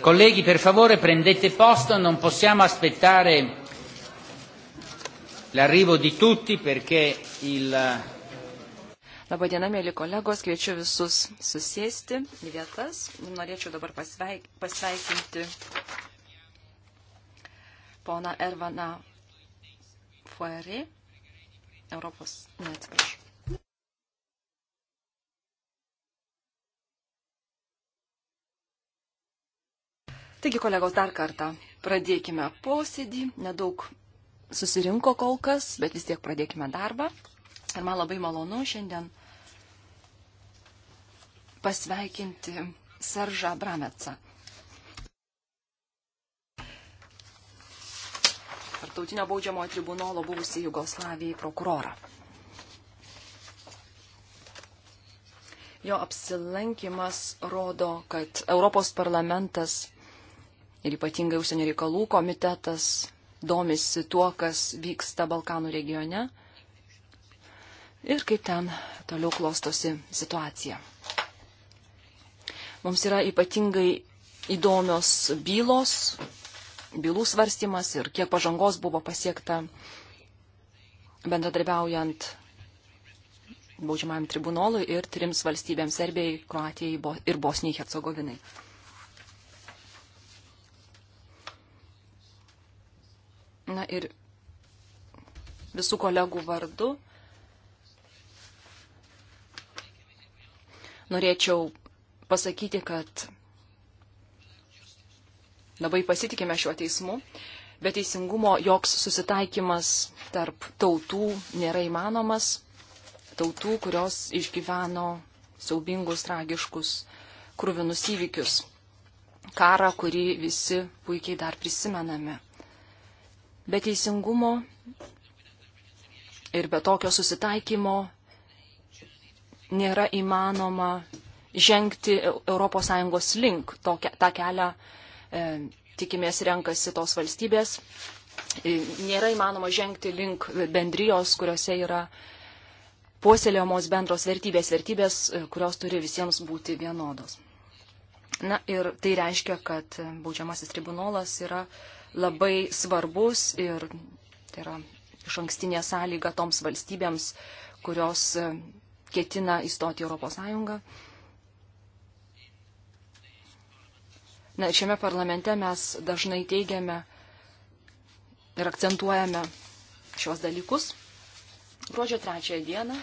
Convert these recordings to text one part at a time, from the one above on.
Colleghi, per favore prendete posto, non possiamo aspettare l'arrivo di tutti perché il. Eh, Labadiena, mėly kolegos, kviečiu visus susėsti į vietas. Norėčiau dabar pasveik, pasveikinti poną Ervaną Fuerį, Europos, neatsiprašau, Taigi, kolegos, dar kartą pradėkime posėdį. Nedaug susirinko kol kas, bet vis tiek pradėkime darbą. Ir man labai malonu šiandien pasveikinti Seržą Brametsą. Tartautinio baudžiamojo tribunolo buvusi Jugoslavijai prokurorą. Jo apsilankimas rodo, kad Europos parlamentas ir ypatingai užsienio reikalų komitetas domisi tuo, kas vyksta Balkanų regione ir kaip ten toliau klostosi situacija. Mums yra ypatingai įdomios bylos, bylų svarstymas ir kiek pažangos buvo pasiekta bendradarbiaujant baudžiamajam tribunolui ir trims valstybėms - Serbijai, Kroatijai ir Bosnijai Hercegovinai. Na ir visų kolegų vardu norėčiau pasakyti, kad labai pasitikime šiuo teismu, bet teisingumo joks susitaikymas tarp tautų nėra įmanomas, tautų, kurios išgyveno siaubingus, tragiškus, krūvinus įvykius, karą, kurį visi puikiai dar prisimename. Be teisingumo ir be tokio susitaikymo nėra įmanoma žengti ES link. Tokia, tą kelią e, tikimės renkasi tos valstybės. E, nėra įmanoma žengti link bendrijos, kuriuose yra puoselėjamos bendros vertybės, vertybės, e, kurios turi visiems būti vienodos. Na ir tai reiškia, kad e, baudžiamasis tribunolas yra labai svarbus ir tai yra iš ankstinė sąlyga toms valstybėms, kurios e, ketina įstoti Europos Sąjungą. Na, šiame parlamente mes dažnai teigiame ir akcentuojame šios dalykus. Gruodžio trečiąją dieną,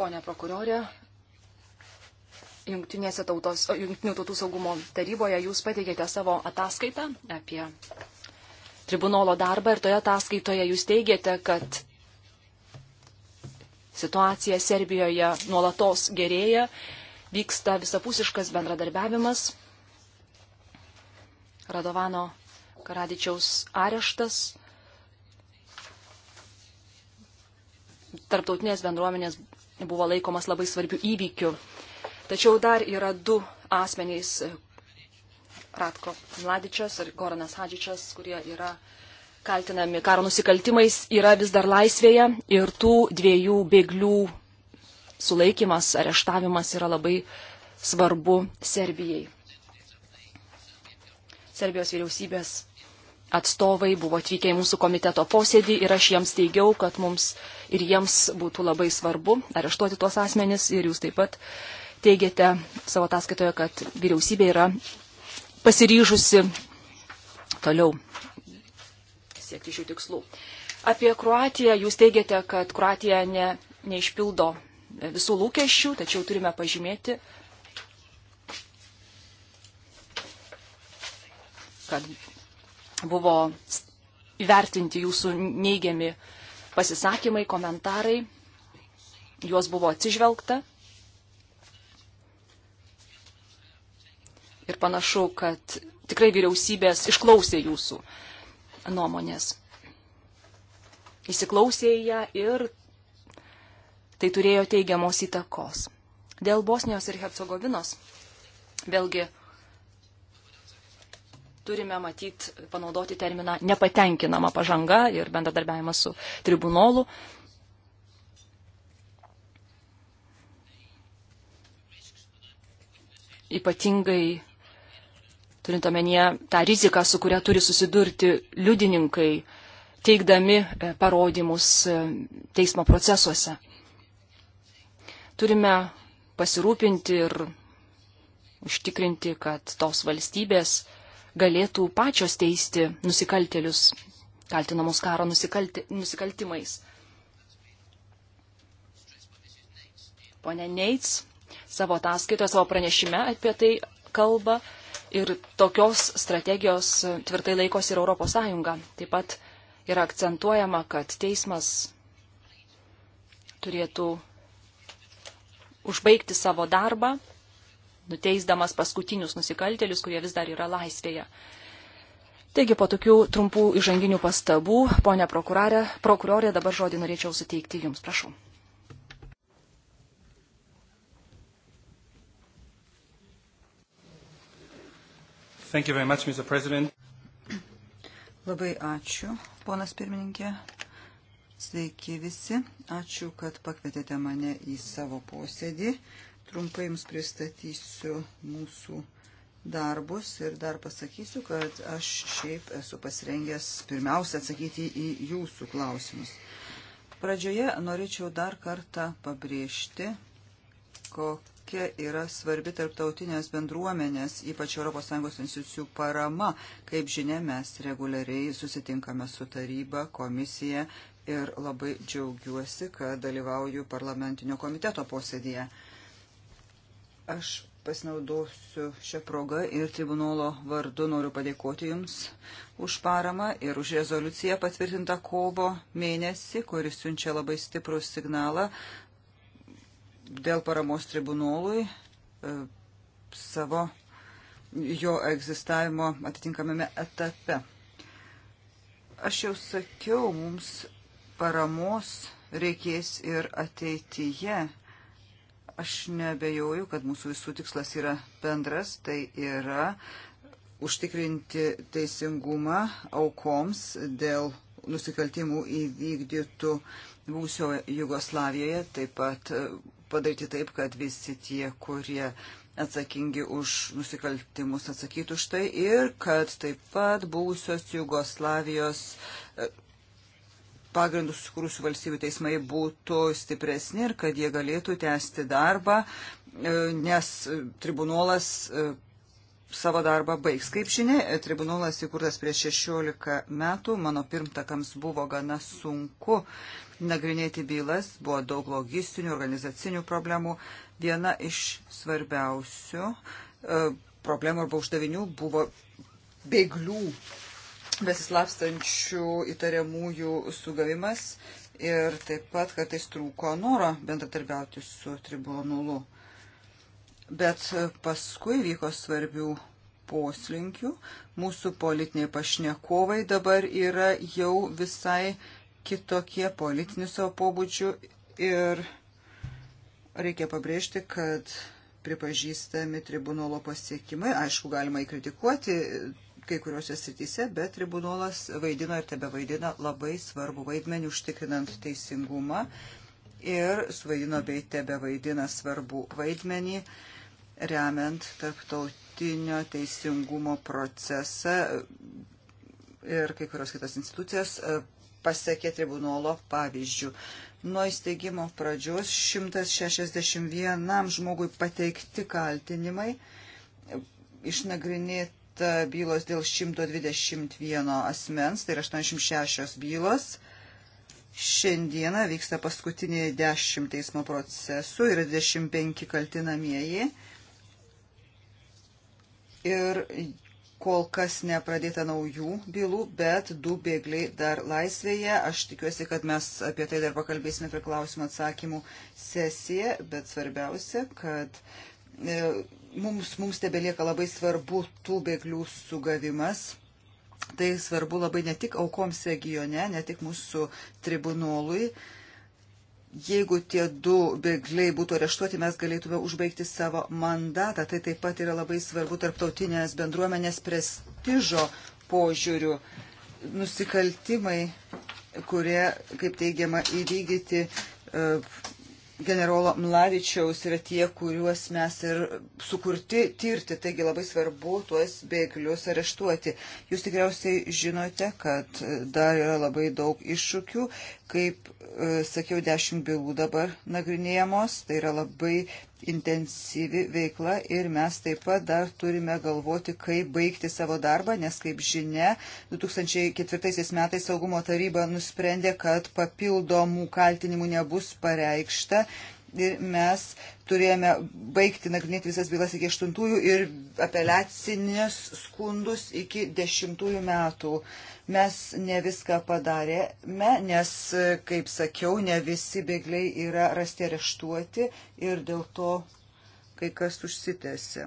ponė prokurorė, Jungtinėse tautos, Jungtinių tautų saugumo taryboje jūs pateikėte savo ataskaitą apie tribunolo darbą ir toje ataskaitoje jūs teigiate, kad situacija Serbijoje nuolatos gerėja, vyksta visapusiškas bendradarbiavimas. Radovano Karadičiaus areštas. Tarptautinės bendruomenės buvo laikomas labai svarbių įvykių Tačiau dar yra du asmenys, Ratko Mladičas ir Goranas Hadžičas, kurie yra kaltinami karo nusikaltimais, yra vis dar laisvėje ir tų dviejų bėglių sulaikimas, areštavimas yra labai svarbu Serbijai. Serbijos vyriausybės atstovai buvo atvykę į mūsų komiteto posėdį ir aš jiems teigiau, kad mums ir jiems būtų labai svarbu areštuoti tuos asmenis ir jūs taip pat teigiate savo ataskaitoje, kad vyriausybė yra pasiryžusi toliau siekti šių tikslų. Apie Kroatiją jūs teigiate, kad Kroatija ne, neišpildo visų lūkesčių, tačiau turime pažymėti, kad buvo įvertinti jūsų neigiami pasisakymai, komentarai, juos buvo atsižvelgta ir panašu, kad tikrai vyriausybės išklausė jūsų nuomonės. Įsiklausė į ją ir tai turėjo teigiamos įtakos. Dėl Bosnijos ir Hercegovinos vėlgi turime matyti, panaudoti terminą nepatenkinama pažanga ir bendradarbiavimas su tribunolu. Ypatingai turint omenyje tą riziką, su kuria turi susidurti liudininkai, teikdami e, parodymus e, teismo procesuose. Turime pasirūpinti ir užtikrinti, kad tos valstybės galėtų pačios teisti nusikaltelius, kaltinamus karo nusikalti, nusikaltimais. Pone Neits savo ataskaitoje, savo pranešime apie tai kalba. Ir tokios strategijos tvirtai laikosi ir ES. Taip pat yra akcentuojama, kad teismas turėtų užbaigti savo darbą, nuteisdamas paskutinius nusikaltelius, kurie vis dar yra laisvėje. Taigi po tokių trumpų įžanginių pastabų, ponia prokurorė, dabar žodį norėčiau suteikti Jums, prašau. Thank you very much, Mr. President. Labai ačiū, ponas pirmininkė. Sveiki visi. Ačiū, kad pakvietėte mane į savo posėdį. Trumpai jums pristatysiu mūsų darbus ir dar pasakysiu, kad aš šiaip esu pasirengęs pirmiausia atsakyti į jūsų klausimus. Pradžioje norėčiau dar kartą pabrėžti, kokia kokia yra svarbi tarptautinės bendruomenės, ypač ES institucijų parama. Kaip žinia, mes reguliariai susitinkame su taryba, komisija ir labai džiaugiuosi, kad dalyvauju parlamentinio komiteto posėdėje. Aš pasinaudosiu šią progą ir tribunolo vardu noriu padėkoti Jums už paramą ir už rezoliuciją patvirtintą kovo mėnesį, kuris siunčia labai stiprų signalą dėl paramos tribunolui e, savo jo egzistavimo atitinkamame etape. Aš jau sakiau, mums paramos reikės ir ateityje. Aš nebejoju, kad mūsų visų tikslas yra bendras, tai yra užtikrinti teisingumą aukoms dėl nusikaltimų įvykdytų būsio Jugoslavijoje, taip pat e, padaryti taip, kad visi tie, kurie atsakingi už nusikaltimus atsakytų už tai ir kad taip pat būsios Jugoslavijos e, pagrindus sukūrusių valstybių teismai būtų stipresni ir kad jie galėtų tęsti darbą, e, nes tribunolas savo darbą baigs. Kaip žinia, tribunolas įkurtas prieš 16 metų, mano pirmtakams buvo gana sunku nagrinėti bylas, buvo daug logistinių, organizacinių problemų. Viena iš svarbiausių e, problemų arba uždavinių buvo bėglių besislapstančių įtariamųjų sugavimas ir taip pat kartais trūko noro bendratarbiauti su tribunolu. Bet paskui vyko svarbių poslinkių. Mūsų politiniai pašnekovai dabar yra jau visai kitokie politinių savo pobūdžių ir reikia pabrėžti, kad pripažįstami tribunolo pasiekimai. Aišku, galima įkritikuoti kai kuriuose srityse, bet tribunolas vaidino ir tebe vaidina labai svarbu vaidmenį užtikrinant teisingumą ir suvaidino bei tebe vaidina svarbu vaidmenį. Uh, remiant tarptautinio teisingumo procesą ir kai kurios kitas institucijas e, pasiekė tribunolo pavyzdžių. Nuo įsteigimo pradžios 161 žmogui pateikti kaltinimai, išnagrinėta bylos dėl 121 asmens, tai yra 86 bylos. Šiandieną vyksta paskutiniai 10 teismo procesų ir 25 kaltinamieji ir kol kas nepradėta naujų bylų, bet du bėgliai dar laisvėje. Aš tikiuosi, kad mes apie tai dar pakalbėsime per klausimų atsakymų sesiją, bet svarbiausia, kad e, mums, mums tebelieka labai svarbu tų bėglių sugavimas. Tai svarbu labai ne tik aukoms regione, ne tik mūsų tribunolui, Jeigu tie du bėgliai būtų areštuoti, mes galėtume užbaigti savo mandatą. Tai taip pat yra labai svarbu tarptautinės bendruomenės prestižo požiūrių. Nusikaltimai, kurie, kaip teigiama, įvykdyti e, generolo Mlavičiaus yra tie, kuriuos mes ir sukurti tirti, taigi labai svarbu tuos bėglius areštuoti. Jūs tikriausiai žinote, kad dar yra labai daug iššūkių, kaip E, sakiau, dešimt bylų dabar nagrinėjamos, tai yra labai intensyvi veikla ir mes taip pat dar turime galvoti, kaip baigti savo darbą, nes kaip žinia, 2004 metais saugumo taryba nusprendė, kad papildomų kaltinimų nebus pareikšta ir mes turėjome baigti nagrinėti visas bylas iki 8 ir apeliacinės skundus iki 10 metų. Mes ne viską padarėme, nes, kaip sakiau, ne visi bėgliai yra rasti areštuoti ir dėl to kai kas užsitęsė.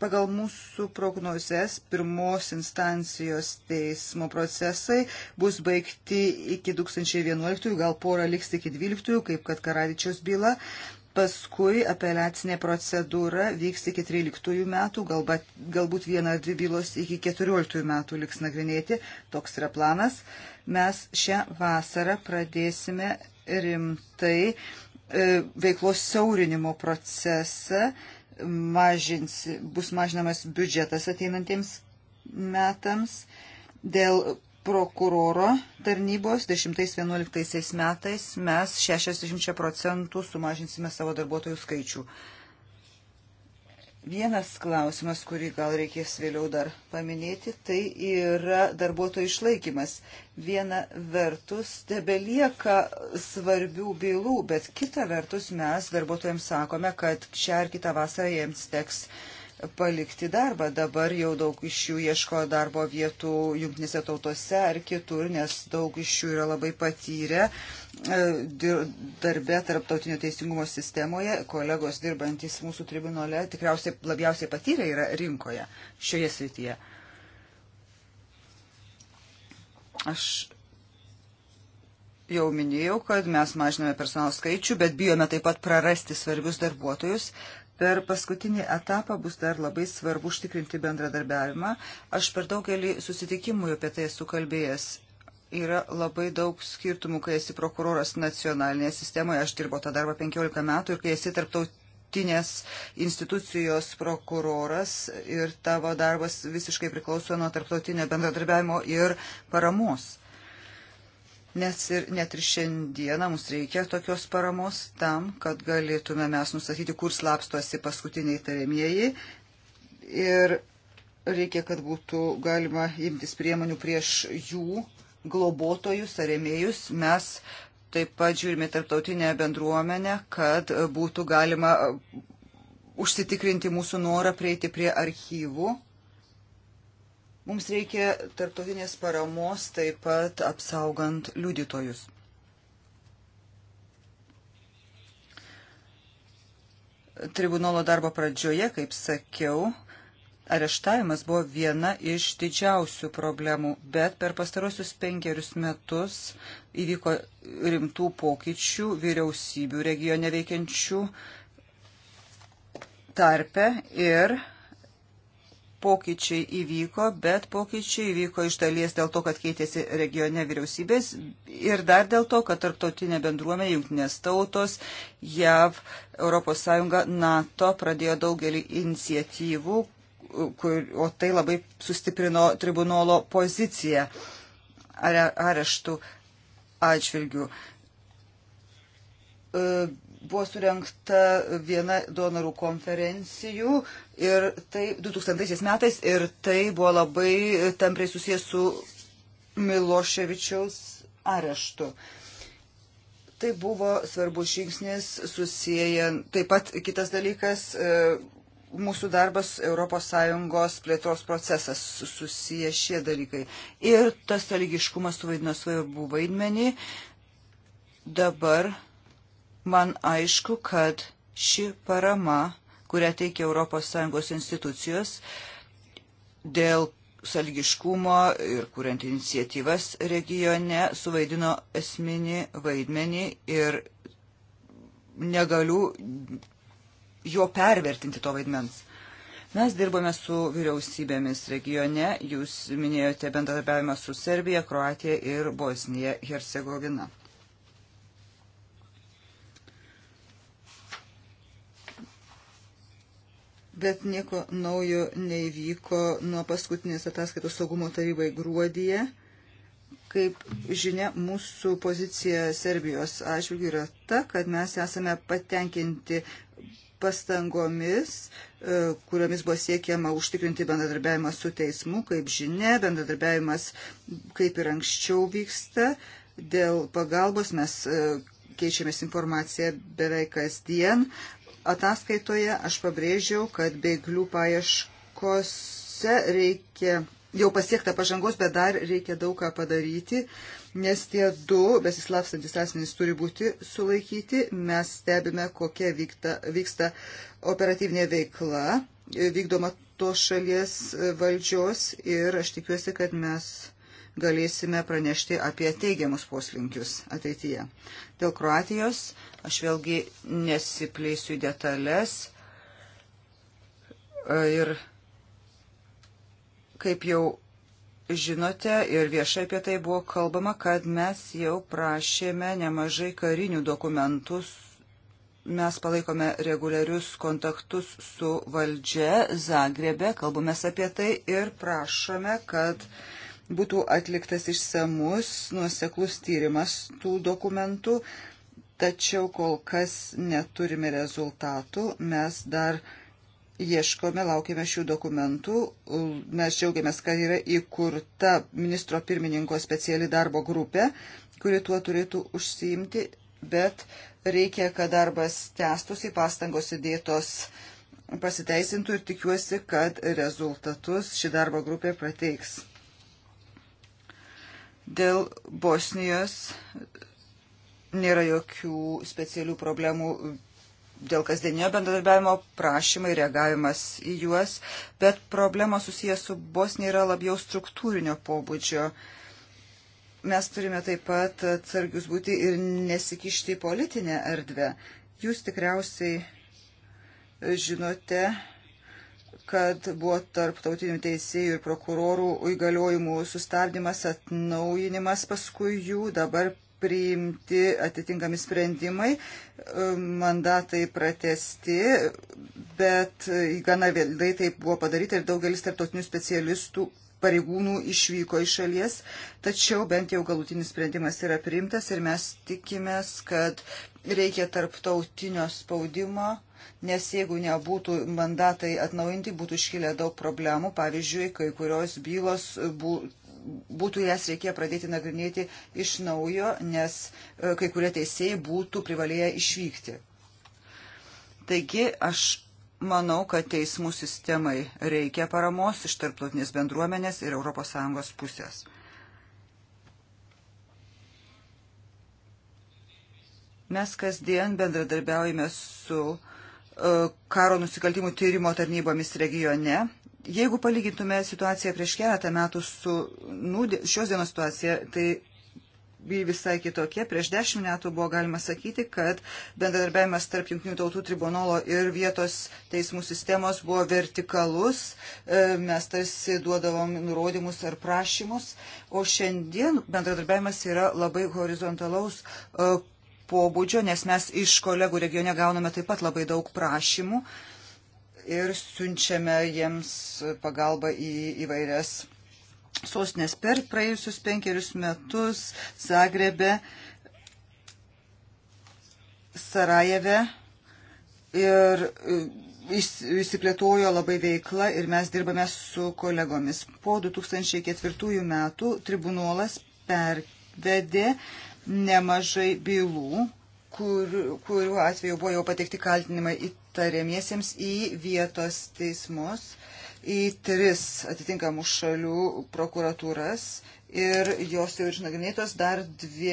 Pagal mūsų prognozes pirmos instancijos teismo procesai bus baigti iki 2011, gal pora liks iki 12, kaip kad Karadičiaus byla. Paskui apeliacinė procedūra vyks iki 13 metų, galbūt, galbūt viena ar dvi bylos iki 14 metų liks nagrinėti. Toks yra planas. Mes šią vasarą pradėsime rimtai e, veiklos siaurinimo procesą. E, mažins, bus mažinamas biudžetas ateinantiems metams. Dėl prokuroro tarnybos 10-11 metais mes 60 procentų sumažinsime savo darbuotojų skaičių. Vienas klausimas, kurį gal reikės vėliau dar paminėti, tai yra darbuotojų išlaikymas. Viena vertus, tebelieka svarbių bylų, bet kita vertus mes darbuotojams sakome, kad šią ar kitą vasarą jiems teks uh, palikti darbą. Dabar jau daug iš jų ieško darbo vietų jungtinėse tautose ar kitur, nes daug iš jų yra labai patyrę e, darbę tarptautinio teisingumo sistemoje. Kolegos dirbantis mūsų tribunole tikriausiai labiausiai patyrę yra rinkoje šioje srityje. Aš jau minėjau, kad mes mažiname personalo skaičių, bet bijome taip pat prarasti svarbius darbuotojus. Per paskutinį etapą bus dar labai svarbu užtikrinti bendradarbiavimą. Aš per daugelį susitikimų apie tai esu kalbėjęs yra labai daug skirtumų, kai esi prokuroras nacionalinėje sistemoje, aš dirbo tą darbą 15 metų ir kai esi tarptautinės institucijos prokuroras ir tavo darbas visiškai priklauso nuo tarptautinio bendradarbiavimo ir paramos. Nes ir net ir šiandieną mums reikia tokios paramos tam, kad galėtume mes nustatyti, kur slapstosi paskutiniai tariamieji. Ir reikia, kad būtų galima imtis priemonių prieš jų globotojus, tariamėjus. Mes taip pat žiūrime tarptautinę bendruomenę, kad būtų galima užsitikrinti mūsų norą prieiti prie archyvų Mums reikia tarptautinės paramos taip pat apsaugant liudytojus. Tribunolo darbo pradžioje, kaip sakiau, areštavimas buvo viena iš didžiausių problemų, bet per pastarosius penkerius metus įvyko rimtų pokyčių vyriausybių regione veikiančių tarpe ir pokyčiai įvyko, bet pokyčiai įvyko iš dalies dėl to, kad keitėsi regione vyriausybės ir dar dėl to, kad tarptautinė bendruomenė, jungtinės tautos, JAV, ES, NATO pradėjo daugelį iniciatyvų, kur, o tai labai sustiprino tribunolo poziciją areštų atžvilgių. E, buvo surenkta viena donorų konferencijų ir tai 2000 metais ir tai buvo labai tampriai susijęs su Miloševičiaus areštu. Tai buvo svarbus žingsnis susijęjant. Taip pat kitas dalykas e, mūsų darbas ES plėtros procesas susiję šie dalykai. Ir tas religiškumas suvaidino svarbų vaidmenį. Dabar Man aišku, kad ši parama, kurią teikia ES institucijos dėl salgiškumo ir kuriant iniciatyvas regione, suvaidino esminį vaidmenį ir negaliu jo pervertinti to vaidmens. Mes dirbame su vyriausybėmis regione, jūs minėjote bendradarbiavimą su Serbija, Kroatija ir Bosnija Hercegovina. bet nieko naujo neįvyko nuo paskutinės ataskaitos saugumo tarybai gruodyje. Kaip žinia, mūsų pozicija Serbijos atžvilgių yra ta, kad mes esame patenkinti pastangomis, e, kuriomis buvo siekiama užtikrinti bendradarbiavimą su teismu. Kaip žinia, bendradarbiavimas kaip ir anksčiau vyksta. Dėl pagalbos mes e, keičiamės informaciją beveik kasdien ataskaitoje aš pabrėžiau, kad beiglių paieškose reikia jau pasiektą pažangos, bet dar reikia daug ką padaryti, nes tie du besislapstantis asmenys turi būti sulaikyti. Mes stebime, kokia vyksta, vyksta operatyvinė veikla, vykdoma to šalies valdžios ir aš tikiuosi, kad mes galėsime pranešti apie teigiamus poslinkius ateityje. Dėl Kroatijos Aš vėlgi nesipleisiu į detalės. E, ir kaip jau žinote ir viešai apie tai buvo kalbama, kad mes jau prašėme nemažai karinių dokumentus. Mes palaikome reguliarius kontaktus su valdžia Zagrebe, kalbame apie tai ir prašome, kad būtų atliktas išsamus, nuoseklus tyrimas tų dokumentų, tačiau kol kas neturime rezultatų, mes dar ieškome, laukiame šių dokumentų. Mes džiaugiamės, kad yra įkurta ministro pirmininko speciali darbo grupė, kuri tuo turėtų užsiimti, bet reikia, kad darbas tęstųsi, pastangos įdėtos pasiteisintų ir tikiuosi, kad rezultatus ši darbo grupė prateiks. Dėl Bosnijos nėra jokių specialių problemų dėl kasdienio bendradarbiavimo prašymai, reagavimas į juos, bet problema susijęs su Bosnija yra labiau struktūrinio pobūdžio. Mes turime taip pat atsargius būti ir nesikišti į politinę erdvę. Jūs tikriausiai žinote, kad buvo tarptautinių teisėjų ir prokurorų įgaliojimų sustabdymas, atnaujinimas paskui jų, dabar priimti atitinkami sprendimai, um, mandatai pratesti, bet uh, gana vėlai taip buvo padaryta ir daugelis tarptautinių specialistų pareigūnų išvyko iš šalies, tačiau bent jau galutinis sprendimas yra priimtas ir mes tikimės, kad reikia tarptautinio spaudimo, nes jeigu nebūtų mandatai atnaujinti, būtų iškilę daug problemų, pavyzdžiui, kai kurios bylos būtų būtų jas reikėjo pradėti nagrinėti iš naujo, nes e, kai kurie teisėjai būtų privalėję išvykti. Taigi aš manau, kad teismų sistemai reikia paramos iš tarptautinės bendruomenės ir ES pusės. Mes kasdien bendradarbiaujame su e, karo nusikaltimų tyrimo tarnybomis regione Jeigu palygintume situaciją prieš keletą metų su nu, šios dienos situacija, tai visai kitokie. Prieš dešimt metų buvo galima sakyti, kad bendradarbiavimas tarp Junktinių tautų tribunolo ir vietos teismų sistemos buvo vertikalus. E, mes tarsi duodavom nurodymus ar prašymus. O šiandien bendradarbiavimas yra labai horizontalaus e, pobūdžio, nes mes iš kolegų regione gauname taip pat labai daug prašymų. Uh, ir siunčiame jiems pagalbą į įvairias sostinės per praėjusius penkerius metus Zagrebe, Sarajeve ir e, įsiplėtojo labai veikla ir mes dirbame su kolegomis. Po 2004 metų tribunolas pervedė nemažai bylų, kur, kuriuo atveju buvo jau pateikti kaltinimai į tariamiesiems į vietos teismus, į tris atitinkamų šalių prokuratūras ir jos jau išnagrinėtos dar dvi,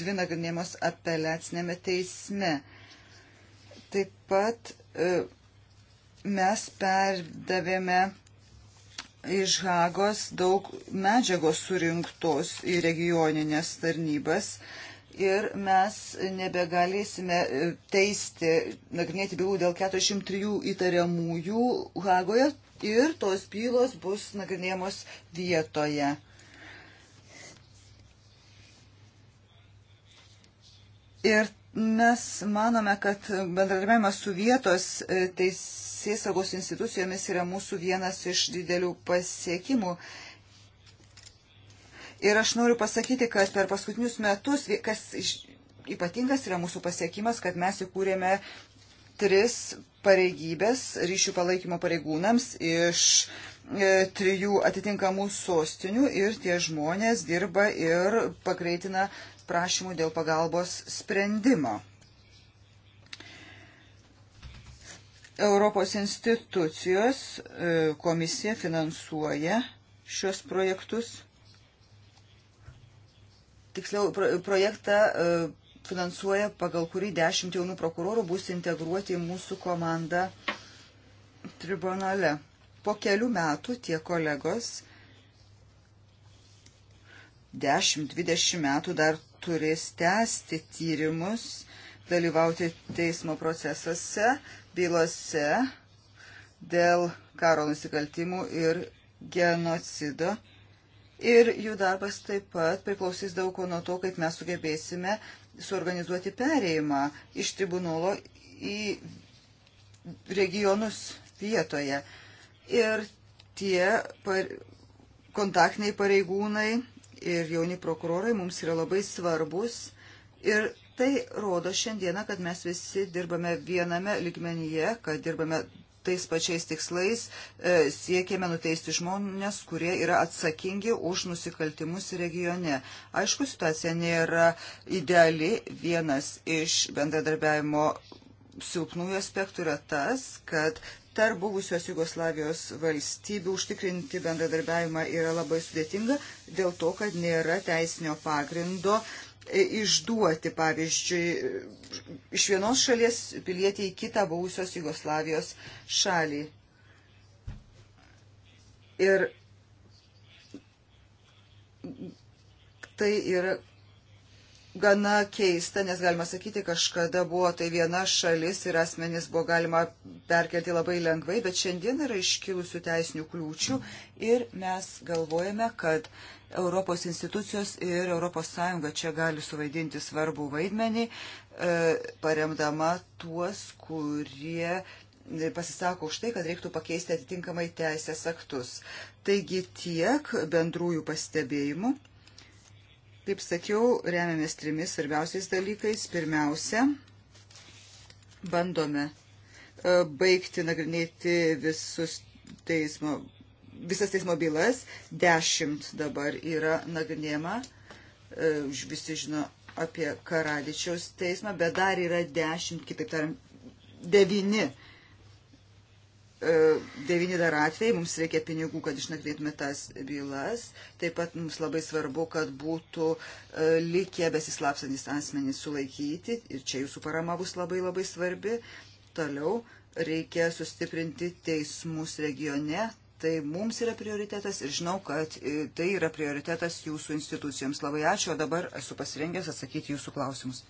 dvi nagrinėjamos apeliacinėme teisme. Taip pat e, mes perdavėme iš Hagos daug medžiagos surinktos į regioninės tarnybas ir mes nebegalėsime e, teisti, nagrinėti bylų dėl 403 įtariamųjų Hagoje ir tos bylos bus nagrinėjamos vietoje. Ir mes manome, kad bendradarbiavimas su vietos e, teisės saugos institucijomis yra mūsų vienas iš didelių pasiekimų. Ir aš noriu pasakyti, kad per paskutinius metus, kas ypatingas yra mūsų pasiekimas, kad mes įkūrėme tris pareigybės ryšių palaikymo pareigūnams iš e, trijų atitinkamų sostinių ir tie žmonės dirba ir pagreitina prašymų dėl pagalbos sprendimo. Europos institucijos e, komisija finansuoja šios projektus tiksliau, projektą e, finansuoja, pagal kurį dešimt jaunų prokurorų bus integruoti į mūsų komandą tribunale. Po kelių metų tie kolegos 10-20 metų dar turės tęsti tyrimus, dalyvauti teismo procesuose, bylose dėl karo nusikaltimų ir genocido ir jų darbas taip pat priklausys daug ko nuo to, kaip mes sugebėsime suorganizuoti perėjimą iš tribunolo į regionus vietoje. Ir tie par... kontaktiniai pareigūnai ir jauni prokurorai mums yra labai svarbus ir tai rodo šiandieną, kad mes visi dirbame viename ligmenyje, kad dirbame tais pačiais tikslais e, siekėme nuteisti žmonės, kurie yra atsakingi už nusikaltimus regione. Aišku, situacija nėra ideali. Vienas iš bendradarbiavimo silpnųjų aspektų yra tas, kad tarp buvusios Jugoslavijos valstybių užtikrinti bendradarbiavimą yra labai sudėtinga dėl to, kad nėra teisinio pagrindo E, išduoti, pavyzdžiui, iš vienos šalies pilietį į kitą buvusios Jugoslavijos šalį. Ir tai yra gana keista, nes galima sakyti, kažkada buvo tai viena šalis ir asmenys buvo galima perkelti labai lengvai, bet šiandien yra iškilusių teisinių kliūčių ir mes galvojame, kad uh, Europos institucijos ir ES čia gali suvaidinti svarbų vaidmenį, e, paremdama tuos, kurie e, pasisako už tai, kad reiktų pakeisti atitinkamai teisės aktus. Taigi tiek bendrųjų pastebėjimų. Kaip sakiau, remiamės trimis svarbiausiais dalykais. Pirmiausia, bandome e, baigti nagrinėti visus teismo visas teismo bylas, dešimt dabar yra nagrinėjama, e, visi žino apie Karadičiaus teismą, bet dar yra dešimt, kitaip tariant, devini, e, devini dar atvejai, mums reikia pinigų, kad išnagrinėtume tas bylas, taip pat mums labai svarbu, kad būtų e, likę besislapsantis asmenys sulaikyti ir čia jūsų parama bus labai labai svarbi. Toliau reikia sustiprinti teismus regione, tai mums yra prioritetas ir žinau, kad e, tai yra prioritetas jūsų institucijoms. Labai ačiū, o dabar esu pasirengęs atsakyti jūsų klausimus.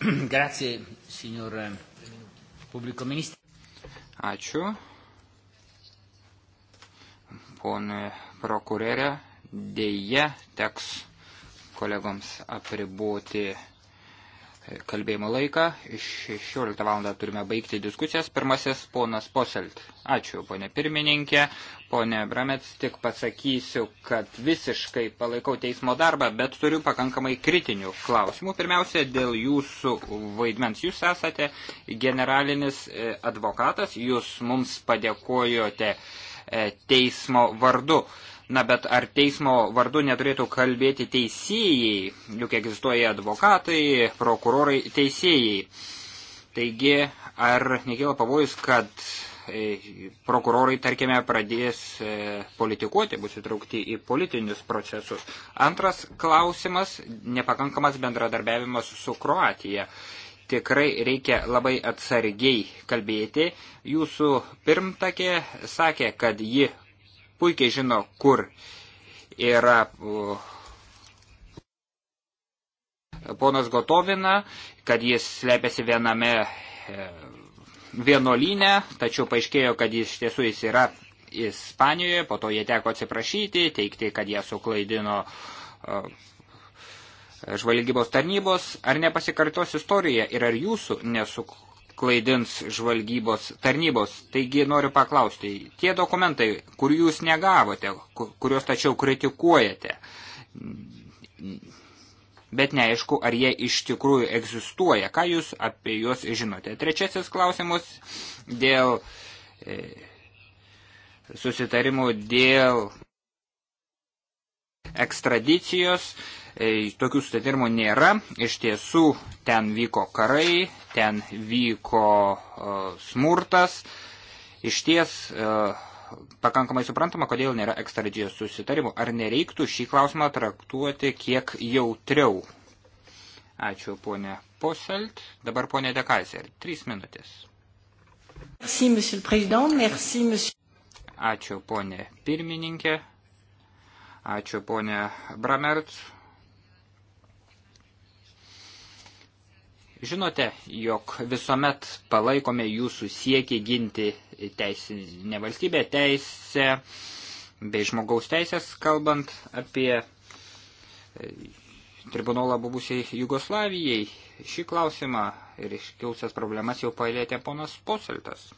Grazie, signor eh, pubblico ministro. Ačiū. Pone prokurere, dėje teks kolegoms apriboti kalbėjimo laiką. 16 val. turime baigti diskusijas. Pirmasis ponas Poselt. Ačiū, ponė pirmininkė. Pone Bramets, tik pasakysiu, kad visiškai palaikau teismo darbą, bet turiu pakankamai kritinių klausimų. Pirmiausia, dėl jūsų vaidmens. Jūs esate generalinis e, advokatas, jūs mums padėkojote e, teismo vardu. Na, bet ar teismo vardu neturėtų kalbėti teisėjai, juk egzistuoja advokatai, prokurorai, teisėjai. Taigi, ar nekėla pavojus, kad e, prokurorai, tarkime, pradės e, politikuoti, bus įtraukti į politinius procesus. Antras klausimas – nepakankamas bendradarbiavimas su Kroatija. Tikrai reikia labai atsargiai kalbėti. Jūsų pirmtakė sakė, kad ji puikiai žino, kur yra ponas Gotovina, kad jis slepiasi viename e, vienolyne, tačiau paaiškėjo, kad jis iš tiesų jis yra Ispanijoje, po to jie teko atsiprašyti, teikti, kad jie suklaidino žvalgybos tarnybos, ar nepasikartos istorija ir ar jūsų nesuk klaidins žvalgybos tarnybos. Taigi noriu paklausti, tie dokumentai, kur jūs negavote, kuriuos tačiau kritikuojate, bet neaišku, ar jie iš tikrųjų egzistuoja. Ką jūs apie juos žinote? Trečiasis klausimus dėl e, susitarimų dėl ekstradicijos. E, E, tokių sutarimų nėra, iš tiesų ten vyko karai, ten vyko e, smurtas, iš ties e, pakankamai suprantama, kodėl nėra ekstradijos susitarimų. Ar nereiktų šį klausimą traktuoti kiek jautriau? Ačiū, ponė Poselt. Dabar ponė Dekaiser. Trys minutės. Ačiū, ponė pirmininkė. Ačiū, ponė Bramerts, Žinote, jog visuomet palaikome jūsų siekį ginti teisinę valstybę, teisę bei žmogaus teisės, kalbant apie e, tribunolą buvusiai Jugoslavijai. Šį klausimą ir iškiausias problemas jau palėtė ponas Poseltas.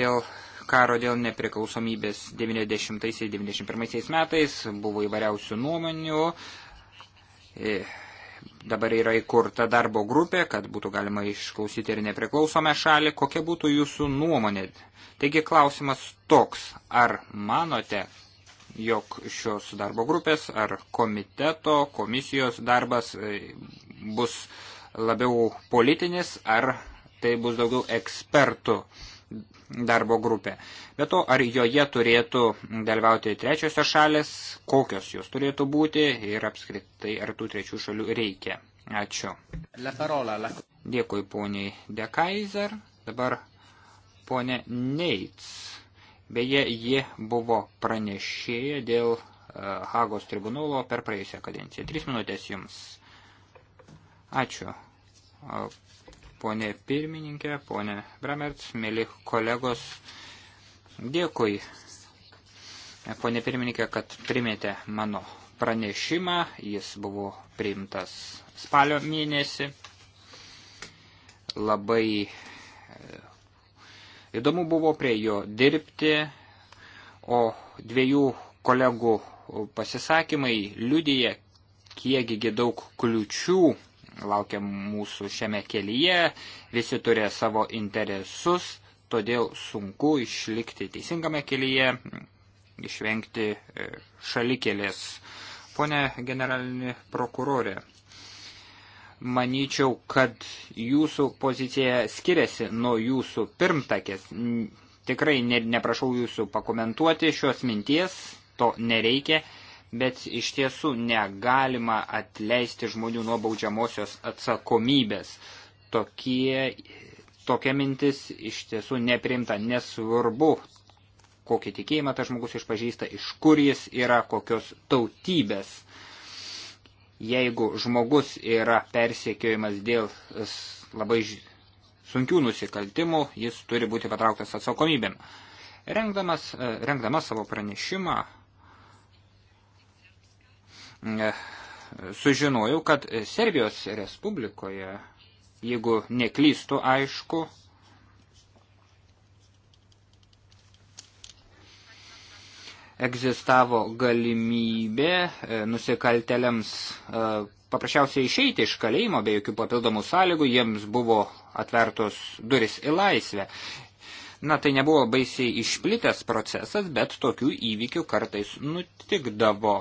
Dėl karo dėl nepriklausomybės 90-91 metais buvo įvariausių nuomonių. E, dabar yra įkurta darbo grupė, kad būtų galima išklausyti ir nepriklausomę šalį. Kokia būtų jūsų nuomonė? Taigi klausimas toks, ar manote, jog šios darbo grupės ar komiteto, komisijos darbas e, bus labiau politinis, ar tai bus daugiau ekspertų darbo grupė. Be to, ar joje turėtų dalyvauti trečiosios šalės, kokios jos turėtų būti ir apskritai, ar tų trečių šalių reikia. Ačiū. La parola, la... Dėkui poniai De Kaiser. Dabar ponė Neits. Beje, ji buvo pranešėja dėl e, Hagos tribunolo per praėjusią kadenciją. Tris minutės jums. Ačiū ponė pirmininkė, ponė Bramert, mėly kolegos, dėkui, ponė pirmininkė, kad primėte mano pranešimą, jis buvo priimtas spalio mėnesį. Labai e, įdomu buvo prie jo dirbti, o dviejų kolegų pasisakymai liudyje, kiekgi daug kliučių laukia mūsų šiame kelyje, visi turi savo interesus, todėl sunku išlikti teisingame kelyje, išvengti e, šalikelės. Pone generalinė prokurorė, manyčiau, kad jūsų pozicija skiriasi nuo jūsų pirmtakės. Tikrai ne, neprašau jūsų pakomentuoti šios minties, to nereikia bet iš tiesų negalima atleisti žmonių nuo baudžiamosios atsakomybės. Tokie, tokia mintis iš tiesų neprimta, nesvarbu, kokį tikėjimą tas žmogus išpažįsta, iš kur jis yra, kokios tautybės. Jeigu žmogus yra persiekiojimas dėl labai sunkių nusikaltimų, jis turi būti patrauktas atsakomybėm. Rengdamas, e, rengdamas savo pranešimą, Mm, eh, sužinojau, kad Serbijos Respublikoje, jeigu neklystu, aišku, egzistavo galimybė eh, nusikaltelėms eh, paprasčiausiai išeiti iš kalėjimo be jokių papildomų sąlygų, jiems buvo atvertos duris į laisvę. Na, tai nebuvo baisiai išplitęs procesas, bet tokių įvykių kartais nutikdavo.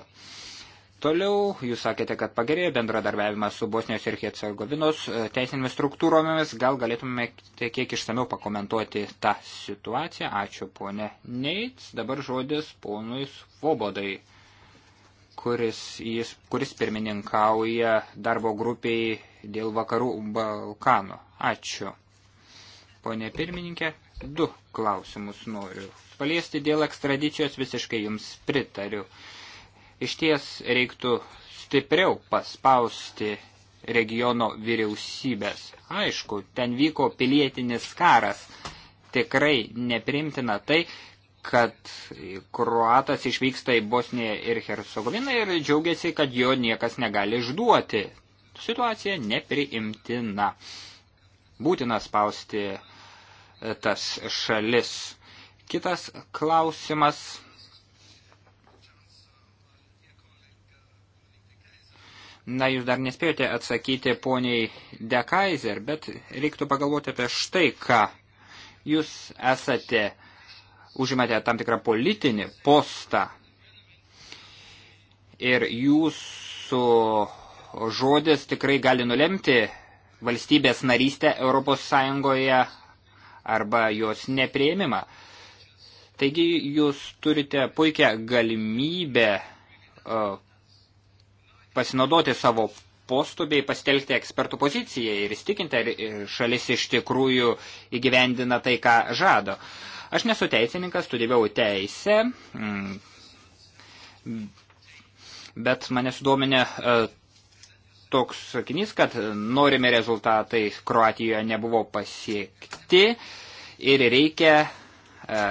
Toliau jūs sakėte, kad pagerėjo bendradarbiavimas su Bosnijos ir Hercegovinos e, teisinėmis struktūromis. Gal galėtume kiek išsameu pakomentuoti tą situaciją. Ačiū, ponė Neits. Dabar žodis ponui Svobodai, kuris, jis, kuris pirmininkauja darbo grupiai dėl vakarų Balkanų. Ačiū. Pone pirmininkė, du klausimus noriu paliesti dėl ekstradicijos visiškai jums pritariu. Išties reiktų stipriau paspausti regiono vyriausybės. Aišku, ten vyko pilietinis karas. Tikrai neprimtina tai, kad kruatas išvyksta į Bosniją ir Hercegoviną ir džiaugiasi, kad jo niekas negali išduoti. Situacija nepriimtina. Būtina spausti tas šalis. Kitas klausimas Na, jūs dar nespėjote atsakyti poniai De Kaiser, bet reiktų pagalvoti apie štai ką. Jūs esate, užimate tam tikrą politinį postą ir jūsų žodis tikrai gali nulemti valstybės narystę Europos Sąjungoje arba jos neprieimimą. Taigi jūs turite puikią galimybę uh, pasinaudoti savo postų bei pasitelkti ekspertų poziciją ir įstikinti, ar e, šalis iš tikrųjų įgyvendina tai, ką žado. Aš nesu teisininkas, studijavau teisę, mm, bet mane sudominė e, toks sakinys, kad norime rezultatai Kroatijoje nebuvo pasiekti ir reikia e,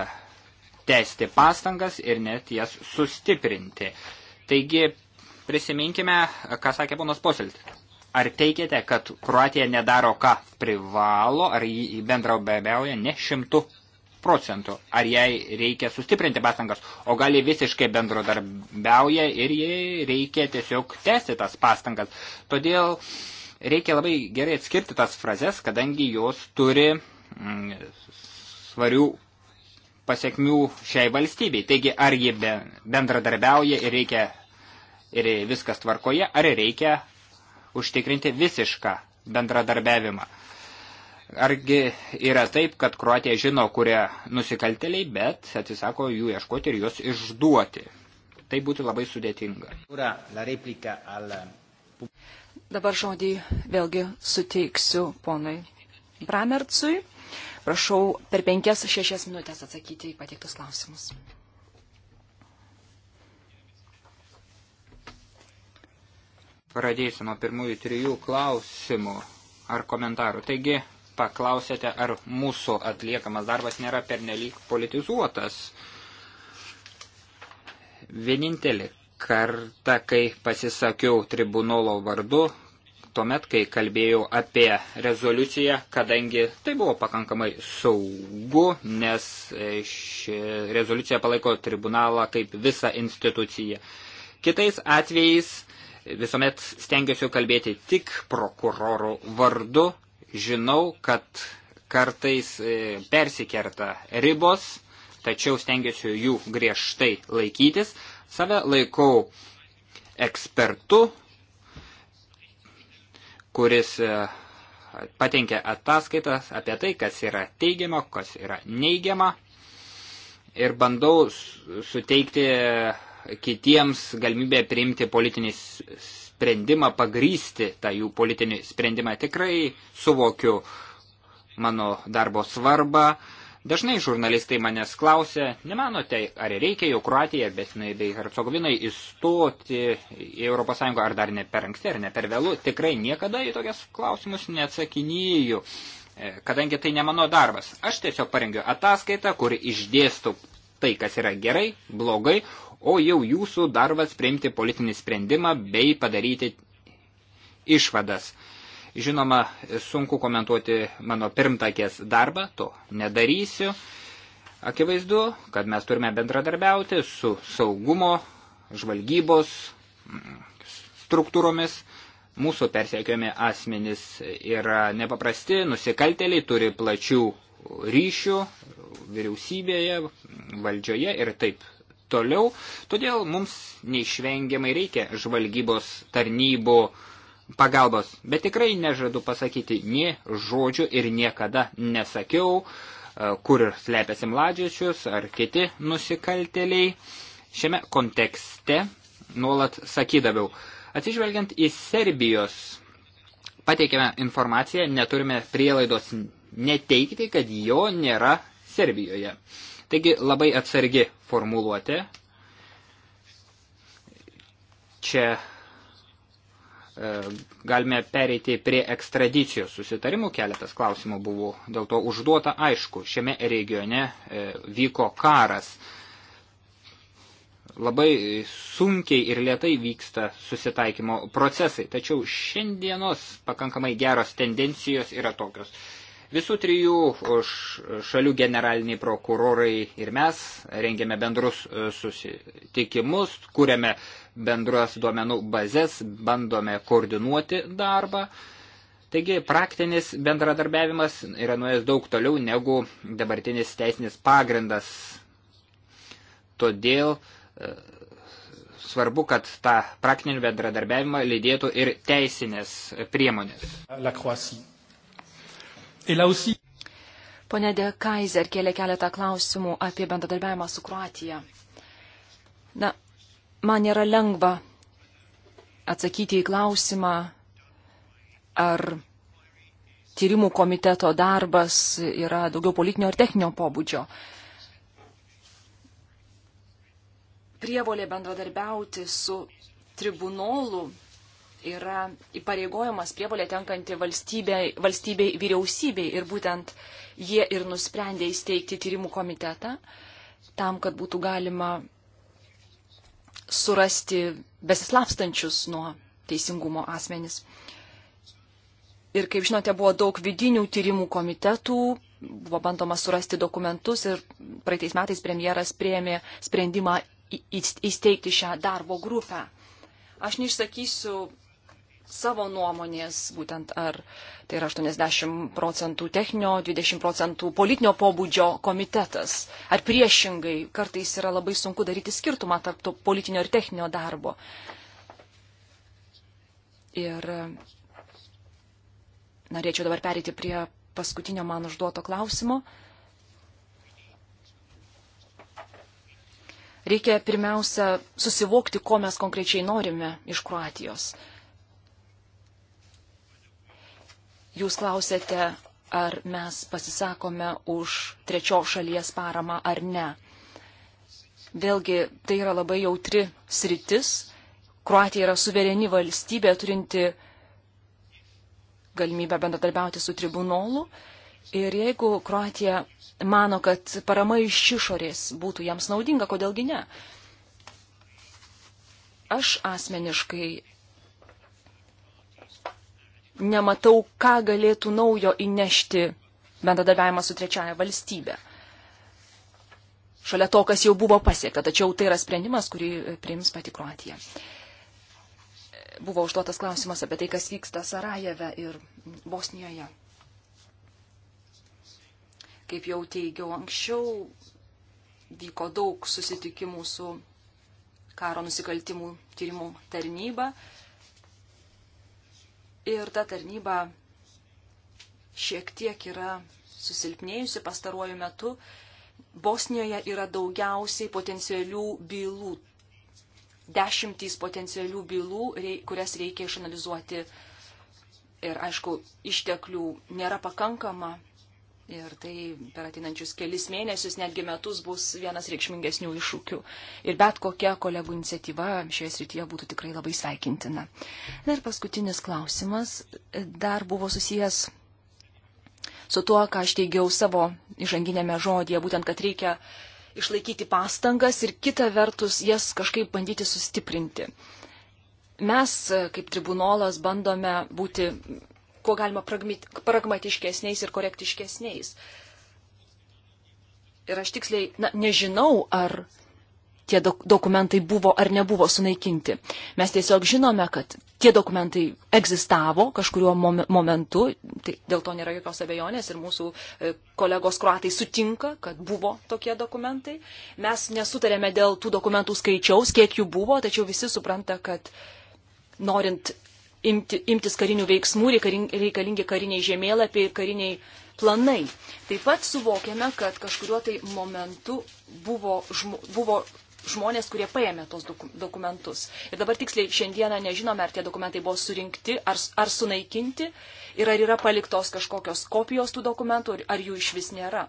tęsti pastangas ir net jas sustiprinti. Taigi Prisiminkime, ką sakė ponas Posilt. Ar teikėte, kad Kroatija nedaro ką privalo, ar jį bendraubebiauja ne šimtų procentų, ar jai reikia sustiprinti pastangas, o gal jie visiškai bendradarbiauja ir jai reikia tiesiog tęsti tas pastangas. Todėl reikia labai gerai atskirti tas frazes, kadangi jos turi mm, svarių pasiekmių šiai valstybei. Taigi, ar jie bendradarbiauja ir reikia ir viskas tvarkoje, ar reikia užtikrinti visišką bendradarbiavimą. Argi yra taip, kad Kroatija žino, kurie nusikalteliai, bet atsisako jų ieškoti ir juos išduoti. Tai būtų labai sudėtinga. Eh, Dabar žodį vėlgi suteiksiu ponui Bramertsui. Prašau per penkias šešias minutės atsakyti į pateiktus klausimus. Pradėsiu nuo pirmųjų trijų klausimų ar komentarų. Taigi, paklausėte, ar mūsų atliekamas darbas nėra pernelyg politizuotas. Vienintelį kartą, kai pasisakiau tribunolo vardu, tuomet, kai kalbėjau apie rezoliuciją, kadangi tai buvo pakankamai saugu, nes e, ši rezoliucija palaiko tribunalą kaip visą instituciją. Kitais atvejais visuomet stengiuosi kalbėti tik prokurorų vardu. Žinau, kad kartais e, persikerta ribos, tačiau stengiuosi jų griežtai laikytis. Save laikau ekspertu, kuris e, patenkia ataskaitas apie tai, kas yra teigiama, kas yra neigiama. Ir bandau suteikti kitiems galimybę priimti politinį sprendimą, pagrysti tą jų politinį sprendimą. Tikrai suvokiu mano darbo svarbą. Dažnai žurnalistai manęs klausia, nemanote, ar reikia jau Kroatiją, bet bei Hercegovinai įstoti į ES, ar dar ne per anksti, ar ne per vėlų. Tikrai niekada į tokias klausimus neatsakinėjau, e, kadangi tai ne mano darbas. Aš tiesiog parengiu ataskaitą, kuri išdėstų tai, kas yra gerai, blogai, o jau jūsų darbas priimti politinį sprendimą bei padaryti išvadas. Žinoma, sunku komentuoti mano pirmtakės darbą, to nedarysiu. Akivaizdu, kad mes turime bendradarbiauti su saugumo, žvalgybos mm, struktūromis. Mūsų persiekiami asmenys yra nepaprasti, nusikalteliai turi plačių ryšių vyriausybėje, valdžioje ir taip toliau. Todėl mums neišvengiamai reikia žvalgybos tarnybų pagalbos. Bet tikrai nežadu pasakyti nie žodžių ir niekada nesakiau, e, kur slepiasi mladžičius ar kiti nusikalteliai. Šiame kontekste nuolat sakydaviau, atsižvelgiant į Serbijos pateikėme informaciją, neturime prielaidos neteikti, kad jo nėra Serbijoje. Taigi labai atsargi formuluotė. Čia e, galime pereiti prie ekstradicijos susitarimų. Keletas klausimų buvo dėl to užduota. Aišku, šiame regione e, vyko karas. Labai sunkiai ir lietai vyksta susitaikymo procesai, tačiau šiandienos pakankamai geros tendencijos yra tokios. Visų trijų šalių generaliniai prokurorai ir mes rengiame bendrus e, susitikimus, kūrėme bendras duomenų bazės, bandome koordinuoti darbą. Taigi praktinis bendradarbiavimas yra nuėjęs daug toliau negu dabartinis teisinis pagrindas. Todėl e, svarbu, kad tą praktinį bendradarbiavimą lydėtų ir teisinės priemonės. La Croatie. Pone De Kaiser kėlė keletą klausimų apie bendradarbiavimą su Kroatija. Na, man nėra lengva atsakyti į klausimą, ar tyrimų komiteto darbas yra daugiau politinio ir techninio pobūdžio. Prievolė bendradarbiauti su tribunolu yra įpareigojimas prievalė tenkanti valstybei, valstybei vyriausybei ir būtent jie ir nusprendė įsteigti tyrimų komitetą tam, kad būtų galima surasti besislapstančius nuo teisingumo asmenis. Ir kaip žinote, buvo daug vidinių tyrimų komitetų, buvo bandoma surasti dokumentus ir praeitais metais premjeras prieėmė sprendimą įsteigti šią darbo grupę. Aš neišsakysiu savo nuomonės, būtent ar tai yra 80 procentų techninio, 20 procentų politinio pobūdžio komitetas, ar priešingai, kartais yra labai sunku daryti skirtumą tarp to politinio ir techninio darbo. Ir e, norėčiau dabar perėti prie paskutinio man užduoto klausimo. Reikia pirmiausia susivokti, ko mes konkrečiai norime iš Kroatijos. Jūs klausėte, ar mes pasisakome už trečios šalies paramą ar ne. Vėlgi, tai yra labai jautri sritis. Kroatija yra suvereni valstybė, turinti galimybę bendradarbiauti su tribunolu. Ir jeigu Kroatija mano, kad parama iš išorės būtų jiems naudinga, kodėlgi ne? Aš asmeniškai nematau, ką galėtų naujo įnešti bendradarbiavimas su trečiaja valstybė. Šalia to, kas jau buvo pasiekta, tačiau tai yra sprendimas, kurį priims pati Kroatija. Buvo užduotas klausimas apie tai, kas vyksta Sarajeve ir Bosnijoje. Kaip jau teigiau anksčiau, vyko daug susitikimų su karo nusikaltimų tyrimų tarnyba Ir ta tarnyba šiek tiek yra susilpnėjusi pastaruoju metu. Bosnijoje yra daugiausiai potencialių bylų. Dešimtys potencialių bylų, kurias reikia išanalizuoti. Ir aišku, išteklių nėra pakankama Ir tai per ateinančius kelis mėnesius, netgi metus, bus vienas reikšmingesnių iššūkių. Ir bet kokia kolegų iniciatyva šioje srityje būtų tikrai labai sveikintina. Na ir paskutinis klausimas dar buvo susijęs su tuo, ką aš teigiau savo įžanginėme žodėje, būtent, kad reikia išlaikyti pastangas ir kita vertus jas kažkaip bandyti sustiprinti. Mes, kaip tribunolas, bandome būti kuo galima pragmatiškesniais ir korektiškesniais. Ir aš tiksliai na, nežinau, ar tie dokumentai buvo ar nebuvo sunaikinti. Mes tiesiog žinome, kad tie dokumentai egzistavo kažkuriuo momentu, tai dėl to nėra jokios abejonės ir mūsų e, kolegos kruatai sutinka, kad buvo tokie dokumentai. Mes nesutarėme dėl tų dokumentų skaičiaus, kiek jų buvo, tačiau visi supranta, kad norint imti, imtis karinių veiksmų, reikalingi kariniai žemėlapiai ir kariniai planai. Taip pat suvokėme, kad kažkuriuo tai momentu buvo, žmo, buvo žmonės, kurie paėmė tos dokumentus. Ir dabar tiksliai šiandieną nežinome, ar tie dokumentai buvo surinkti, ar, ar sunaikinti, ir ar yra paliktos kažkokios kopijos tų dokumentų, ar jų iš vis nėra.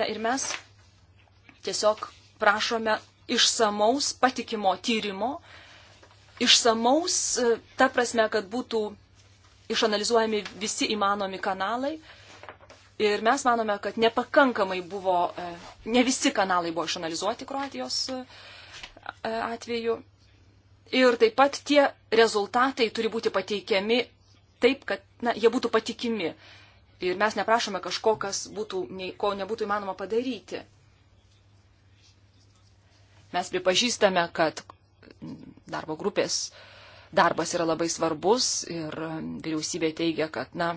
Na ir mes tiesiog prašome išsamaus patikimo tyrimo, išsamaus, ta prasme, kad būtų išanalizuojami visi įmanomi kanalai. Ir mes manome, kad nepakankamai buvo, e, ne visi kanalai buvo išanalizuoti Kroatijos e, e, atveju. Ir taip pat tie rezultatai turi būti pateikiami taip, kad na, jie būtų patikimi. Ir mes neprašome kažko, kas būtų, ko nebūtų įmanoma padaryti. Mes pripažįstame, kad darbo grupės darbas yra labai svarbus ir vyriausybė teigia, kad, na,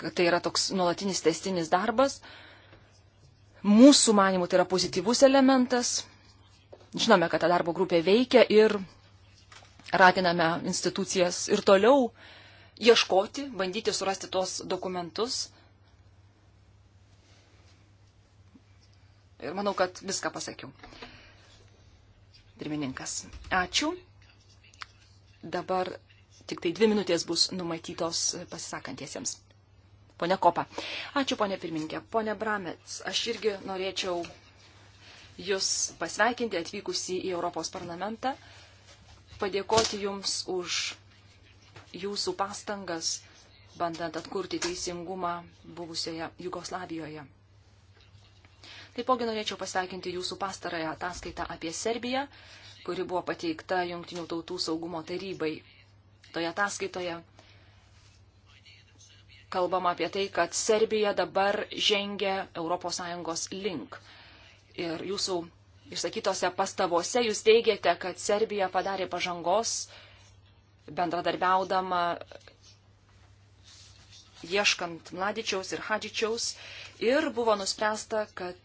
kad tai yra toks nuolatinis testinis darbas. Mūsų manimų tai yra pozityvus elementas. Žinome, kad ta darbo grupė veikia ir raginame institucijas ir toliau ieškoti, bandyti surasti tuos dokumentus. Ir manau, kad viską pasakiau. Pirmininkas. Ačiū. Dabar tik tai dvi minutės bus numatytos pasisakantiesiems. Pone Kopa. Ačiū, ponė pirmininkė. Pone Bramets, aš irgi norėčiau Jūs pasveikinti atvykusi į Europos parlamentą, padėkoti Jums už Jūsų pastangas, bandant atkurti teisingumą buvusioje Jugoslavijoje. Taipogi norėčiau pasveikinti jūsų pastarąją ataskaitą apie Serbiją, kuri buvo pateikta Junktinių tautų saugumo tarybai. Toje ataskaitoje kalbama apie tai, kad Serbija dabar žengia ES link. Ir jūsų išsakytose pastavose jūs teigiate, kad Serbija padarė pažangos bendradarbiaudama ieškant Mladičiaus ir Hadžičiaus ir buvo nuspręsta, kad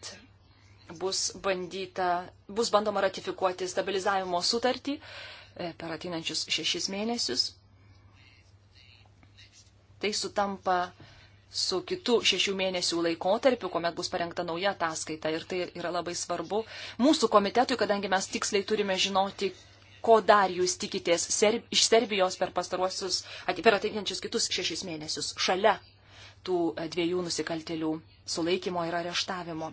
bus, bandyta, bus bandoma ratifikuoti stabilizavimo sutartį e, per ateinančius šešis mėnesius. Tai sutampa su kitų šešių mėnesių laikotarpiu, kuomet bus parengta nauja ataskaita. Ir tai yra labai svarbu mūsų komitetui, kadangi mes tiksliai turime žinoti, ko dar jūs tikitės serb, iš Serbijos per pastaruosius, per ateinančius kitus šešis mėnesius, šalia tų e, dviejų nusikaltelių sulaikymo ir areštavimo.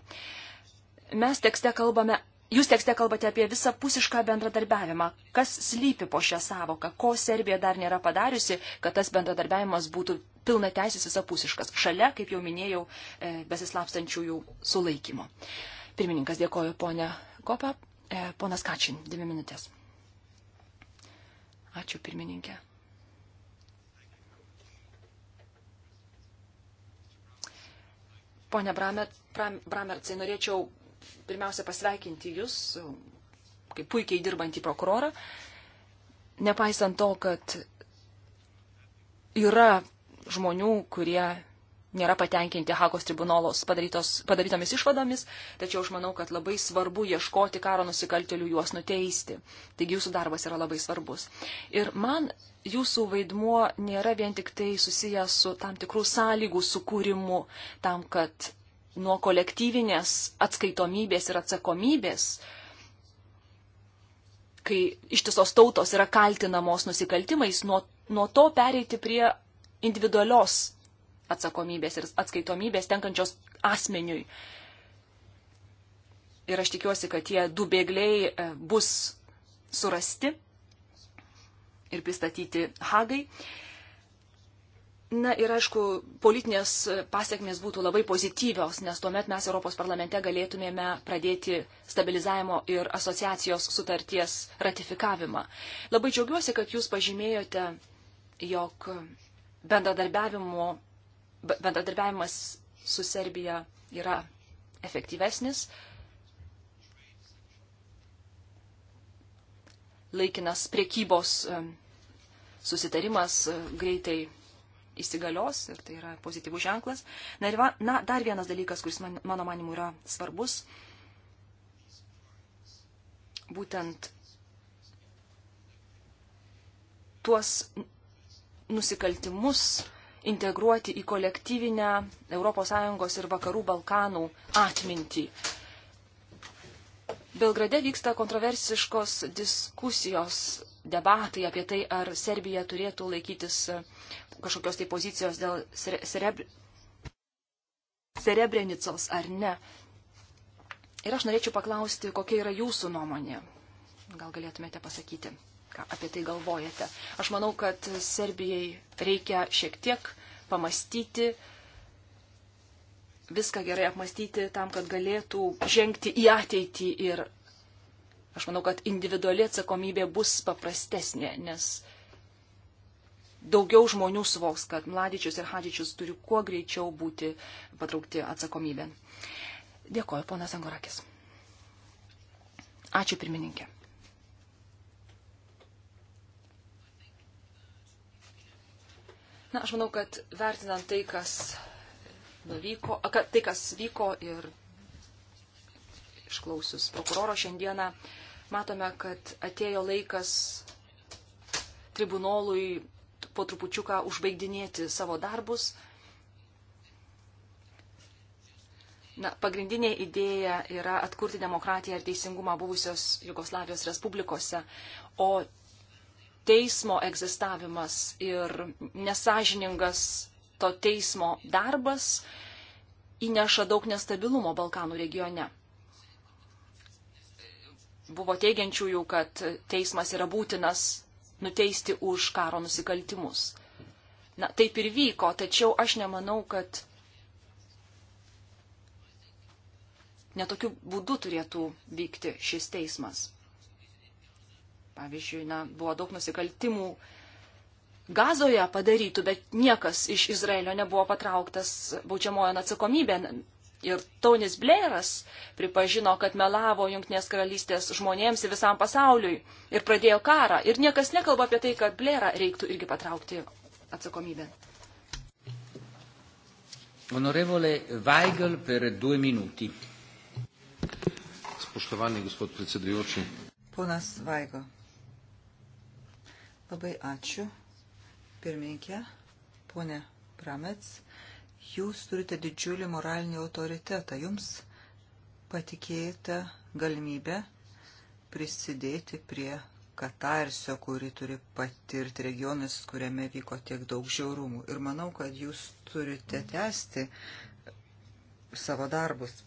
Mes tekste kalbame, jūs tekste kalbate apie visapusišką bendradarbiavimą. Kas slypi po šią savoką, ko Serbija dar nėra padariusi, kad tas bendradarbiavimas būtų pilna teisės visapusiškas, šalia, kaip jau minėjau, e, besislapstančiųjų sulaikymo. Pirmininkas dėkoju ponė Kopa, e, ponas Kačin, dvi minutės. Ačiū pirmininkė. Pone Bramercai, norėčiau pirmiausia pasveikinti Jūs, kaip puikiai dirbantį prokurorą, nepaisant to, kad yra žmonių, kurie nėra patenkinti Hagos tribunolos padarytomis išvadomis, tačiau aš manau, kad labai svarbu ieškoti karo nusikaltelių juos nuteisti. Taigi jūsų darbas yra labai svarbus. Ir man jūsų vaidmuo nėra vien tik tai susijęs su tam tikrų sąlygų sukūrimu, tam, kad nuo kolektyvinės atskaitomybės ir atsakomybės, kai ištisos tautos yra kaltinamos nusikaltimais, nuo, nuo to pereiti prie individualios atsakomybės ir atskaitomybės tenkančios asmeniui. Ir aš tikiuosi, kad tie du bėgliai e, bus surasti ir pristatyti Hagai. Na ir aišku, politinės pasiekmės būtų labai pozityvios, nes tuomet mes Europos parlamente galėtumėme pradėti stabilizavimo ir asociacijos sutarties ratifikavimą. Labai džiaugiuosi, kad jūs pažymėjote, jog bendradarbiavimas su Serbija yra efektyvesnis. Laikinas priekybos susitarimas e, greitai įsigalios ir tai yra pozityvų ženklas. Na ir va, na, dar vienas dalykas, kuris man, mano manimu yra svarbus, būtent tuos nusikaltimus integruoti į kolektyvinę ES ir Vakarų Balkanų atmintį. Belgrade vyksta kontroversiškos diskusijos debatai apie tai, ar Serbija turėtų laikytis e, kažkokios tai pozicijos dėl Serebr... Serebrenicos ar ne. Ir aš norėčiau paklausti, kokia yra jūsų nuomonė. Gal galėtumėte pasakyti, ką apie tai galvojate. Aš manau, kad Serbijai reikia šiek tiek pamastyti, viską gerai apmastyti tam, kad galėtų žengti į ateitį ir Aš manau, kad individuali atsakomybė bus paprastesnė, nes daugiau žmonių suvoks, kad Mladičius ir Hadžičius turi kuo greičiau būti patraukti atsakomybę. Dėkoju, ponas Angorakis. Ačiū pirmininkė. Na, aš manau, kad vertinant tai, kas nuvyko, kad tai, kas vyko ir išklausius prokuroro šiandieną, uh, Matome, kad atėjo laikas tribunolui po trupučiuką užbaigdinėti savo darbus. Na, pagrindinė idėja yra atkurti demokratiją ir teisingumą buvusios Jugoslavijos respublikose, o teismo egzistavimas ir nesažiningas to teismo darbas įneša daug nestabilumo Balkanų regione. Buvo teigiančiųjų, kad teismas yra būtinas nuteisti už karo nusikaltimus. Na, taip ir vyko, tačiau aš nemanau, kad netokiu būdu turėtų vykti šis teismas. Pavyzdžiui, na, buvo daug nusikaltimų gazoje padarytų, bet niekas iš Izraelio nebuvo patrauktas baudžiamojo atsakomybėn. Ir Tonis Blairas pripažino, kad melavo Junktinės karalystės žmonėms ir visam pasauliui ir pradėjo karą. Ir niekas nekalba apie tai, kad Blairą reiktų irgi patraukti atsakomybę. Honorevole Weigel per 2 minutį. Spoštovani gospod predsedujoči. Ponas Vaigo. Labai ačiū. Pirmininkė, ponė Pramets. Uh, Jūs turite didžiulį moralinį autoritetą. Jums patikėta galimybė prisidėti prie katarsio, kurį turi patirti regionas, kuriame vyko tiek daug žiaurumų. Ir manau, kad jūs turite tęsti savo darbus.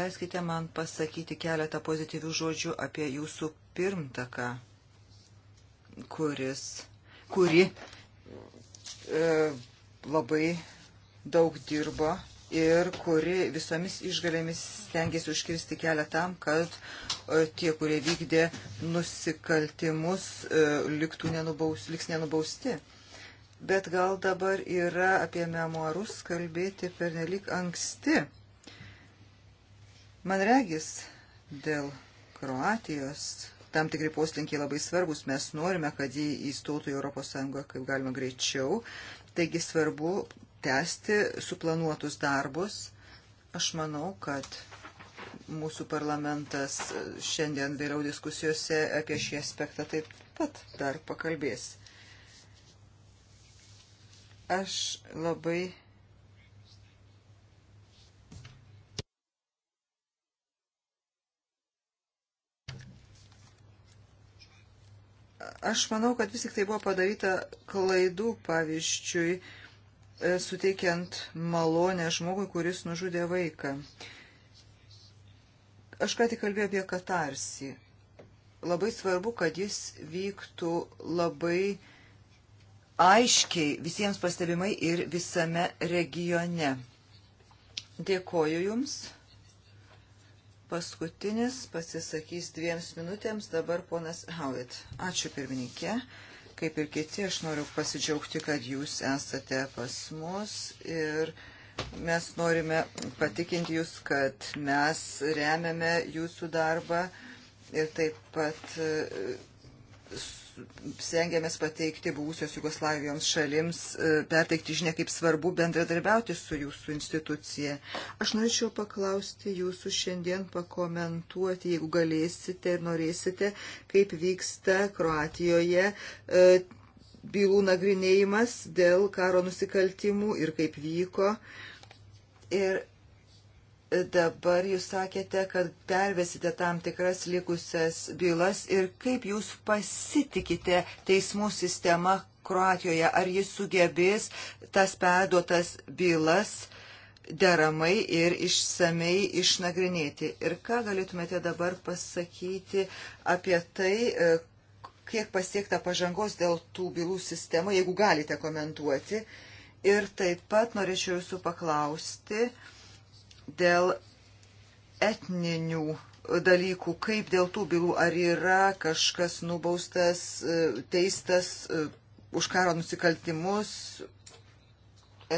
Leiskite man pasakyti keletą pozityvių žodžių apie jūsų pirmtaką, kuris, kuri E, labai daug dirbo ir kuri visomis išgalėmis stengiasi užkirsti kelią tam, kad e, tie, kurie vykdė nusikaltimus, e, liktų nenubaus, liks nenubausti. Bet gal dabar yra apie memoarus kalbėti per nelik anksti. Man regis, dėl Kroatijos tam tikri poslinkiai labai svarbus. Mes norime, kad jį įstotų į ES kaip galima greičiau. Taigi svarbu tęsti suplanuotus darbus. Aš manau, kad mūsų parlamentas šiandien vėliau diskusijose apie šį aspektą taip pat dar pakalbės. Aš labai Aš manau, kad vis tik tai buvo padaryta klaidų, pavyzdžiui, e, suteikiant malonę žmogui, kuris nužudė vaiką. Aš ką tik kalbėjau apie katarsį. Labai svarbu, kad jis vyktų labai aiškiai visiems pastebimai ir visame regione. Dėkoju Jums paskutinis pasisakys dviems minutėms dabar ponas Howitt. Ačiū pirmininkė. Kaip ir kiti, aš noriu pasidžiaugti, kad jūs esate pas mus ir mes norime patikinti jūs, kad mes remiame jūsų darbą ir taip pat e, stengiamės pateikti buvusios Jugoslavijoms šalims, e, perteikti žinia, kaip svarbu bendradarbiauti su jūsų institucija. Aš norėčiau paklausti jūsų šiandien, pakomentuoti, jeigu galėsite ir norėsite, kaip vyksta Kroatijoje e, bylų nagrinėjimas dėl karo nusikaltimų ir kaip vyko. Ir dabar jūs sakėte, kad pervesite tam tikras likusias bylas ir kaip jūs pasitikite teismų sistema Kroatijoje, ar jis sugebės tas perduotas bylas deramai ir išsamei išnagrinėti. Ir ką galėtumėte dabar pasakyti apie tai, e, kiek pasiekta pažangos dėl tų bylų sistemų, jeigu galite komentuoti. Ir taip pat norėčiau jūsų paklausti, uh, dėl etninių dalykų, kaip dėl tų bylų, ar yra kažkas nubaustas, e, teistas e, už karo nusikaltimus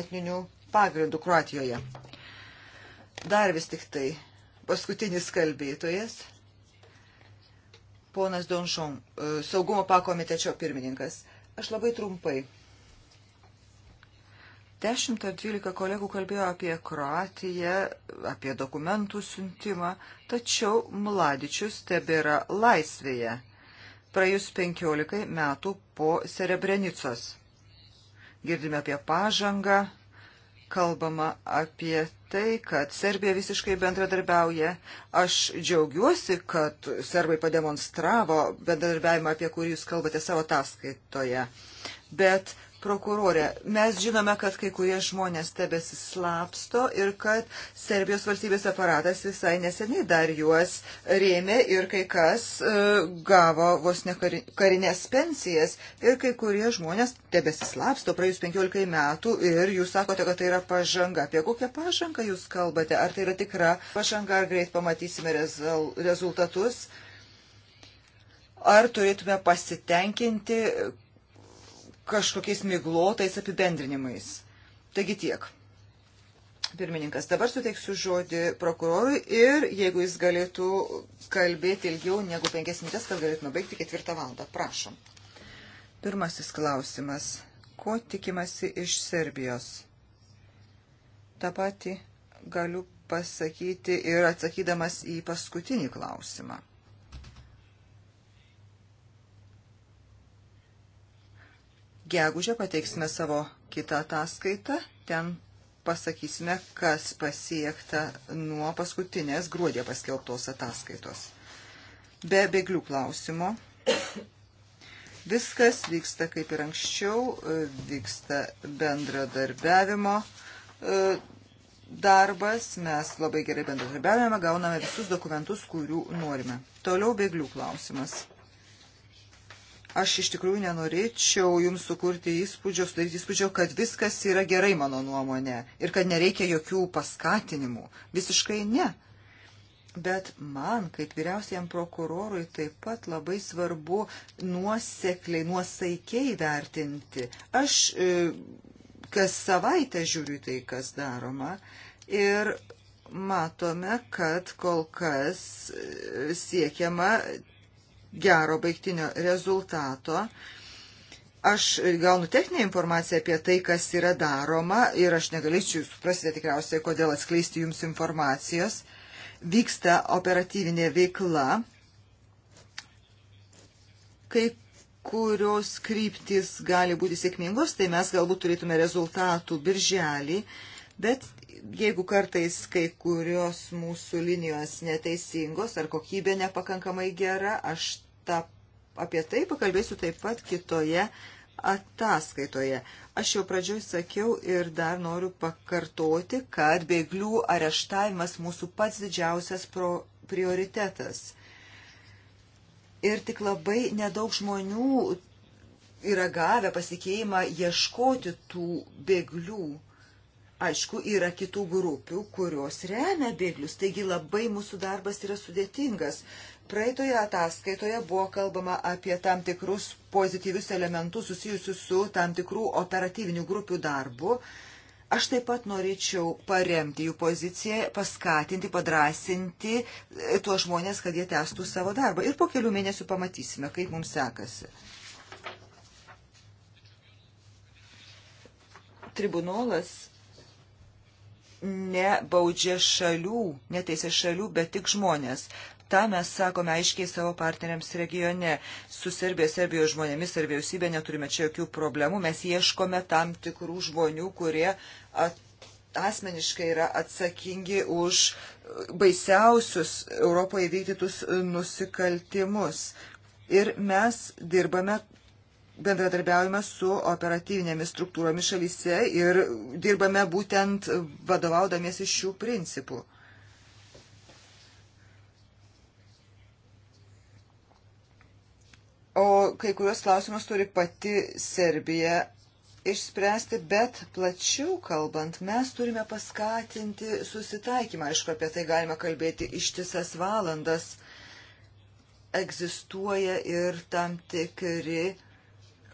etninių pagrindų Kroatijoje. Dar vis tik tai paskutinis kalbėtojas, ponas Donšon, e, saugumo pakomitečio pirmininkas. Aš labai trumpai Dešimt ar dvylika kolegų kalbėjo apie Kroatiją, apie dokumentų siuntimą, tačiau Mladičius tebėra laisvėje, praėjus penkiolikai metų po Serebrenicos. Girdime apie pažangą, kalbama apie tai, kad Serbija visiškai bendradarbiauja. Aš džiaugiuosi, kad serbai pademonstravo bendradarbiavimą, apie kurį jūs kalbate savo ataskaitoje. Bet prokurorė, mes žinome, kad kai kurie žmonės tebesi slapsto ir kad Serbijos valstybės aparatas visai neseniai dar juos rėmė ir kai kas e, gavo vos ne karinės pensijas ir kai kurie žmonės tebesi slapsto praėjus 15 metų ir jūs sakote, kad tai yra pažanga. Apie kokią pažangą jūs kalbate? Ar tai yra tikra pažanga, ar greit pamatysime rezultatus? Ar turėtume pasitenkinti kažkokiais miglotais apibendrinimais. Taigi tiek. Pirmininkas, dabar suteiksiu žodį prokurorui ir jeigu jis galėtų kalbėti ilgiau negu penkias minutės, kad galėtume baigti ketvirtą valandą. Prašom. Pirmasis klausimas. Ko tikimasi iš Serbijos? Ta pati galiu pasakyti ir atsakydamas į paskutinį klausimą. Gegužę pateiksime savo kitą ataskaitą, ten pasakysime, kas pasiekta nuo paskutinės gruodė paskelbtos ataskaitos. Be beglių klausimo. Viskas vyksta kaip ir anksčiau, vyksta bendradarbiavimo e, darbas, mes labai gerai bendradarbiavime, gauname visus dokumentus, kurių norime. Toliau beglių klausimas. Aš iš tikrųjų nenorėčiau jums sukurti įspūdžio, sudaryti įspūdžio, kad viskas yra gerai mano nuomonė ir kad nereikia jokių paskatinimų. Visiškai ne. Bet man, kaip vyriausiam prokurorui, taip pat labai svarbu nuosekliai, nuosaikiai vertinti. Aš e, kas savaitę žiūriu tai, kas daroma. Ir matome, kad kol kas e, siekiama gero baigtinio rezultato. Aš gaunu techninę informaciją apie tai, kas yra daroma ir aš negalėčiau suprasti tikriausiai, kodėl atskleisti jums informacijos. Vyksta operatyvinė veikla, kai kurios kryptis gali būti sėkmingos, tai mes galbūt turėtume rezultatų birželį, bet jeigu kartais kai kurios mūsų linijos neteisingos ar kokybė nepakankamai gera, aš tą, apie tai pakalbėsiu taip pat kitoje ataskaitoje. Aš jau pradžioj sakiau ir dar noriu pakartoti, kad beiglių areštavimas mūsų pats didžiausias pro, prioritetas. Ir tik labai nedaug žmonių yra gavę pasikeimą ieškoti tų bėglių. Aišku, yra kitų grupių, kurios remia bėglius, taigi labai mūsų darbas yra sudėtingas. Praeitoje ataskaitoje buvo kalbama apie tam tikrus pozityvius elementus susijusius su tam tikrų operatyvinių grupių darbu. Aš taip pat norėčiau paremti jų poziciją, paskatinti, padrasinti e, tuos žmonės, kad jie testų savo darbą. Ir po kelių mėnesių pamatysime, kaip mums sekasi. Tribunolas nebaudžia šalių, neteisė šalių, bet tik žmonės. Ta mes sakome aiškiai savo partneriams regione. Su Serbijos, Serbijos žmonėmis ir vyriausybė neturime čia jokių problemų. Mes ieškome tam tikrų žmonių, kurie at, asmeniškai yra atsakingi už baisiausius Europoje vykdytus nusikaltimus. Ir mes dirbame bendradarbiaujame su operatyvinėmis struktūromis šalyse ir dirbame būtent vadovaudamiesi šių principų. O kai kurios klausimus turi pati Serbija išspręsti, bet plačiau kalbant, mes turime paskatinti susitaikymą. Aišku, apie tai galima kalbėti ištisas valandas. Egzistuoja ir tam tikri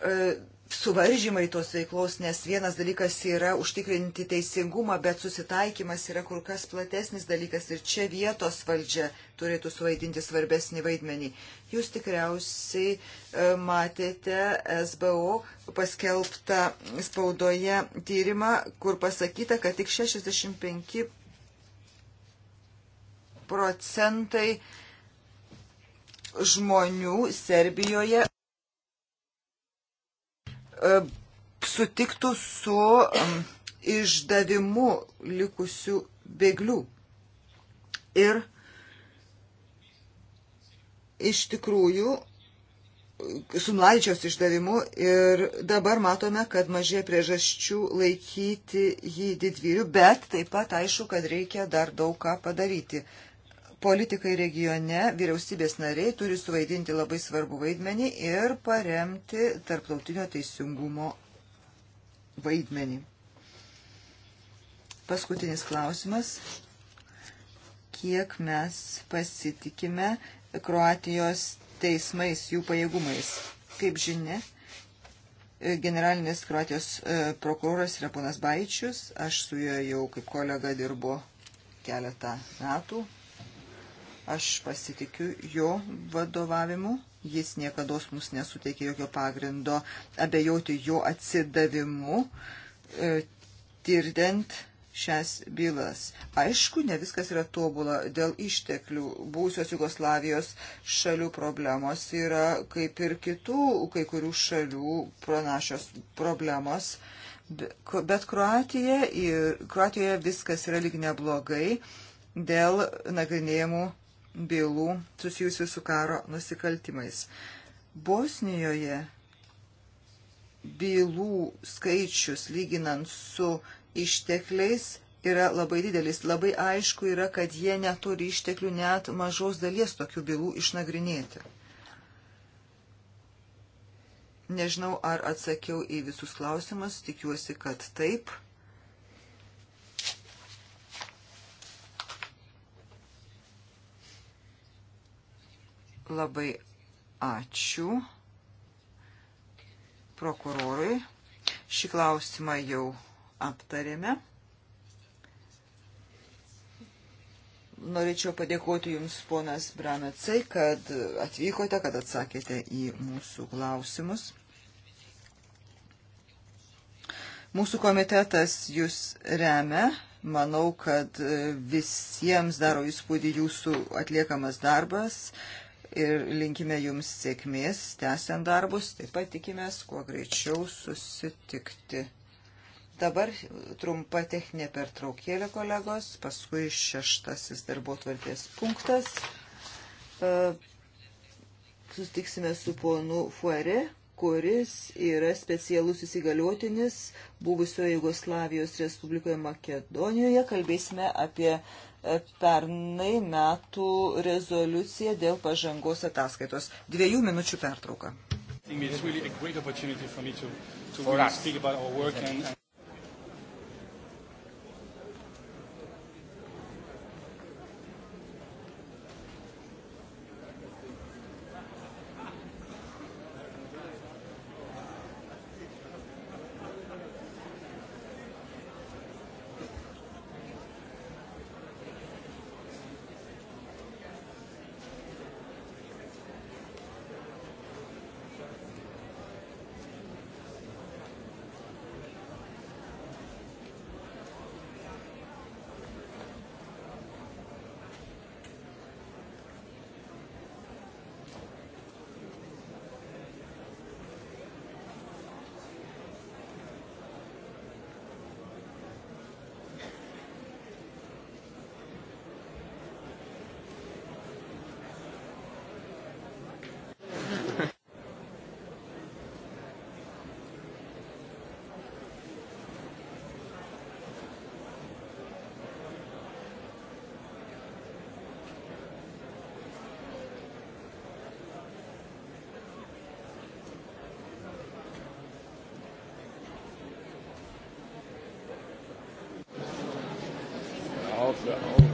E, suvaržymai tos veiklos, nes vienas dalykas yra užtikrinti teisingumą, bet susitaikymas yra kur kas platesnis dalykas ir čia vietos valdžia turėtų suvaidinti svarbesnį vaidmenį. Jūs tikriausiai e, matėte SBO paskelbtą spaudoje tyrimą, kur pasakyta, kad tik 65 procentai žmonių Serbijoje E, sutiktų su išdavimu likusių bėglių. Ir iš tikrųjų sumlaičios išdavimu ir dabar matome, kad mažė priežasčių laikyti jį didvyrių, bet taip pat aišku, kad reikia dar daug ką padaryti politikai regione, vyriausybės nariai turi suvaidinti labai svarbu vaidmenį ir paremti tarptautinio teisingumo vaidmenį. Paskutinis klausimas. Kiek mes pasitikime Kroatijos teismais, jų pajėgumais? Kaip žinia, generalinis Kroatijos e, prokuroras yra ponas Baičius, aš su juo jau kaip kolega dirbu keletą metų, Aš pasitikiu jo vadovavimu. Jis niekada mums nesuteikė jokio pagrindo abejoti jo atsidavimu, e, tirdent šias bylas. Aišku, ne viskas yra tobula dėl išteklių. Būsios Jugoslavijos šalių problemos yra, kaip ir kitų kai kurių šalių pranašios problemos. Bet Kroatija, Kroatijoje viskas yra lyg neblogai dėl nagrinėjimų bylų susijusių su karo nusikaltimais. Bosnijoje bylų skaičius lyginant su ištekliais yra labai didelis. Labai aišku yra, kad jie neturi išteklių net mažos dalies tokių bylų išnagrinėti. Nežinau, ar atsakiau į visus klausimus, tikiuosi, kad taip. Labai ačiū prokurorui. Šį klausimą jau aptarėme. Norėčiau padėkoti Jums, ponas Branacai, kad atvykote, kad atsakėte į mūsų klausimus. Mūsų komitetas Jūs remia. Manau, kad visiems daro įspūdį Jūsų atliekamas darbas ir linkime jums sėkmės, tęsiant darbus, taip pat tikimės kuo greičiau susitikti. Dabar trumpa techninė pertraukėlė, kolegos, paskui šeštasis darbo tvarkės punktas. E, Sustiksime su ponu Fuere, kuris yra specialus įsigaliotinis buvusioje Jugoslavijos Respublikoje Makedonijoje. Kalbėsime apie pernai metų rezoliuciją dėl pažangos ataskaitos. Dviejų minučių pertrauka. für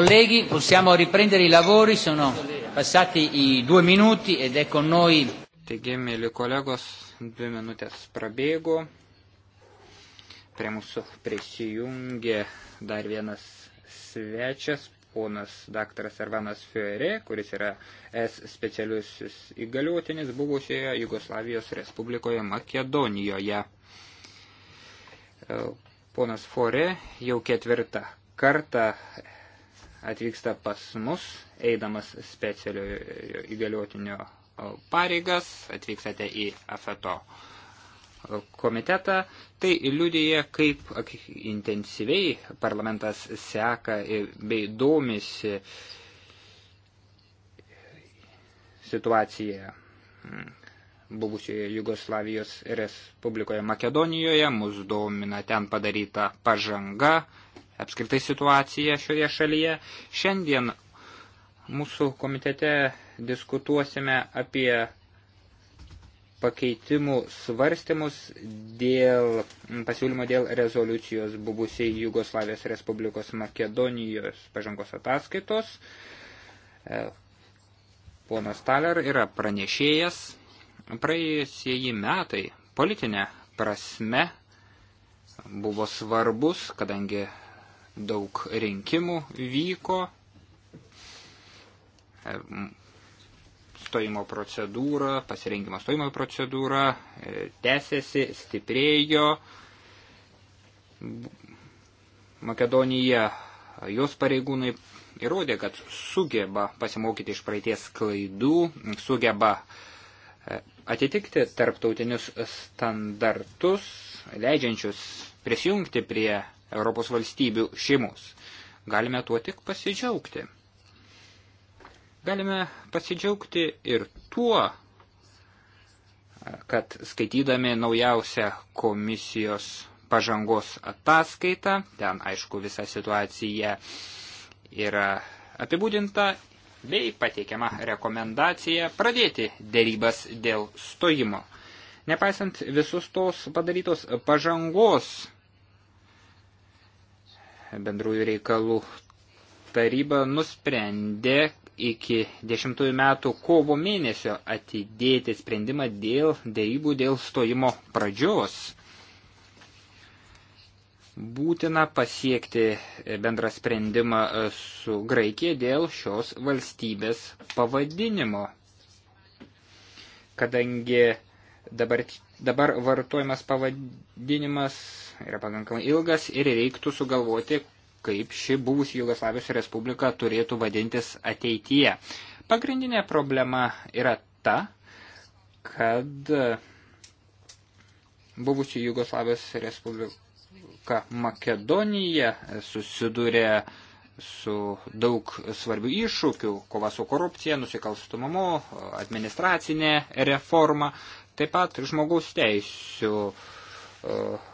Colleghi, possiamo riprendere i lavori, sono passati i due minuti ed è con noi. Taigi, mėly kolegos, dvi minutės prabėgo. Prie mūsų prisijungė dar vienas svečias, ponas daktaras Ervanas Fiore, kuris yra es specialiusis įgaliotinis buvusioje Jugoslavijos Respublikoje Makedonijoje. Ponas Fore jau ketvirtą kartą atvyksta pas mus, eidamas specialiojo įgaliotinio pareigas, atvykstate į AFETO komitetą. Tai liudyje, kaip intensyviai parlamentas seka bei domisi situaciją buvusioje Jugoslavijos Respublikoje Makedonijoje, mus domina ten padaryta pažanga, apskritai situaciją šioje šalyje. Šiandien mūsų komitete diskutuosime apie pakeitimų svarstymus dėl pasiūlymo dėl rezoliucijos buvusiai Jugoslavijos Respublikos Makedonijos pažangos ataskaitos. E, ponas Taler yra pranešėjas. Praėjusieji metai politinė prasme buvo svarbus, kadangi daug rinkimų vyko, e, stojimo procedūra, pasirinkimo stojimo procedūra e, tęsiasi, stiprėjo. Makedonija, jos pareigūnai įrodė, kad sugeba pasimokyti iš praeities klaidų, sugeba e, atitikti tarptautinius standartus, leidžiančius prisijungti prie Europos valstybių šeimus. Galime tuo tik pasidžiaugti. Galime pasidžiaugti ir tuo, kad skaitydami naujausią komisijos pažangos ataskaitą, ten aišku visa situacija yra apibūdinta bei pateikiama rekomendacija pradėti dėrybas dėl stojimo. Nepaisant visus tos padarytos pažangos, bendrųjų reikalų taryba nusprendė iki 10 metų kovo mėnesio atidėti sprendimą dėl dėrybų dėl stojimo pradžios. Būtina pasiekti bendrą sprendimą su Graikija dėl šios valstybės pavadinimo, kadangi dabar, dabar vartojamas pavadinimas yra pakankamai ilgas ir reiktų sugalvoti, kaip ši buvusi Jugoslavijos Respublika turėtų vadintis ateityje. Pagrindinė problema yra ta, kad buvusi Jugoslavijos Respublika Makedonija susidūrė su daug svarbių iššūkių - kova su korupcija, nusikalstumumu, administracinė reforma, taip pat žmogaus teisų uh,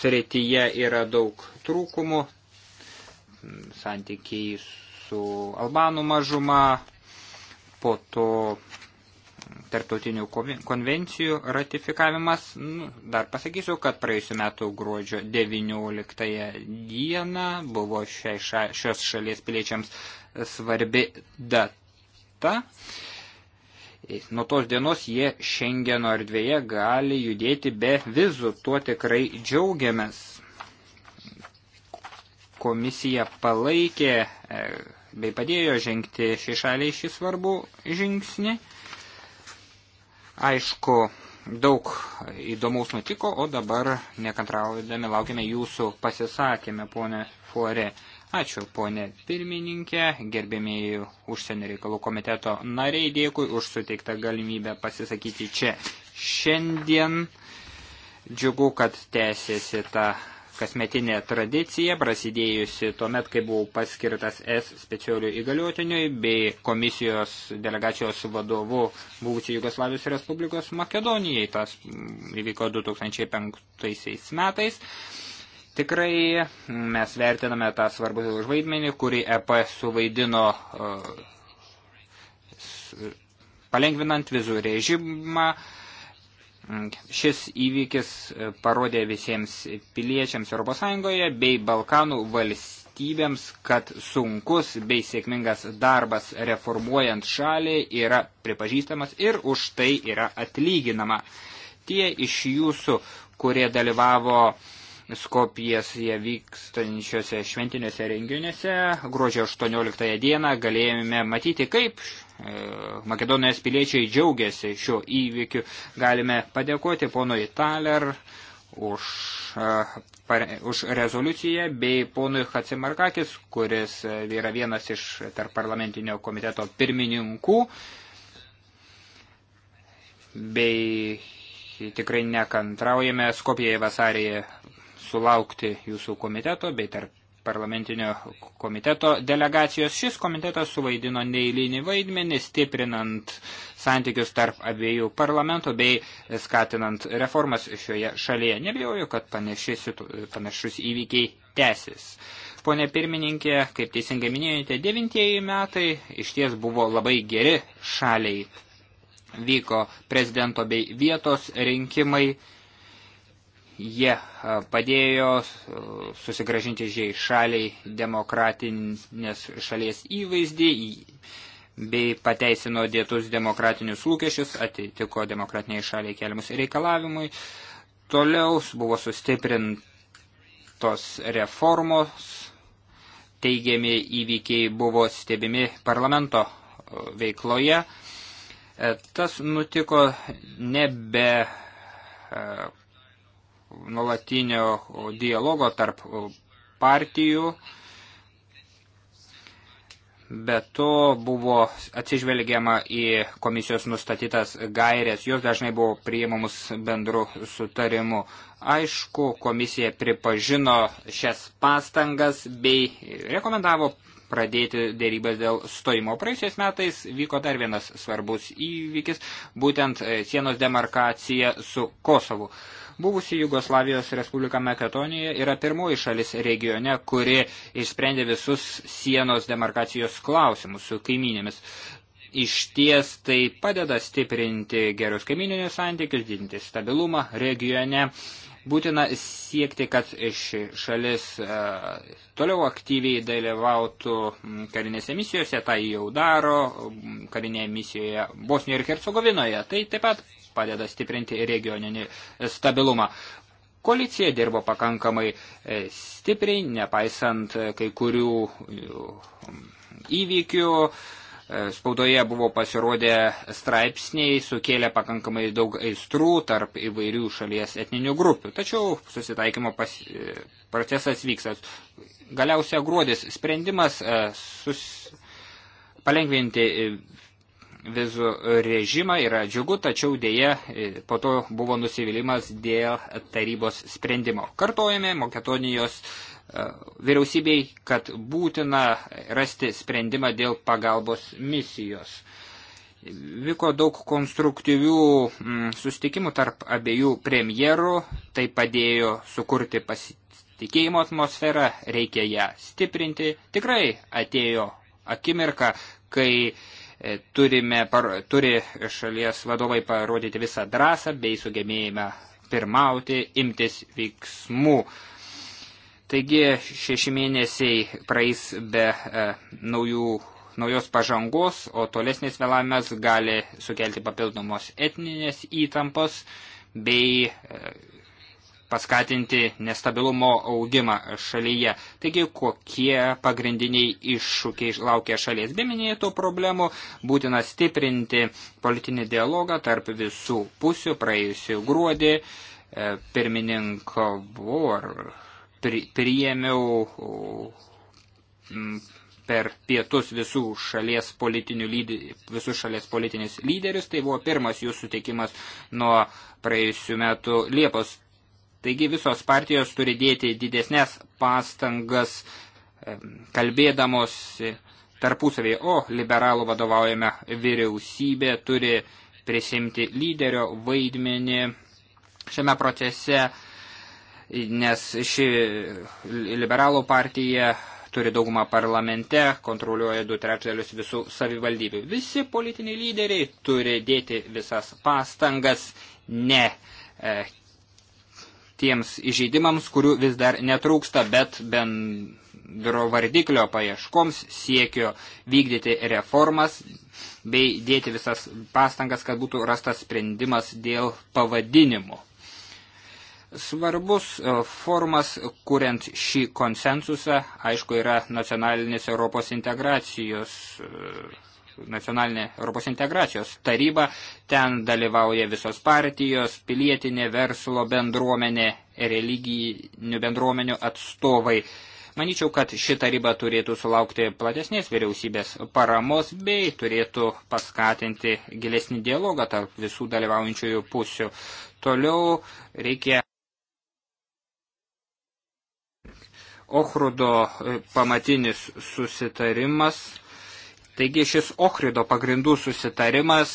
srityje yra daug trūkumų, santykiai su Albanų mažuma, po to tarptautinių konvencijų ratifikavimas. Nu, dar pasakysiu, kad praėjusiu metu gruodžio 19 dieną buvo šiai ša, šios šalies piliečiams svarbi data. Nuo tos dienos jie Šengeno erdvėje gali judėti be vizų, tuo tikrai džiaugiamės. Komisija palaikė e, bei padėjo žengti šį šaliai šį svarbų žingsnį. Aišku, daug įdomaus nutiko, o dabar nekantraudami laukiame jūsų pasisakymę, ponė Fuore. Ačiū, ponė pirmininkė, gerbėmėjų užsienio reikalų komiteto nariai, dėkui už suteiktą galimybę pasisakyti čia šiandien. Džiugu, kad tęsiasi ta kasmetinė tradicija, prasidėjusi tuo met, kai buvau paskirtas S specialių įgaliotiniui bei komisijos delegacijos vadovu buvusiai Jugoslavijos Respublikos Makedonijai. Tas įvyko 2005 metais. Tikrai mes vertiname tą svarbų žvaidmenį, kurį EP suvaidino e, palengvinant vizų režimą. Šis įvykis parodė visiems piliečiams ES bei Balkanų valstybėms, kad sunkus bei sėkmingas darbas reformuojant šalį yra pripažįstamas ir už tai yra atlyginama. Tie iš jūsų, kurie dalyvavo uh, Skopijose vykstančiose šventiniuose renginiuose. Gruodžio 18 dieną galėjome matyti, kaip e, Makedonijos piliečiai džiaugiasi šiuo įvykiu. Galime padėkoti ponui Taler už, e, pare, už rezoliuciją bei ponui Hatsimarkakis, kuris yra vienas iš tarp parlamentinio komiteto pirmininkų bei tikrai nekantraujame Skopijai vasarį sulaukti jūsų komiteto bei tarp parlamentinio komiteto delegacijos. Šis komitetas suvaidino neįlynį vaidmenį, stiprinant santykius tarp abiejų parlamentų bei skatinant reformas šioje šalyje. Nebijoju, kad situ, panašus įvykiai tęsis. Pone pirmininkė, kaip teisingai minėjote, devintieji metai iš ties buvo labai geri šaliai. Vyko prezidento bei vietos rinkimai Jie padėjo susigražinti žiai šaliai demokratinės šalies įvaizdį bei pateisino dėtus demokratinius lūkesčius, atitiko demokratiniai šaliai keliamus reikalavimui. Toliau buvo sustiprintos reformos, teigiami įvykiai buvo stebimi parlamento veikloje. E, tas nutiko nebe nuolatinio dialogo tarp partijų. Be to buvo atsižvelgiama į komisijos nustatytas gairės, jos dažnai buvo priimamus bendru sutarimu. Aišku, komisija pripažino šias pastangas bei rekomendavo pradėti dėrybas dėl stojimo. Praėjusiais metais vyko dar vienas svarbus įvykis, būtent sienos demarkacija su Kosovu. Buvusi Jugoslavijos Respublika Makedonija yra pirmoji šalis regione, kuri išsprendė visus sienos demarkacijos klausimus su kaiminėmis. Iš ties tai padeda stiprinti gerus kaimininius santykius, didinti stabilumą regione. Būtina siekti, kad ši šalis e, toliau aktyviai dalyvautų karinėse misijose, tai jau daro karinėje misijoje Bosnijoje ir Hercegovinoje. Tai taip pat padeda stiprinti regioninį stabilumą. Koalicija dirbo pakankamai e, stipriai, nepaisant e, kai kurių e, įvykių. Spaudoje buvo pasirodę straipsniai, sukėlė pakankamai daug aistrų tarp įvairių šalies etninių grupių. Tačiau susitaikymo pas, procesas vyksta. Galiausia gruodis sprendimas sus, palengvinti vizų režimą yra džiugu, tačiau dėje po to buvo nusivylimas dėl tarybos sprendimo. Kartojame Makedonijos e, vyriausybei, kad būtina rasti sprendimą dėl pagalbos misijos. Vyko daug konstruktyvių mm, sustikimų tarp abiejų premjerų, tai padėjo sukurti pasitikėjimo atmosferą, reikia ją stiprinti. Tikrai atėjo akimirka, kai uh, E, turime, par, turi šalies vadovai parodyti visą drąsą bei sugebėjimą pirmauti, imtis veiksmų. Taigi šeši mėnesiai praeis be e, naujų, naujos pažangos, o tolesnės vėlavimas gali sukelti papildomos etninės įtampos bei e, paskatinti nestabilumo augimą šalyje. Taigi, kokie pagrindiniai iššūkiai laukia šalies be minėtų problemų, būtina stiprinti politinį dialogą tarp visų pusių praėjusių gruodį, e, pirmininkavo ar pri, priėmiau per pietus visų šalies, lyder, visus šalies politinius lyderius. Tai buvo pirmas jų sutikimas nuo praėjusių metų Liepos Taigi visos partijos turi dėti didesnės pastangas e, kalbėdamos tarpusavėje, o liberalų vadovaujame vyriausybė turi prisimti lyderio vaidmenį šiame procese, nes ši liberalų partija turi daugumą parlamente, kontroliuoja du trečdalius visų savivaldybių. Visi politiniai lyderiai turi dėti visas pastangas, ne e, tiems įžeidimams, kurių vis dar netrūksta, bet bendro vardiklio paieškoms siekio vykdyti reformas bei dėti visas pastangas, kad būtų rastas sprendimas dėl pavadinimo. Svarbus e, formas, kuriant šį konsensusą, aišku, yra nacionalinis Europos integracijos e, nacionalinė Europos integracijos taryba, ten dalyvauja visos partijos, pilietinė verslo bendruomenė, religinių bendruomenių atstovai. Manyčiau, kad ši taryba turėtų sulaukti platesnės vyriausybės paramos bei turėtų paskatinti gilesnį dialogą tarp visų dalyvaujančiųjų pusių. Toliau reikia Ohrudo e, pamatinis susitarimas Taigi šis Ohrido pagrindų susitarimas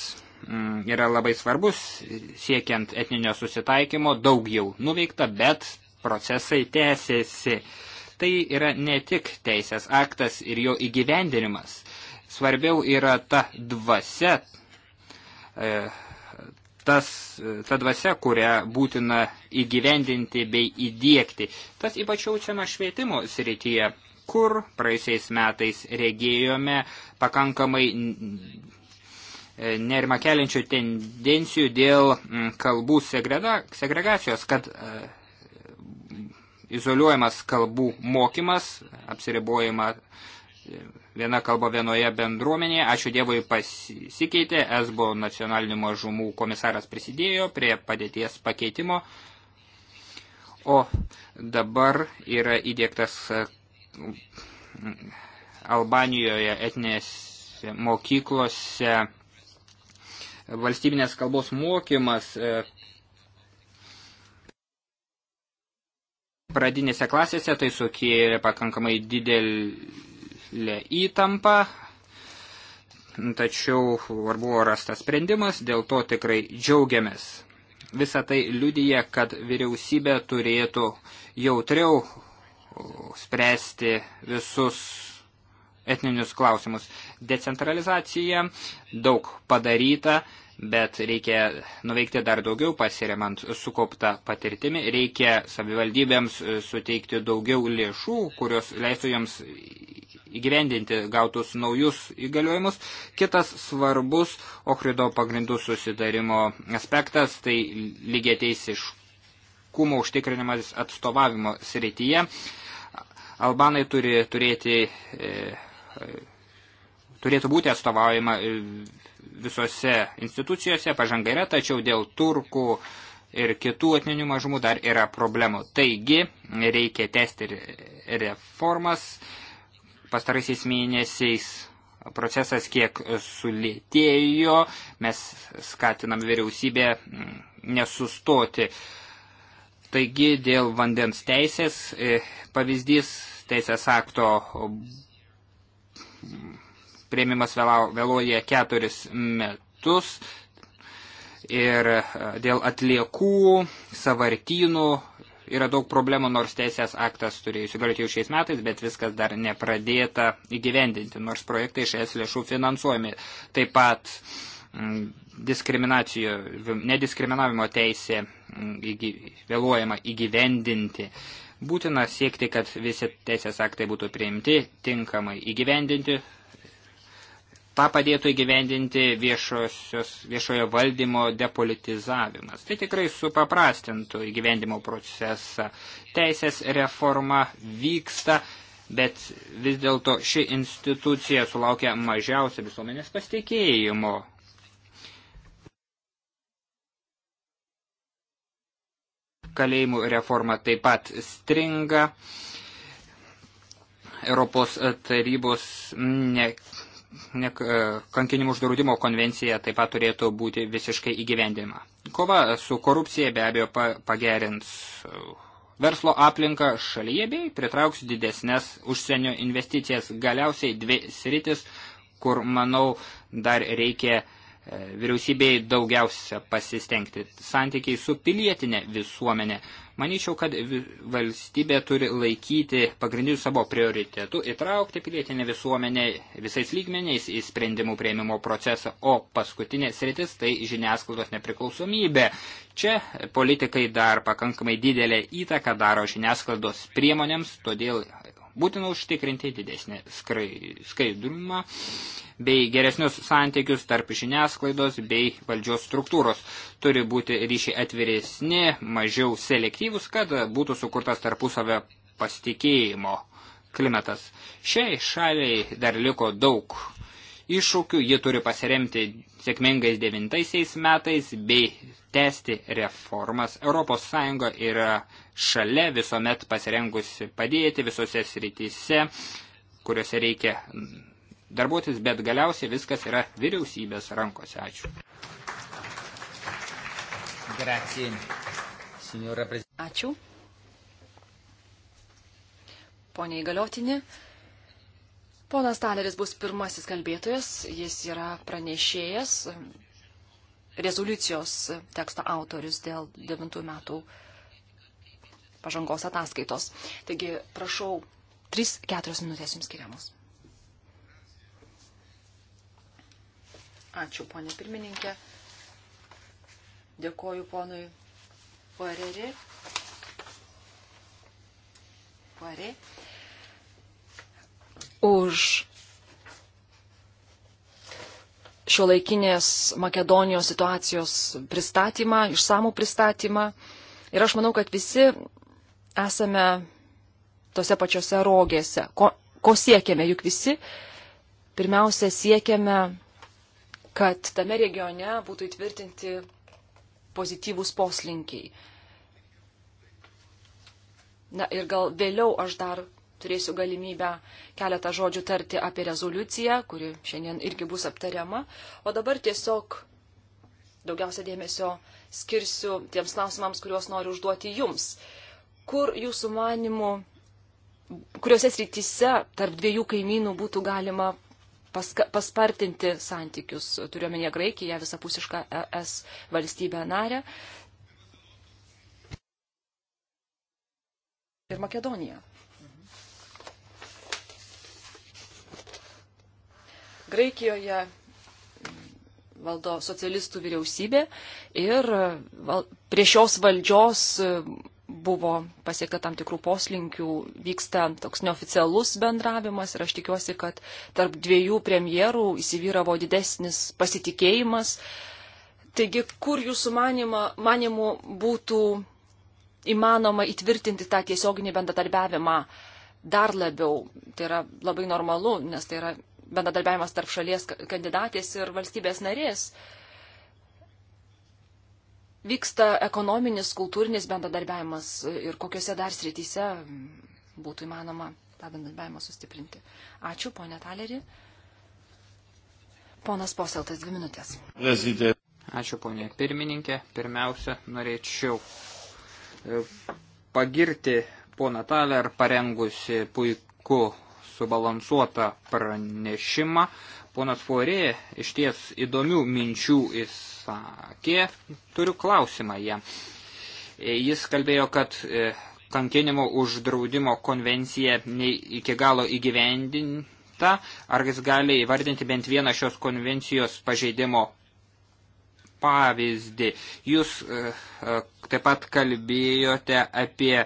mm, yra labai svarbus, siekiant etninio susitaikymo, daug jau nuveikta, bet procesai tęsiasi. Tai yra ne tik teisės aktas ir jo įgyvendinimas. Svarbiau yra ta dvasia, e, tas, ta dvasia, kurią būtina įgyvendinti bei įdėkti. Tas ypač jaučiama švietimo srityje kur praeisiais metais regėjome pakankamai nerima keliančių tendencijų dėl mm, kalbų segregacijos, kad e, izoliuojamas kalbų mokymas, apsiribojama e, viena kalba vienoje bendruomenėje. Ačiū Dievui pasikeitė, esbo nacionalinių mažumų komisaras prisidėjo prie padėties pakeitimo. O dabar yra įdėktas Albanijoje etinėse mokyklose valstybinės kalbos mokymas e, pradinėse klasėse, tai sukėlė pakankamai didelę įtampą, tačiau ar buvo rastas sprendimas, dėl to tikrai džiaugiamės. Visą tai liudyje, kad vyriausybė turėtų jautriau spręsti visus etninius klausimus. Decentralizacija daug padaryta, bet reikia nuveikti dar daugiau pasiremant sukauptą patirtimi. Reikia savivaldybėms e, suteikti daugiau lėšų, kurios leistų joms įgyvendinti gautus naujus įgaliojimus. Kitas svarbus Ohrido pagrindų susidarimo aspektas tai lygiateisiškumo užtikrinimas atstovavimo srityje. Albanai turi turėti, e, turėtų būti atstovaujama e, visose institucijose, pažanga yra, tačiau dėl turkų ir kitų etninių mažumų dar yra problemų. Taigi, reikia tęsti reformas. Pastaraisiais mėnesiais procesas kiek sulėtėjo, mes skatinam vyriausybę mm, nesustoti Taigi dėl vandens teisės e, pavyzdys teisės akto prieimimas vėluoja keturis metus ir e, dėl atliekų, savartynų yra daug problemų, nors teisės aktas turėjo įsigalioti jau šiais metais, bet viskas dar nepradėta įgyvendinti, nors projektai iš es lėšų finansuojami. Taip pat uh, Mm, nediskriminavimo teisė mm, įgy, vėluojama įgyvendinti. Būtina siekti, kad visi teisės aktai būtų priimti, tinkamai įgyvendinti. Ta padėtų įgyvendinti viešosios, viešojo valdymo depolitizavimas. Tai tikrai supaprastintų įgyvendimo procesą. Teisės reforma vyksta bet vis dėlto ši institucija sulaukia mažiausia visuomenės pasitikėjimo. kalėjimų reforma taip pat stringa. Europos tarybos ne, ne, kankinimų uždraudimo konvencija taip pat turėtų būti visiškai įgyvendinama. Kova su korupcija be abejo pagerins verslo aplinką šalyje bei pritrauks didesnės užsienio investicijas. Galiausiai dvi sritis, kur manau dar reikia uh, E, vyriausybei daugiausia pasistengti santykiai su pilietinė visuomenė. Manyčiau, kad valstybė turi laikyti pagrindinių savo prioritetų, įtraukti pilietinę visuomenę visais lygmeniais į sprendimų prieimimo procesą, o paskutinė sritis tai žiniasklaidos nepriklausomybė. Čia politikai dar pakankamai didelę įtaką daro žiniasklaidos priemonėms, todėl būtina užtikrinti didesnį skaidrumą. Skrai bei geresnius santykius tarp žiniasklaidos bei valdžios struktūros. Turi būti ryšiai atviresni, mažiau selektyvus, kad būtų sukurtas tarpusavio pasitikėjimo klimatas. Šiai šaliai dar liko daug iššūkių, ji turi pasiremti sėkmingais devintaisiais metais bei tęsti reformas. ES yra šalia visuomet pasirengusi padėti visose srityse, kuriuose reikia darbuotis, bet galiausiai viskas yra vyriausybės rankose. Ačiū. Grazie, signora prezidentė. Ačiū. Pone įgaliotinė. Ponas Taleris bus pirmasis kalbėtojas, jis yra pranešėjas, rezoliucijos teksto autorius dėl 9 metų pažangos ataskaitos. Taigi, prašau, 3-4 minutės jums skiriamos. Ačiū, ponė pirmininkė. Dėkoju ponui Poireri. Poireri. Už šio laikinės Makedonijos situacijos pristatymą, išsamų pristatymą. Ir aš manau, kad visi esame tose pačiose rogėse. Ko, ko siekiame? Juk visi pirmiausia siekiame kad tame regione būtų įtvirtinti pozityvūs poslinkiai. Na ir gal vėliau aš dar turėsiu galimybę keletą žodžių tarti apie rezoliuciją, kuri šiandien irgi bus aptariama. O dabar tiesiog daugiausia dėmesio skirsiu tiems klausimams, kuriuos noriu užduoti jums. Kur jūsų manimų, kuriuose srityse tarp dviejų kaimynų būtų galima paska, paspartinti santykius, turiuomenė Graikiją, visapusišką ES valstybę narę ir Makedoniją. Graikijoje mm, valdo socialistų vyriausybė ir val, prie šios valdžios buvo pasiekta tam tikrų poslinkių, vyksta toks neoficialus bendravimas ir aš tikiuosi, kad tarp dviejų premjerų įsivyravo didesnis pasitikėjimas. Taigi, kur jūsų manima, manimų būtų įmanoma įtvirtinti tą tiesioginį bendradarbiavimą dar labiau? Tai yra labai normalu, nes tai yra bendradarbiavimas tarp šalies kandidatės ir valstybės narės. Uh, vyksta ekonominis, kultūrinis bendradarbiavimas ir kokiuose dar srityse būtų įmanoma tą bendradarbiavimą sustiprinti. Ačiū, ponė Talerį. Ponas Poseltas, dvi minutės. Ačiū, ponė pirmininkė. Pirmiausia, norėčiau e, pagirti poną Taler parengusi puikų subalansuotą pranešimą. Ponas Fuorė iš ties įdomių minčių įsakė, turiu klausimą jam. E, jis kalbėjo, kad e, kankinimo uždraudimo konvencija iki galo įgyvendinta. Ar jis gali įvardinti bent vieną šios konvencijos pažeidimo pavyzdį? Jūs e, taip pat kalbėjote apie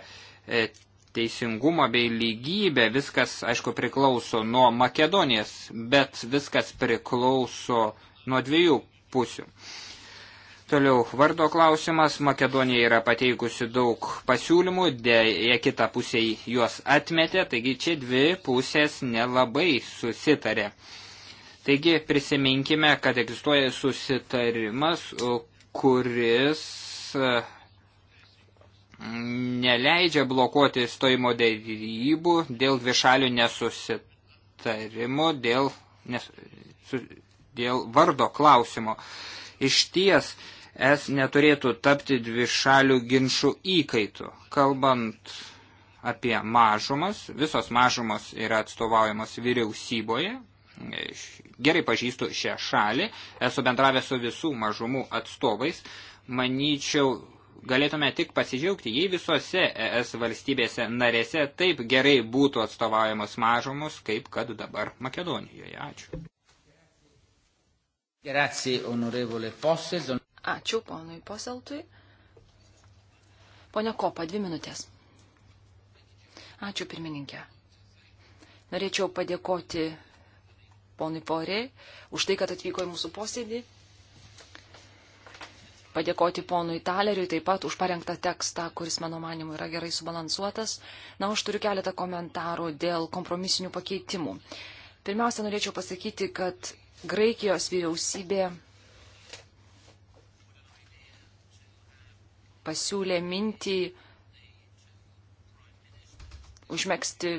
teisingumą bei lygybę, viskas, aišku, priklauso nuo Makedonijos, bet viskas priklauso nuo dviejų pusių. Toliau vardo klausimas. Makedonija yra pateikusi daug pasiūlymų, dėja kita pusė juos atmetė, taigi čia dvi pusės nelabai susitarė. Taigi prisiminkime, kad egzistuoja susitarimas, kuris neleidžia blokuoti stojimo dėrybų dėl dvišalių nesusitarimo, dėl, nes, su, dėl vardo klausimo. Iš ties, es neturėtų tapti dvišalių ginčių įkaitų. Kalbant apie mažumas, visos mažumas yra atstovaujamos vyriausyboje. Gerai pažįstu šią šalį, esu bendravęs su visų mažumų atstovais. Manyčiau, galėtume tik pasidžiaugti, jei visose ES valstybėse narėse taip gerai būtų atstovaujamos mažumus, kaip kad dabar Makedonijoje. Ačiū. Grazie, onorevole Posses. Ačiū ponui Poseltui. Pone Kopa, dvi minutės. Ačiū pirmininkė. Norėčiau padėkoti ponui Porė už tai, kad atvyko į mūsų posėdį padėkoti ponui Taleriui taip pat už parengtą tekstą, kuris mano manimu yra gerai subalansuotas. Na, aš turiu keletą komentarų dėl kompromisinių pakeitimų. Pirmiausia, norėčiau pasakyti, kad Graikijos vyriausybė pasiūlė mintį užmėgsti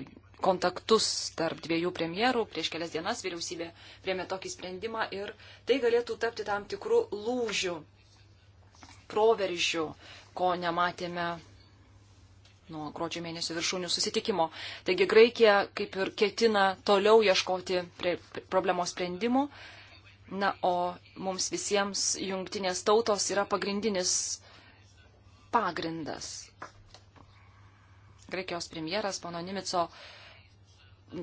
kontaktus tarp dviejų premjerų. Prieš kelias dienas vyriausybė priemė tokį sprendimą ir tai galėtų tapti tam tikrų lūžių proveržių, ko nematėme nuo gruodžio mėnesio viršūnių susitikimo. Taigi Graikija kaip ir ketina toliau ieškoti problemos sprendimų. Na, o mums visiems jungtinės tautos yra pagrindinis pagrindas. Graikijos premjeras pono Nimico,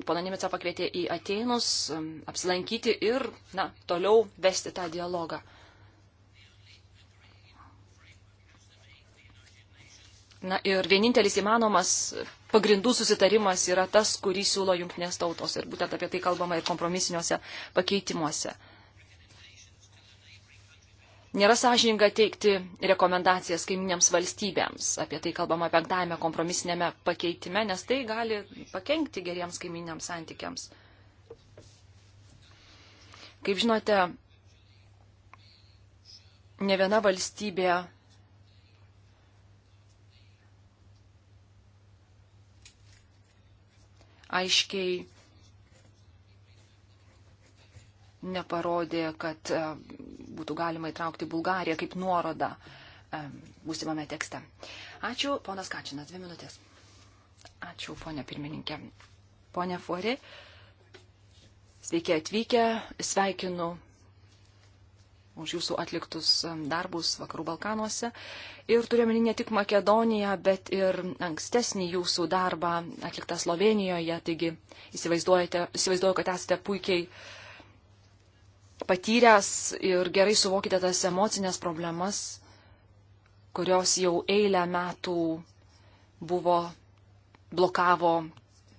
pono Nimico pakvietė į Ateinus apsilankyti ir, na, toliau vesti tą dialogą. Na ir vienintelis įmanomas pagrindų susitarimas yra tas, kurį siūlo jungtinės tautos. Ir būtent apie tai kalbama ir kompromisiniuose pakeitimuose. Nėra sąžininga teikti rekomendacijas kaiminėms valstybėms. Apie tai kalbama penktajame kompromisinėme pakeitime, nes tai gali pakengti geriems kaiminėms santykiams. Kaip žinote, ne viena valstybė aiškiai neparodė, kad e, būtų galima įtraukti Bulgariją kaip nuorodą e, būsimame tekste. Ačiū, ponas Kačinas, dvi minutės. Ačiū, ponė pirmininkė. Pone Fuori, sveiki atvykę, sveikinu už jūsų atliktus darbus Vakarų Balkanuose. Ir turiuomenį ne tik Makedoniją, bet ir ankstesnį jūsų darbą atliktą Slovenijoje. Taigi įsivaizduoju, kad esate puikiai patyręs ir gerai suvokite tas emocinės problemas, kurios jau eilę metų buvo blokavo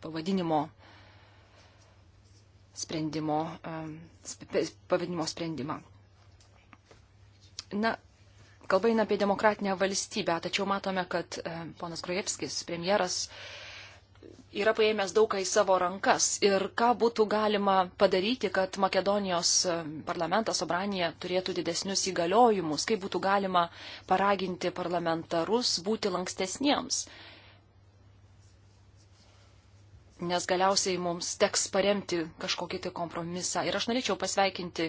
pavadinimo sprendimo, pavadinimo sprendimą. Na, kalba eina apie demokratinę valstybę, tačiau matome, kad e, ponas Grojevskis, premjeras, yra paėmęs daug ką į savo rankas. Ir ką būtų galima padaryti, kad Makedonijos e, parlamentas Obranija turėtų didesnius įgaliojimus, kaip būtų galima paraginti parlamentarus būti lankstesniems. Nes galiausiai mums teks paremti kažkokį tai kompromisą. Ir aš norėčiau pasveikinti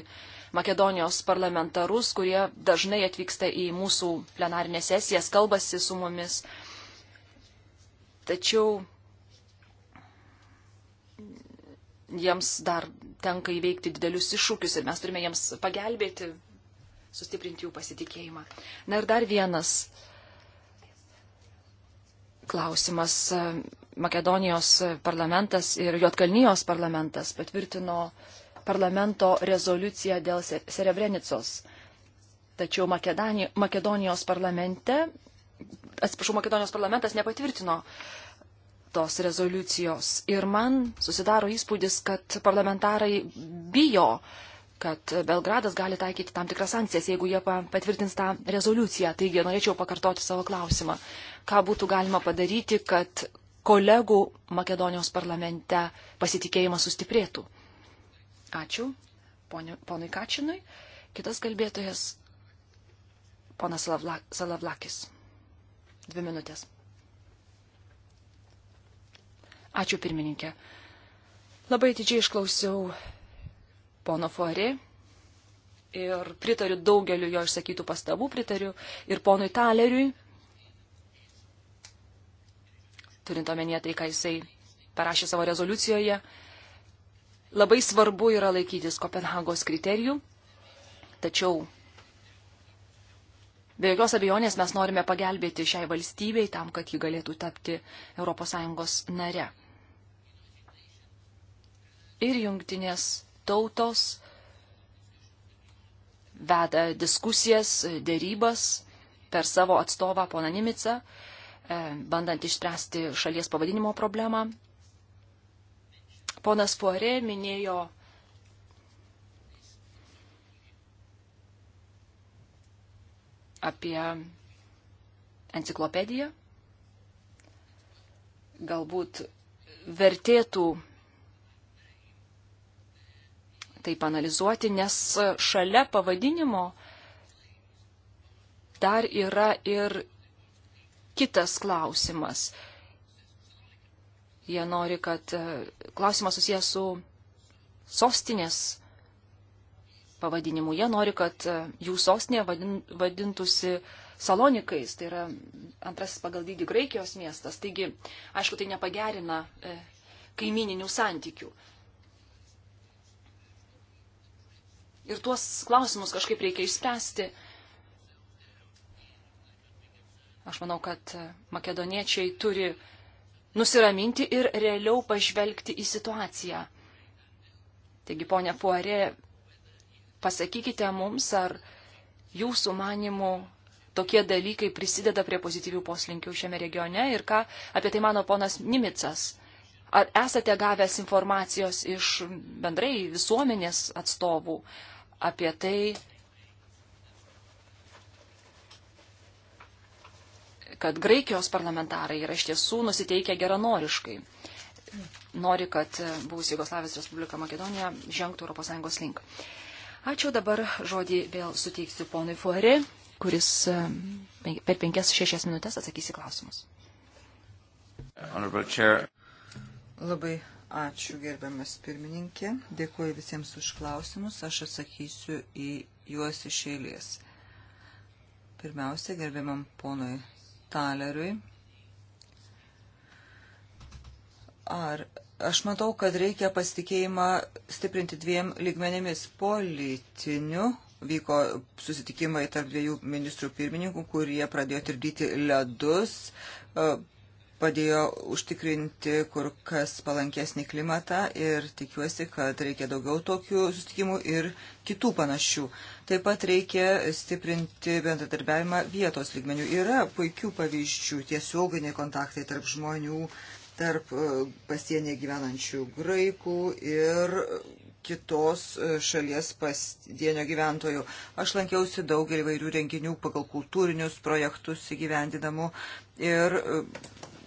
Makedonijos parlamentarus, kurie dažnai atvyksta į mūsų plenarinę sesiją, kalbasi su mumis. Tačiau jiems dar tenka įveikti didelius iššūkius ir mes turime jiems pagelbėti, sustiprinti jų pasitikėjimą. Na ir dar vienas klausimas. Makedonijos parlamentas ir Jotkalnyjos parlamentas patvirtino uh, parlamento rezoliuciją dėl Serebrenicos. Tačiau Makedonijos parlamente, atsiprašau, Makedonijos parlamentas nepatvirtino tos rezoliucijos. Ir man susidaro įspūdis, kad parlamentarai bijo, kad Belgradas gali taikyti tam tikras sankcijas, jeigu jie patvirtins tą rezoliuciją. Taigi norėčiau pakartoti savo klausimą. Ką būtų galima padaryti, kad kolegų Makedonijos parlamente pasitikėjimas sustiprėtų? Ačiū ponui Kačinui. Kitas kalbėtojas ponas Salavlakis. Dvi minutės. Ačiū pirmininkė. Labai didžiai išklausiau pono Fuari ir pritariu daugeliu jo išsakytų pastabų, pritariu ir ponui Taleriui, turint omenyje tai, ką jisai parašė savo rezoliucijoje. Labai svarbu yra laikytis Kopenhagos kriterijų, tačiau be jokios abejonės mes norime pagelbėti šiai valstybei tam, kad ji galėtų tapti ES nare. Ir jungtinės tautos veda diskusijas, dėrybas per savo atstovą poną Nimicą, e, bandant išspręsti šalies pavadinimo problemą. Ponas Puarė minėjo apie enciklopediją. Galbūt vertėtų tai panalizuoti, nes šalia pavadinimo dar yra ir kitas klausimas. Jie nori, kad e, klausimas susijęs su sostinės pavadinimu. Jie nori, kad e, jų sostinė vadintųsi Salonikais, tai yra antrasis pagal dydį Graikijos miestas. Taigi, aišku, tai nepagerina e, kaimininių santykių. Ir tuos klausimus kažkaip reikia išspręsti. Aš manau, kad makedoniečiai turi nusiraminti ir realiau pažvelgti į situaciją. Taigi, ponia Puarė, pasakykite mums, ar jūsų manimų tokie dalykai prisideda prie pozityvių poslinkių šiame regione ir ką apie tai mano ponas Nimicas. Ar esate gavęs informacijos iš bendrai visuomenės atstovų apie tai, kad Graikijos parlamentarai yra iš tiesų nusiteikę geranoriškai. Nori, kad buvusi Jugoslavijos Respublika Makedonija žengtų ES link. Ačiū dabar žodį vėl suteiksiu ponui Fuari, kuris e, per 5-6 minutės atsakys į klausimus. Labai ačiū gerbiamas pirmininkė. Dėkuoju visiems už klausimus. Aš atsakysiu į juos iš eilės. Pirmiausia, gerbiamam ponui Taleriui. Ar aš matau, kad reikia pasitikėjimą stiprinti dviem lygmenėmis politiniu. Vyko susitikimai tarp dviejų ministrų pirmininkų, kurie pradėjo tirdyti ledus e, padėjo užtikrinti kur kas palankesnį klimatą ir tikiuosi, kad reikia daugiau tokių sustikimų ir kitų panašių. Taip pat reikia stiprinti bendradarbiavimą vietos lygmenių. Yra puikių pavyzdžių tiesioginiai kontaktai tarp žmonių, tarp e, pasienyje gyvenančių graikų ir kitos e, šalies pasdienio gyventojų. Aš lankiausi daugelį vairių renginių pagal kultūrinius projektus įgyvendinamų ir e,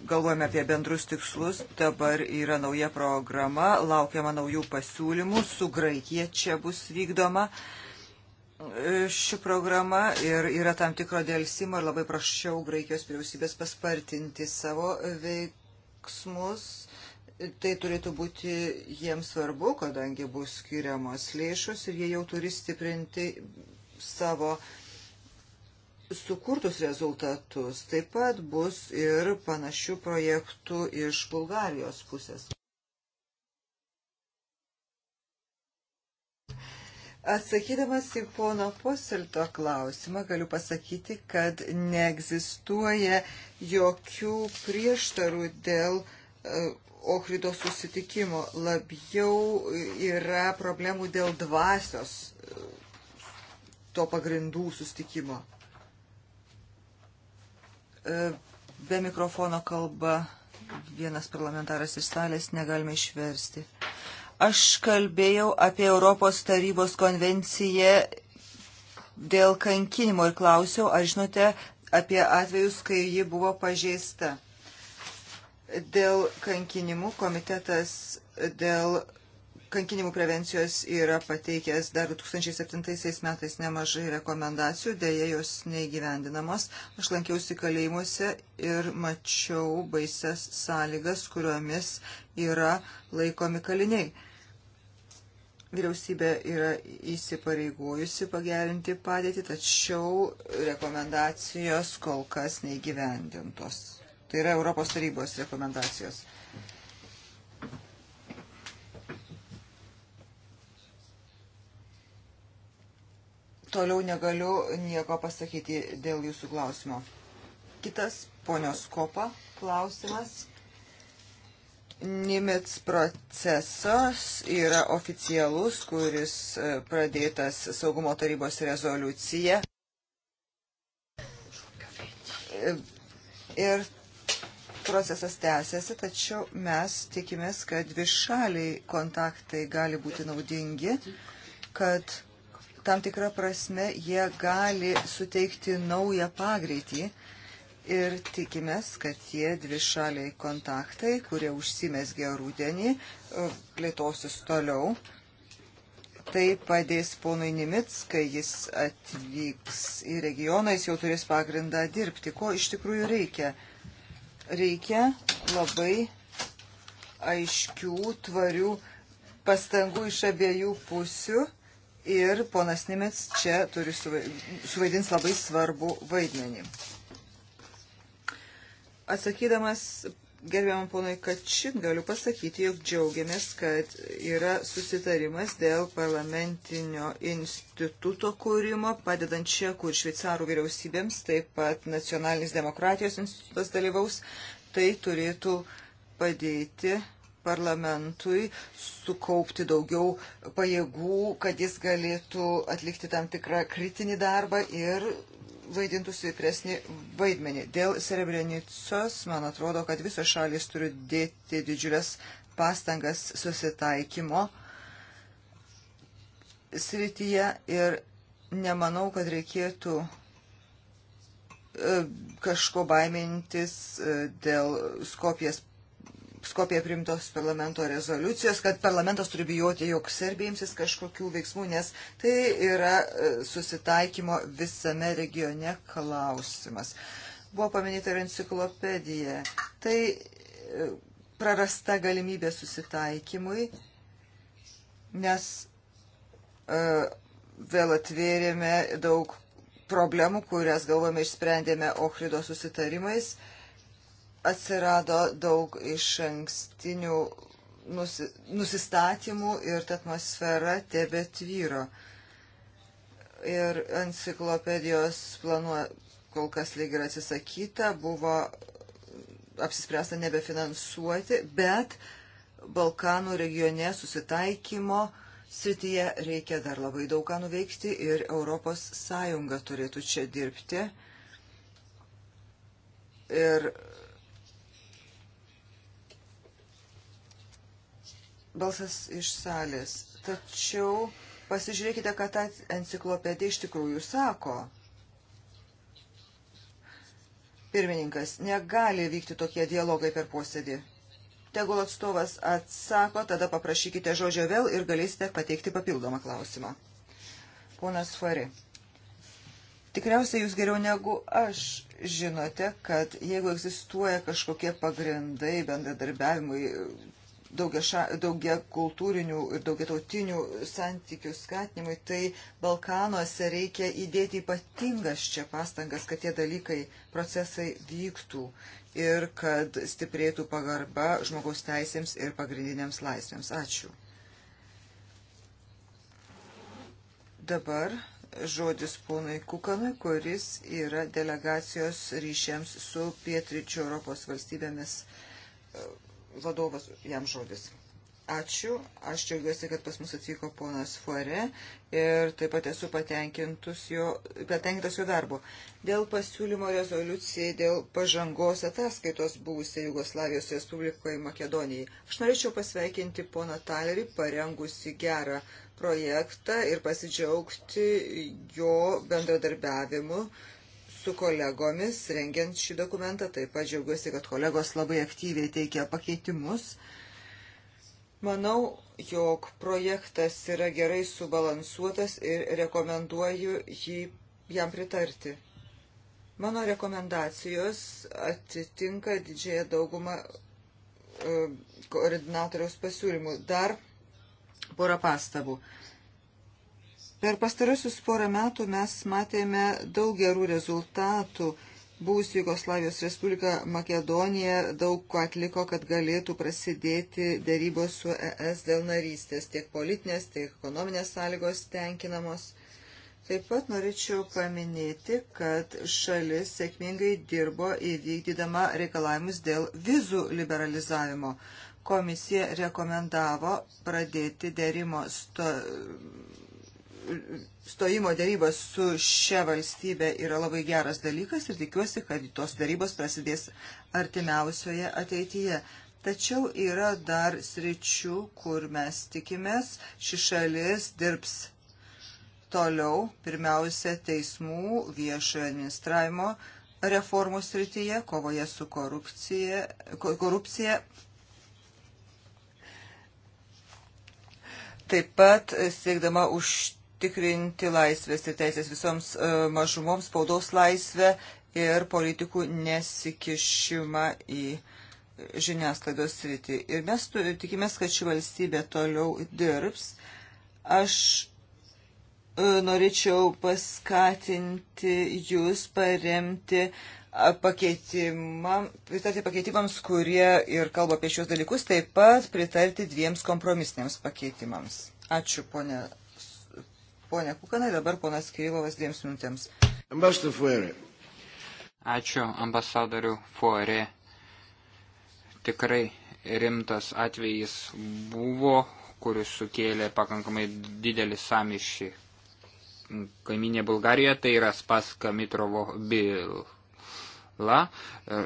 galvojame apie bendrus tikslus, dabar yra nauja programa, laukiama naujų pasiūlymų, su Graikija čia bus vykdoma e, ši programa ir yra tam tikro dėlsimo ir labai prašiau Graikijos vyriausybės paspartinti savo veiksmus. Tai turėtų būti jiems svarbu, kadangi bus skiriamos lėšos ir jie jau turi stiprinti savo veiksmus sukurtus rezultatus. Taip pat bus ir panašių projektų iš Bulgarijos pusės. Atsakydamas į pono posilto klausimą, galiu pasakyti, kad neegzistuoja jokių prieštarų dėl e, Ohrido susitikimo. Labiau yra problemų dėl dvasios e, to pagrindų susitikimo. E, be mikrofono kalba vienas parlamentaras iš salės negalime išversti. Aš kalbėjau apie Europos tarybos konvenciją dėl kankinimo ir klausiau, ar žinote apie atvejus, kai ji buvo pažeista. Dėl kankinimų komitetas dėl kankinimų prevencijos yra pateikęs dar 2007 metais nemažai rekomendacijų, dėja jos neįgyvendinamos. Aš lankiausi kalėjimuose ir mačiau baises sąlygas, kuriomis yra laikomi kaliniai. Vyriausybė yra įsipareigojusi pagerinti padėtį, tačiau rekomendacijos kol kas neįgyvendintos. Tai yra Europos tarybos rekomendacijos. toliau negaliu nieko pasakyti dėl jūsų klausimo. Kitas ponios kopa klausimas. Nimitz procesas yra oficialus, kuris e, pradėtas saugumo tarybos rezoliucija. E, ir procesas tęsiasi, tačiau mes tikimės, kad višaliai kontaktai gali būti naudingi, kad tam tikrą prasme jie gali suteikti naują pagreitį ir tikimės, kad tie dvi šaliai kontaktai, kurie užsimesgė rūdienį, e, plėtosis toliau. Tai padės ponui Nimits, kai jis atvyks į regioną, jis jau turės pagrindą dirbti. Ko iš tikrųjų reikia? Reikia labai aiškių, tvarių pastangų iš abiejų pusių ir ponas Nimets čia turi suvaidins labai svarbu vaidmenį. Atsakydamas gerbiamam ponui Kačin, galiu pasakyti, jog džiaugiamės, kad yra susitarimas dėl parlamentinio instituto kūrimo, padedant čia, kur šveicarų vyriausybėms, taip pat nacionalinis demokratijos institutas dalyvaus, tai turėtų padėti parlamentui sukaupti daugiau pajėgų, kad jis galėtų atlikti tam tikrą kritinį darbą ir vaidintų stipresnį vaidmenį. Dėl Serebrenicos, man atrodo, kad visos šalis turi dėti didžiulės pastangas susitaikymo srityje ir nemanau, kad reikėtų e, kažko baimintis e, dėl Skopijas Skopija primtos parlamento rezoliucijos, kad parlamentas turi bijoti, jog Serbija imsis kažkokių veiksmų, nes tai yra e, susitaikymo visame regione klausimas. Buvo paminėta ir enciklopedija. Tai e, prarasta galimybė susitaikymui, nes e, vėl atvėrėme daug problemų, kurias galvome išsprendėme Ohrido susitarimais. Uh, atsirado daug iš ankstinių nusi, nusistatymų ir ta atmosfera tebe tvyro. Ir enciklopedijos planuo kol kas lyg ir atsisakyta, buvo apsispręsta nebefinansuoti, bet Balkanų regione susitaikymo srityje reikia dar labai daug ką nuveikti ir Europos Sąjunga turėtų čia dirbti. Ir balsas iš salės. Tačiau pasižiūrėkite, ką ta enciklopedija iš tikrųjų sako. Pirmininkas, negali vykti tokie dialogai per posėdį. Tegul atstovas atsako, tada paprašykite žodžio vėl ir galėsite pateikti papildomą klausimą. Ponas Fari, tikriausiai jūs geriau negu aš žinote, kad jeigu egzistuoja kažkokie pagrindai bendradarbiavimui, daugia, ša, daugia kultūrinių ir daugia tautinių santykių skatinimui, tai Balkanuose reikia įdėti ypatingas čia pastangas, kad tie dalykai, procesai vyktų ir kad stiprėtų pagarba žmogaus teisėms ir pagrindiniams laisvėms. Ačiū. Dabar žodis ponui Kukanui, kuris yra delegacijos ryšiams su pietričių Europos valstybėmis vadovas jam žodis. Ačiū, aš džiaugiuosi, kad pas mus atvyko ponas Fuere ir taip pat esu patenkintas jo, patenkintas jo darbu. Dėl pasiūlymo rezoliucijai, dėl pažangos ataskaitos buvusiai Jugoslavijos Respublikoje Makedonijai. Aš norėčiau pasveikinti poną Talerį, parengusi gerą projektą ir pasidžiaugti jo bendradarbiavimu su kolegomis rengiant šį dokumentą. Taip pat džiaugiuosi, kad kolegos labai aktyviai teikia pakeitimus. Manau, jog projektas yra gerai subalansuotas ir rekomenduoju jį jam pritarti. Mano rekomendacijos atitinka didžiąją daugumą e, koordinatoriaus pasiūlymų. Dar porą pastabų. Per pastarusius porą metų mes matėme daug gerų rezultatų. Būsų Jugoslavijos Respublika Makedonija daug ko atliko, kad galėtų prasidėti dėrybos su ES dėl narystės, tiek politinės, tiek ekonominės sąlygos tenkinamos. Taip pat norėčiau paminėti, kad šalis sėkmingai dirbo įvykdydama reikalavimus dėl vizų liberalizavimo. Komisija rekomendavo pradėti dėrimo sto stojimo dėrybos su šia valstybė yra labai geras dalykas ir tikiuosi, kad tos dėrybos prasidės artimiausioje ateityje. Tačiau yra dar sričių, kur mes tikimės, ši šalis dirbs toliau, pirmiausia, teismų viešojo administravimo reformų srityje, kovoje su korupcija, korupcija taip pat siekdama už užtikrinti laisvės ir teisės visoms e, mažumoms, spaudos laisvę ir politikų nesikišimą į žiniasklaidos sritį. Ir mes tikimės, kad ši valstybė toliau dirbs. Aš e, norėčiau paskatinti jūs paremti pakeitimam, pritarti pakeitimams, kurie ir kalba apie šios dalykus, taip pat pritarti dviems kompromisiniams pakeitimams. Ačiū, ponė ponė Kukanai, dabar ponas Kirilovas dviems minutėms. Ačiū ambasadoriu Fuore. Tikrai rimtas atvejis buvo, kuris sukėlė pakankamai didelį samišį kaiminė Bulgarija, tai yra Spaska Mitrovo byla. E,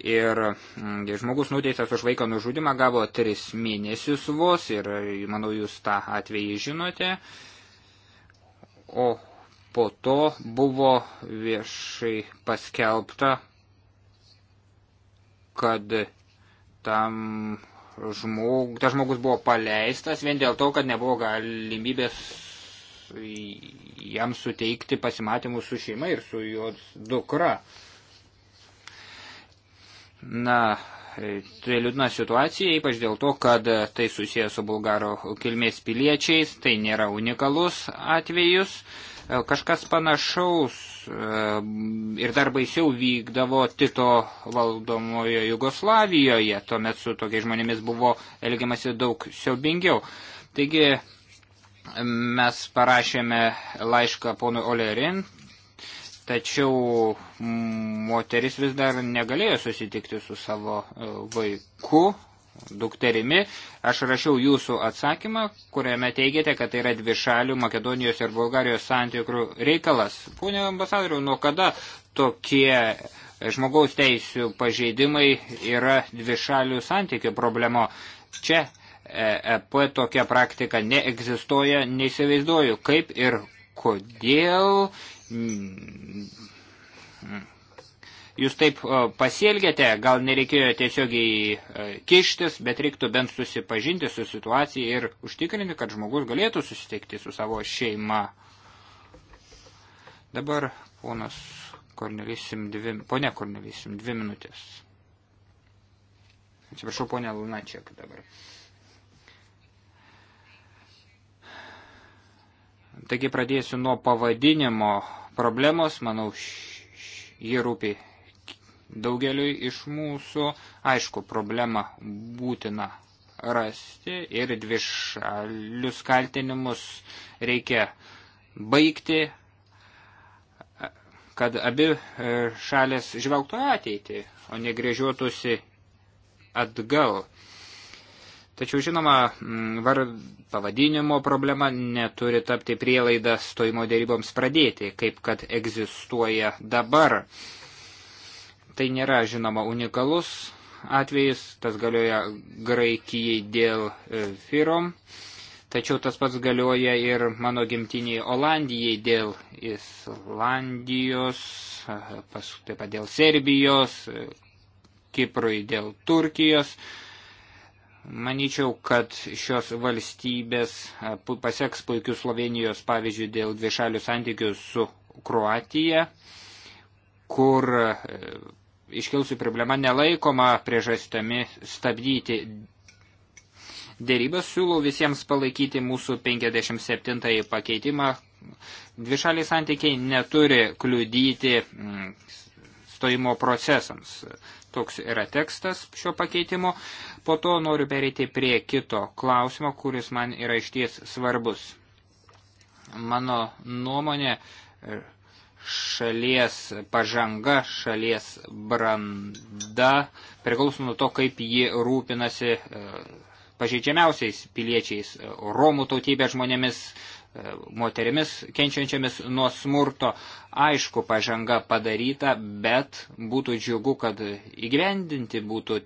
Ir mm, žmogus nuteistas už vaiką nužudimą gavo tris mėnesius vos ir, manau, jūs tą atvejį žinote. O po to buvo viešai paskelbta, kad tam žmog, tas žmogus buvo paleistas vien dėl to, kad nebuvo galimybės jam suteikti pasimatymus su šeima ir su jos dukra na, e, tai liūdna situacija, ypač dėl to, kad tai susijęs su bulgaro kilmės piliečiais, tai nėra unikalus atvejus. E, kažkas panašaus e, ir dar baisiau vykdavo Tito valdomojo Jugoslavijoje, tuomet su tokiais žmonėmis buvo elgiamasi daug siaubingiau. Taigi mes parašėme laišką ponui Olerin, tačiau moteris vis dar negalėjo susitikti su savo e, vaiku, dukterimi. Aš rašiau jūsų atsakymą, kuriame teigiate, kad tai yra dvišalių Makedonijos ir Bulgarijos santykių reikalas. Pone ambasadoriu, nuo kada tokie žmogaus teisų pažeidimai yra dvišalių santykių problema? Čia EP e tokia praktika neegzistuoja, neįsivaizduoju, kaip ir kodėl Mm. Mm. Jūs taip pasielgėte, gal nereikėjo tiesiogiai e, kištis, bet reiktų bent susipažinti su situacija ir užtikrinti, kad žmogus galėtų susitikti su savo šeima. Dabar ponas Kornelysim dvi, ponė Kornelysim dvi minutės. Atsiprašau, ponė Lunačiak dabar. Taigi pradėsiu nuo pavadinimo problemos, manau, jie rūpi daugeliui iš mūsų. Aišku, problemą būtina rasti ir dvišalius kaltinimus reikia baigti, kad abi e, šalės žvelgtų ateitį, o negrėžiuotųsi atgal. Tačiau, žinoma, mm, var pavadinimo problema neturi tapti prielaidą stojimo dėryboms pradėti, kaip kad egzistuoja dabar. Tai nėra, žinoma, unikalus atvejis, tas galioja Graikijai dėl e, firom, tačiau tas pats galioja ir mano gimtiniai Olandijai dėl Islandijos, e, pas, taip pat dėl Serbijos, e, Kiprui dėl Turkijos. Manyčiau, kad šios valstybės paseks puikius Slovenijos pavyzdžių dėl dvišalių santykių su Kroatija, kur iškilusi problema nelaikoma priežastami stabdyti dėrybas. Siūlau visiems palaikyti mūsų 57-ąjį pakeitimą. Dvišaliai santykiai neturi kliudyti stojimo procesams. Toks yra tekstas šio pakeitimo. Po to noriu pereiti prie kito klausimo, kuris man yra išties svarbus. Mano nuomonė e, šalies pažanga, šalies branda priklauso nuo to, kaip ji rūpinasi e, pažeidžiamiausiais piliečiais, romų tautybės žmonėmis, moterimis kenčiančiamis nuo smurto. Aišku, pažanga padaryta, bet būtų džiugu, kad įgyvendinti būtų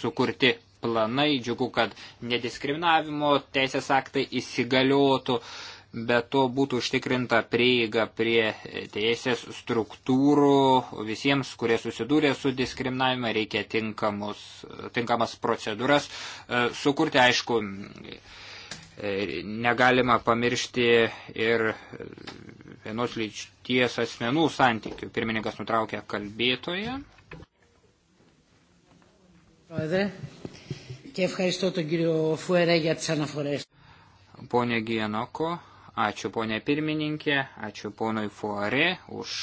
sukurti planai, džiugu, kad nediskriminavimo teisės aktai įsigaliotų, bet to būtų užtikrinta prieiga prie teisės struktūrų visiems, kurie susidūrė su diskriminavimą, reikia tinkamus, tinkamas procedūras e, sukurti, aišku, E, negalima pamiršti ir vienos lyties asmenų santykių. Pirmininkas nutraukė kalbėtoje. Pone Gienoko, ačiū ponė pirmininkė, ačiū ponui Fuare už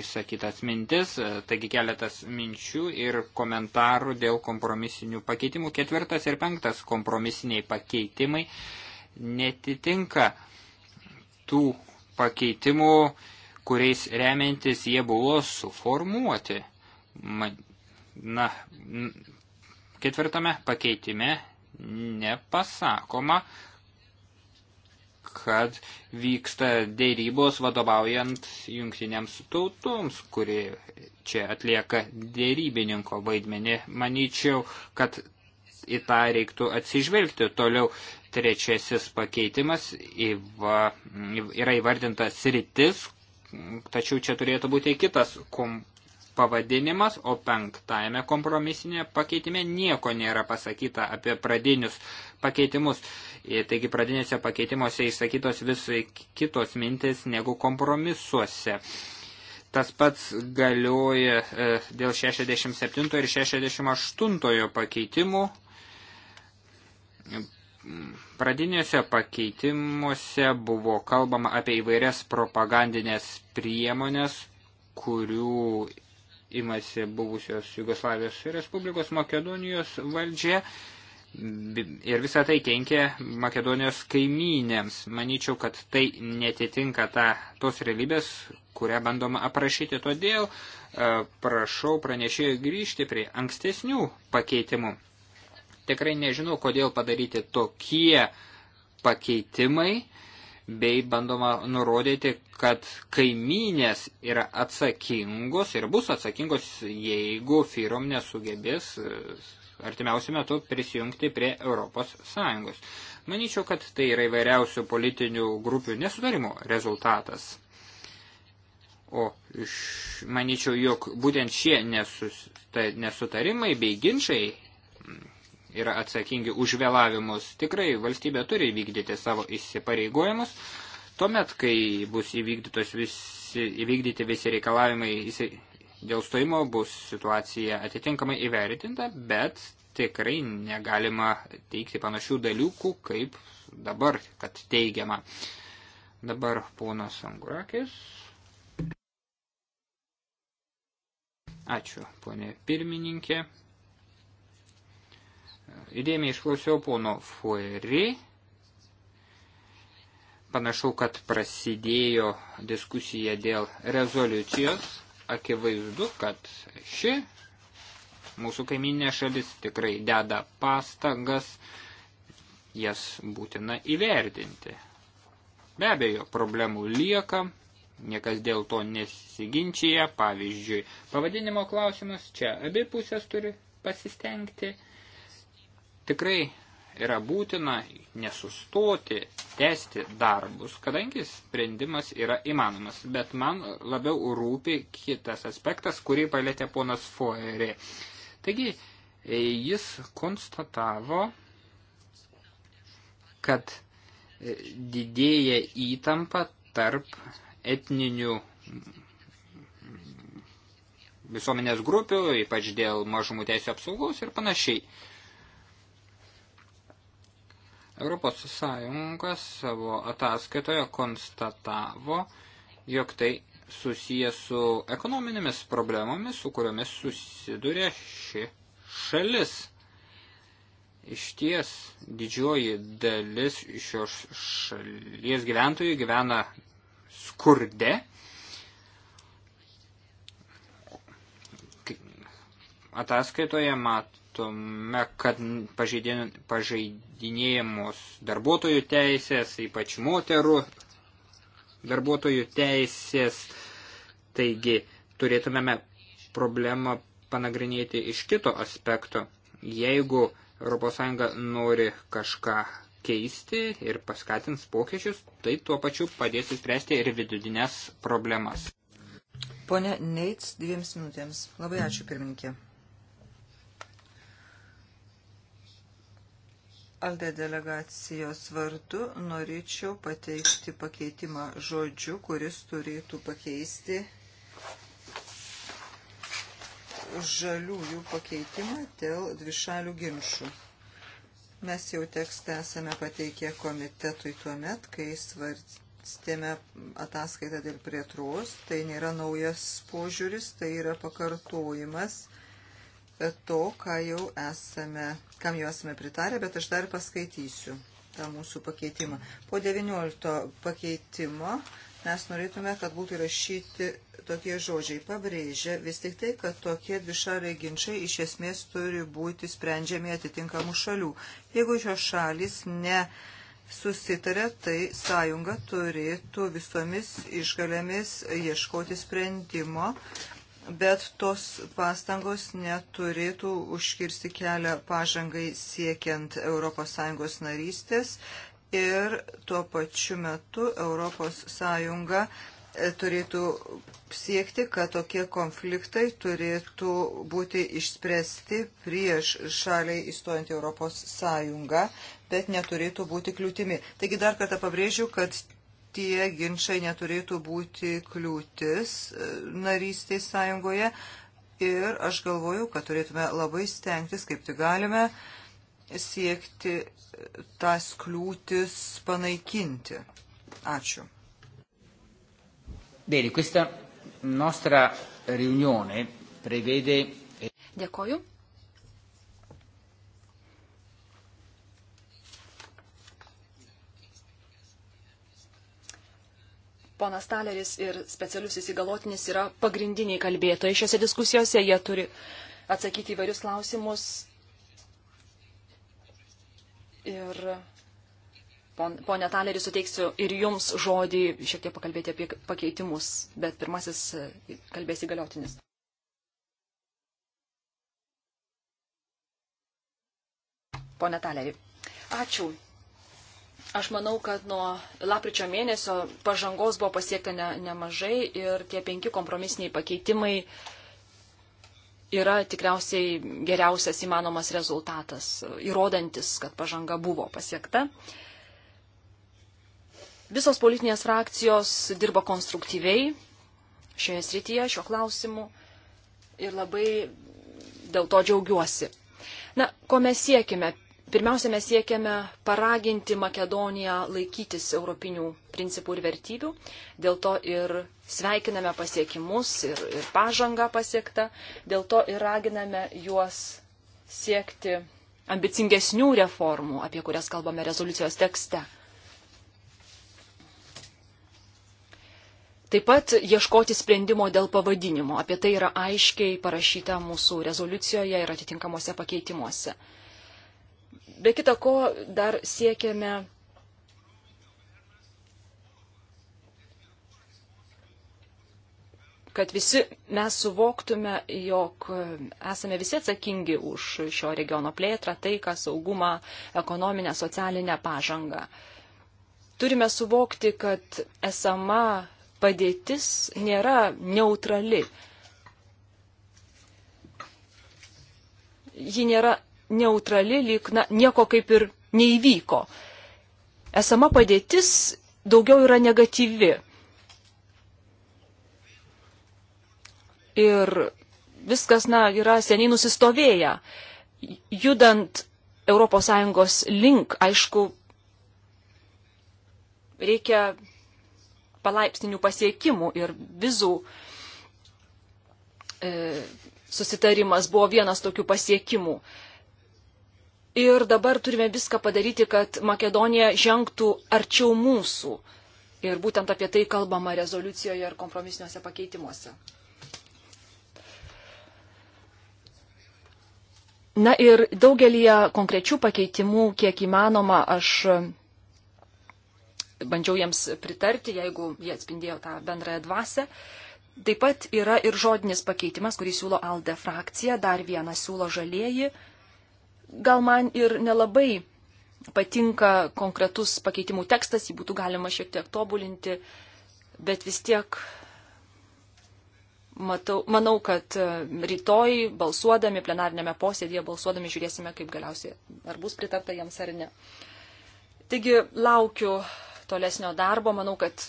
išsakytas mintis, e, taigi keletas minčių ir komentarų dėl kompromisinių pakeitimų. Ketvirtas ir penktas kompromisiniai pakeitimai netitinka tų pakeitimų, kuriais remiantis jie buvo suformuoti. Na, ketvirtame pakeitime nepasakoma, kad vyksta dėrybos vadovaujant jungtinėms tautoms, kuri čia atlieka dėrybininko vaidmenį. Manyčiau, kad į tą reiktų atsižvelgti. Toliau trečiasis pakeitimas įva, yra įvardinta sritis, tačiau čia turėtų būti kitas kom, pavadinimas, o penktajame kompromisinė pakeitime nieko nėra pasakyta apie pradinius pakeitimus. E, taigi pradinėse pakeitimuose išsakytos visai kitos mintis negu kompromisuose. Tas pats galioja e, dėl 67 ir 68 pakeitimų. Pradiniuose pakeitimuose buvo kalbama apie įvairias propagandinės priemonės, kurių imasi buvusios Jugoslavijos Respublikos Makedonijos valdžia. Ir visą tai kenkia Makedonijos kaimynėms. Manyčiau, kad tai netitinka ta, tos realybės, kurią bandoma aprašyti. Todėl e, prašau pranešėjų grįžti prie ankstesnių pakeitimų. Tikrai nežinau, kodėl padaryti tokie pakeitimai, bei bandoma nurodyti, kad kaimynės yra atsakingos ir bus atsakingos, jeigu firom nesugebės e, artimiausių metų prisijungti prie Europos Sąjungos. Manyčiau, kad tai yra įvairiausių politinių grupių nesudarimo rezultatas. O iš, manyčiau, jog būtent šie nesusta, nesutarimai bei ginčiai mm, yra atsakingi už vėlavimus. Tikrai valstybė turi vykdyti savo įsipareigojimus. Tuomet, kai bus įvykdytos visi, įvykdyti visi reikalavimai dėl stojimo bus situacija atitinkamai įvertinta, bet tikrai negalima teikti panašių dalykų, kaip dabar, kad teigiama. Dabar ponas Angurakis. Ačiū, ponė pirmininkė. Įdėmiai išklausiau pono Fueri. Panašu, kad prasidėjo diskusija dėl rezoliucijos akivaizdu, kad ši mūsų kaiminė šalis tikrai deda pastangas, jas būtina įvertinti. Be abejo, problemų lieka, niekas dėl to nesiginčia, pavyzdžiui, pavadinimo klausimas, čia abi pusės turi pasistengti. Tikrai yra būtina nesustoti, tęsti darbus, kadangi sprendimas yra įmanomas. Bet man labiau rūpi kitas aspektas, kurį palėtė ponas Foerė. Taigi, e, jis konstatavo, kad e, didėja įtampa tarp etninių visuomenės grupių, ypač dėl mažumų teisų apsaugos ir panašiai. Europos Sąjunga savo ataskaitoje konstatavo, jog tai susiję su ekonominėmis problemomis, su kuriomis susiduria ši šalis. Iš ties didžioji dalis šios šalies gyventojų gyvena skurde. Ataskaitoje mat, matome, kad pažeidinėjamos darbuotojų teisės, ypač moterų darbuotojų teisės. Taigi turėtumėme problemą panagrinėti iš kito aspekto. Jeigu ES nori kažką keisti ir paskatins pokyčius, tai tuo pačiu padės įspręsti ir vidutinės problemas. Pone Neits, dviems minutėms. Labai ačiū, pirmininkė. Alde delegacijos vardu norėčiau pateikti pakeitimą žodžiu, kuris turėtų pakeisti žaliųjų pakeitimą dėl dvišalių ginčių. Mes jau tekstą esame pateikę komitetui tuo met, kai svarstėme ataskaitą dėl prietros. Tai nėra naujas požiūris, tai yra pakartojimas to, ką jau esame, kam jau esame pritarę, bet aš dar paskaitysiu tą mūsų pakeitimą. Po 19 pakeitimo mes norėtume, kad būtų rašyti tokie žodžiai. Pabrėžia vis tik tai, kad tokie dvišaliai ginčiai iš esmės turi būti sprendžiami atitinkamų šalių. Jeigu šios šalis ne susitarė, tai sąjunga turėtų visomis išgalėmis ieškoti sprendimo bet tos pastangos neturėtų užkirsti kelią pažangai siekiant ES narystės ir tuo pačiu metu ES e, turėtų siekti, kad tokie konfliktai turėtų būti išspręsti prieš šaliai įstojant Europos Sąjungą, bet neturėtų būti kliūtimi. Taigi dar kartą pabrėžiu, kad tie ginčiai neturėtų būti kliūtis e, narystėj sąjungoje ir aš galvoju, kad turėtume labai stengtis, kaip tik galime, siekti tas kliūtis panaikinti. Ačiū. Bene, questa nostra riunione prevede. Dėkoju. Ponas Taleris ir specialiusis įgalotinis yra pagrindiniai kalbėtojai šiuose diskusijose. Jie turi atsakyti įvairius klausimus. Ir ponė Talerį suteiksiu ir jums žodį šiek tiek pakalbėti apie pakeitimus, bet pirmasis kalbės įgaliotinis. Pone Talerį. Ačiū, Aš manau, kad nuo lapkričio mėnesio pažangos buvo pasiekta ne, nemažai ir tie penki kompromisiniai pakeitimai yra tikriausiai geriausias įmanomas rezultatas, įrodantis, kad pažanga buvo pasiekta. Visos politinės frakcijos dirba konstruktyviai šioje srityje, šiuo klausimu ir labai dėl to džiaugiuosi. Na, ko mes siekime? Pirmiausia, mes siekiame paraginti Makedoniją laikytis europinių principų ir vertybių, dėl to ir sveikiname pasiekimus ir, ir pažangą pasiektą, dėl to ir raginame juos siekti ambicingesnių reformų, apie kurias kalbame rezoliucijos tekste. Taip pat ieškoti sprendimo dėl pavadinimo, apie tai yra aiškiai parašyta mūsų rezoliucijoje ir atitinkamuose pakeitimuose. Be kita ko, dar siekiame kad visi mes suvoktume, jog esame visi atsakingi už šio regiono plėtrą, taiką, saugumą, ekonominę, socialinę pažangą. Turime suvokti, kad esama padėtis nėra neutrali. Ji nėra neutrali, lyg na, nieko kaip ir neįvyko. Esama padėtis daugiau yra negatyvi. Ir viskas, na, yra seniai nusistovėję. Judant ES link, aišku, reikia palaipsnių pasiekimų ir vizų e, susitarimas buvo vienas tokių pasiekimų. E, Ir dabar turime viską padaryti, kad Makedonija žengtų arčiau mūsų. Ir būtent apie tai kalbama rezoliucijoje ir kompromisiniuose pakeitimuose. Na ir daugelį konkrečių pakeitimų, kiek įmanoma, aš bandžiau jiems pritarti, jeigu jie atspindėjo tą bendrąją dvasę. Taip pat yra ir žodinis pakeitimas, kurį siūlo ALDE frakcija, dar vieną siūlo žalieji, gal man ir nelabai patinka konkretus pakeitimų tekstas, jį būtų galima šiek tiek tobulinti, bet vis tiek matau, manau, kad e, rytoj balsuodami, plenarinėme posėdėje balsuodami žiūrėsime, kaip galiausiai ar bus pritarta jiems ar ne. Taigi laukiu tolesnio darbo, manau, kad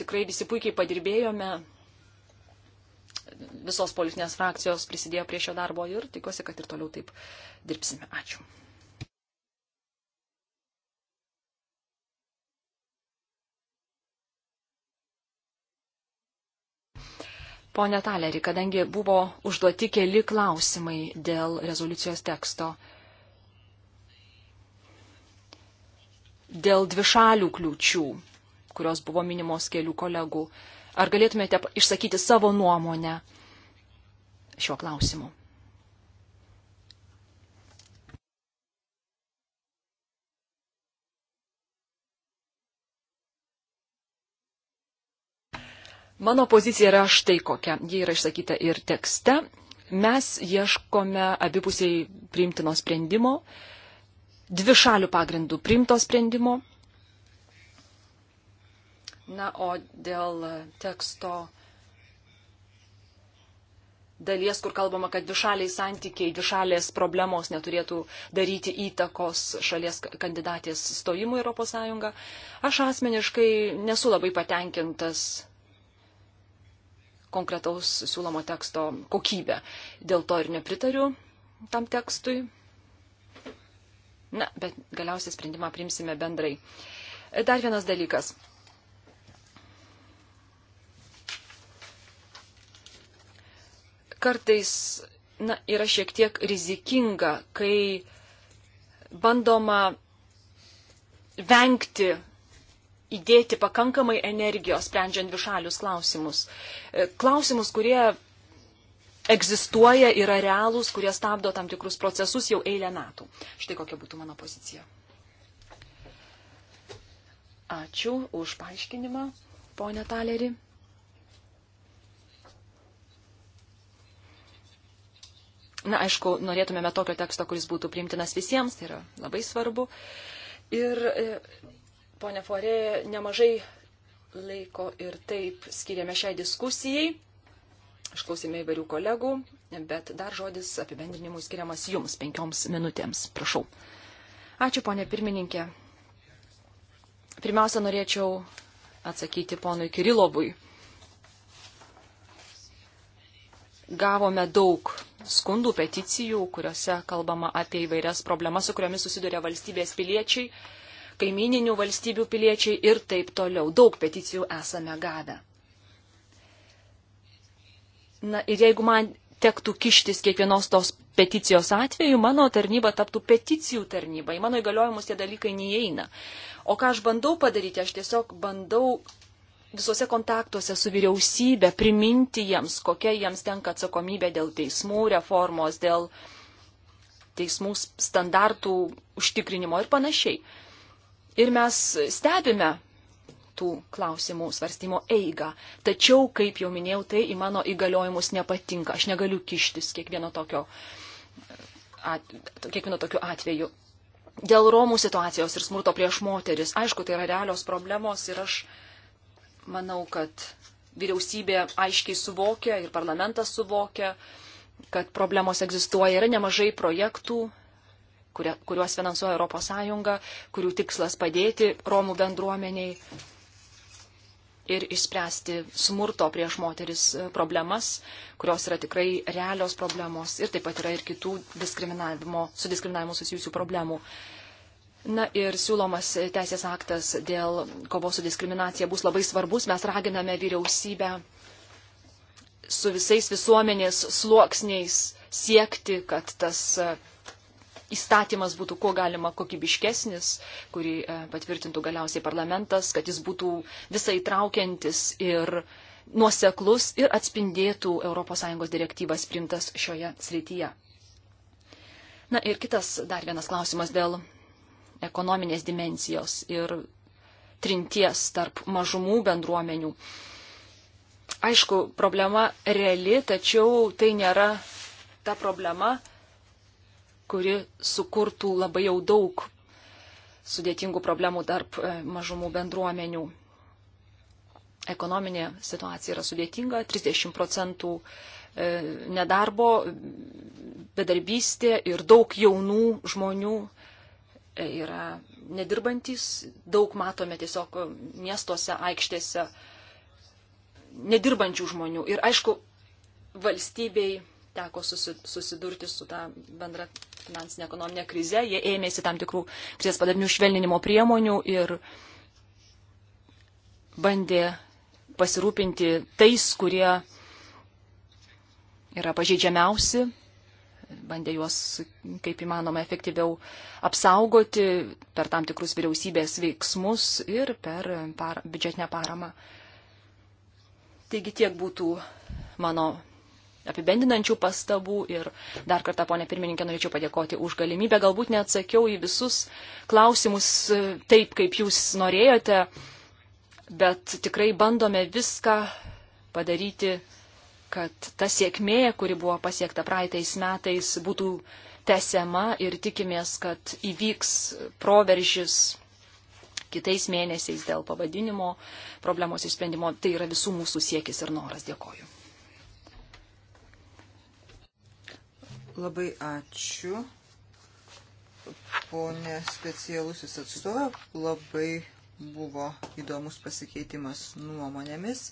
tikrai visi puikiai padirbėjome, visos politinės frakcijos prisidėjo prie šio darbo ir tikiuosi, kad ir toliau taip dirbsime. Ačiū. Pone Talerį, kadangi buvo užduoti keli klausimai dėl rezoliucijos teksto, dėl dvišalių kliūčių, kurios buvo minimos kelių kolegų, Ar galėtumėte išsakyti savo nuomonę šiuo klausimu? Mano pozicija yra štai kokia. Ji yra išsakyta ir tekste. Mes ieškome abipusiai priimtino sprendimo, dvi šalių pagrindų priimto sprendimo. Na, o dėl teksto dalies, kur kalbama, kad dvišaliai santykiai, dvišalės problemos neturėtų daryti įtakos šalies kandidatės stojimui Europos Sąjungą, aš asmeniškai nesu labai patenkintas konkretaus siūlomo teksto kokybę. Dėl to ir nepritariu tam tekstui. Na, bet galiausiai sprendimą primsime bendrai. Dar vienas dalykas. kartais na, yra šiek tiek rizikinga, kai bandoma vengti įdėti pakankamai energijos, sprendžiant višalius klausimus. E, klausimus, kurie egzistuoja, yra realūs, kurie stabdo tam tikrus procesus jau eilę metų. Štai kokia būtų mano pozicija. Ačiū už paaiškinimą, ponė Talerį. Na, aišku, norėtumėme tokio teksto, kuris būtų priimtinas visiems, tai yra labai svarbu. Ir, e, ponė Forė, nemažai laiko ir taip skiriame šiai diskusijai. Išklausėme įvairių kolegų, bet dar žodis apibendrinimui skiriamas jums penkioms minutėms. Prašau. Ačiū, ponė pirmininkė. Pirmiausia, norėčiau atsakyti ponui Kirilovui. Gavome daug skundų, peticijų, kuriuose kalbama apie įvairias problemas, su kuriomis susiduria valstybės piliečiai, kaimininių valstybių piliečiai ir taip toliau. Daug peticijų esame gavę. Na ir jeigu man tektų kištis kiekvienos tos peticijos atveju, mano tarnyba taptų peticijų tarnyba. Į mano įgaliojimus tie dalykai neįeina. O ką aš bandau padaryti, aš tiesiog bandau visuose kontaktuose su vyriausybė priminti jiems, kokia jiems tenka atsakomybė dėl teismų reformos, dėl teismų standartų užtikrinimo ir panašiai. Ir mes stebime tų klausimų svarstymo eigą. Tačiau, kaip jau minėjau, tai į mano įgaliojimus nepatinka. Aš negaliu kištis kiekvieno tokio, at, kiekvieno tokio atveju. Dėl Romų situacijos ir smurto prieš moteris, aišku, tai yra realios problemos ir aš uh, Manau, kad vyriausybė aiškiai suvokia ir parlamentas suvokia, kad problemos egzistuoja. Yra nemažai projektų, kurie, kuriuos finansuoja ES, kurių tikslas padėti Romų bendruomeniai ir išspręsti smurto prieš moteris e, problemas, kurios yra tikrai realios problemos ir taip pat yra ir kitų diskriminavimo, su diskriminavimu susijusių problemų. Uh, Na ir siūlomas teisės aktas dėl kovos su diskriminacija bus labai svarbus. Mes raginame vyriausybę su visais visuomenės sluoksniais siekti, kad tas e, įstatymas būtų kuo galima kokybiškesnis, kurį e, patvirtintų galiausiai parlamentas, kad jis būtų visai traukiantis ir nuoseklus ir atspindėtų ES direktyvas primtas šioje srityje. Na ir kitas dar vienas klausimas dėl ekonominės dimensijos ir trinties tarp mažumų bendruomenių. Aišku, problema reali, tačiau tai nėra ta problema, kuri sukurtų labai jau daug sudėtingų problemų tarp e, mažumų bendruomenių. Ekonominė situacija yra sudėtinga, 30 procentų e, nedarbo, bedarbystė ir daug jaunų žmonių yra nedirbantis, daug matome tiesiog miestuose, aikštėse nedirbančių žmonių. Ir aišku, valstybei teko susidurti su tą bendrą finansinę ekonominę krizę, jie ėmėsi tam tikrų krizės padarinių švelninimo priemonių ir bandė pasirūpinti tais, kurie yra pažeidžiamiausi bandė juos kaip įmanoma efektyviau apsaugoti per tam tikrus vyriausybės veiksmus ir per par, biudžetinę paramą. Taigi tiek būtų mano apibendinančių pastabų ir dar kartą, ponė pirmininkė, norėčiau padėkoti už galimybę. Galbūt neatsakiau į visus klausimus taip, kaip jūs norėjote, bet tikrai bandome viską padaryti kad ta sėkmė, kuri buvo pasiekta praeitais metais, būtų tesiama ir tikimės, kad įvyks proveržis kitais mėnesiais dėl pavadinimo problemos išsprendimo. Tai yra visų mūsų siekis ir noras. Dėkoju. Labai ačiū, ponė specialusis atstovė. Labai buvo įdomus pasikeitimas nuomonėmis.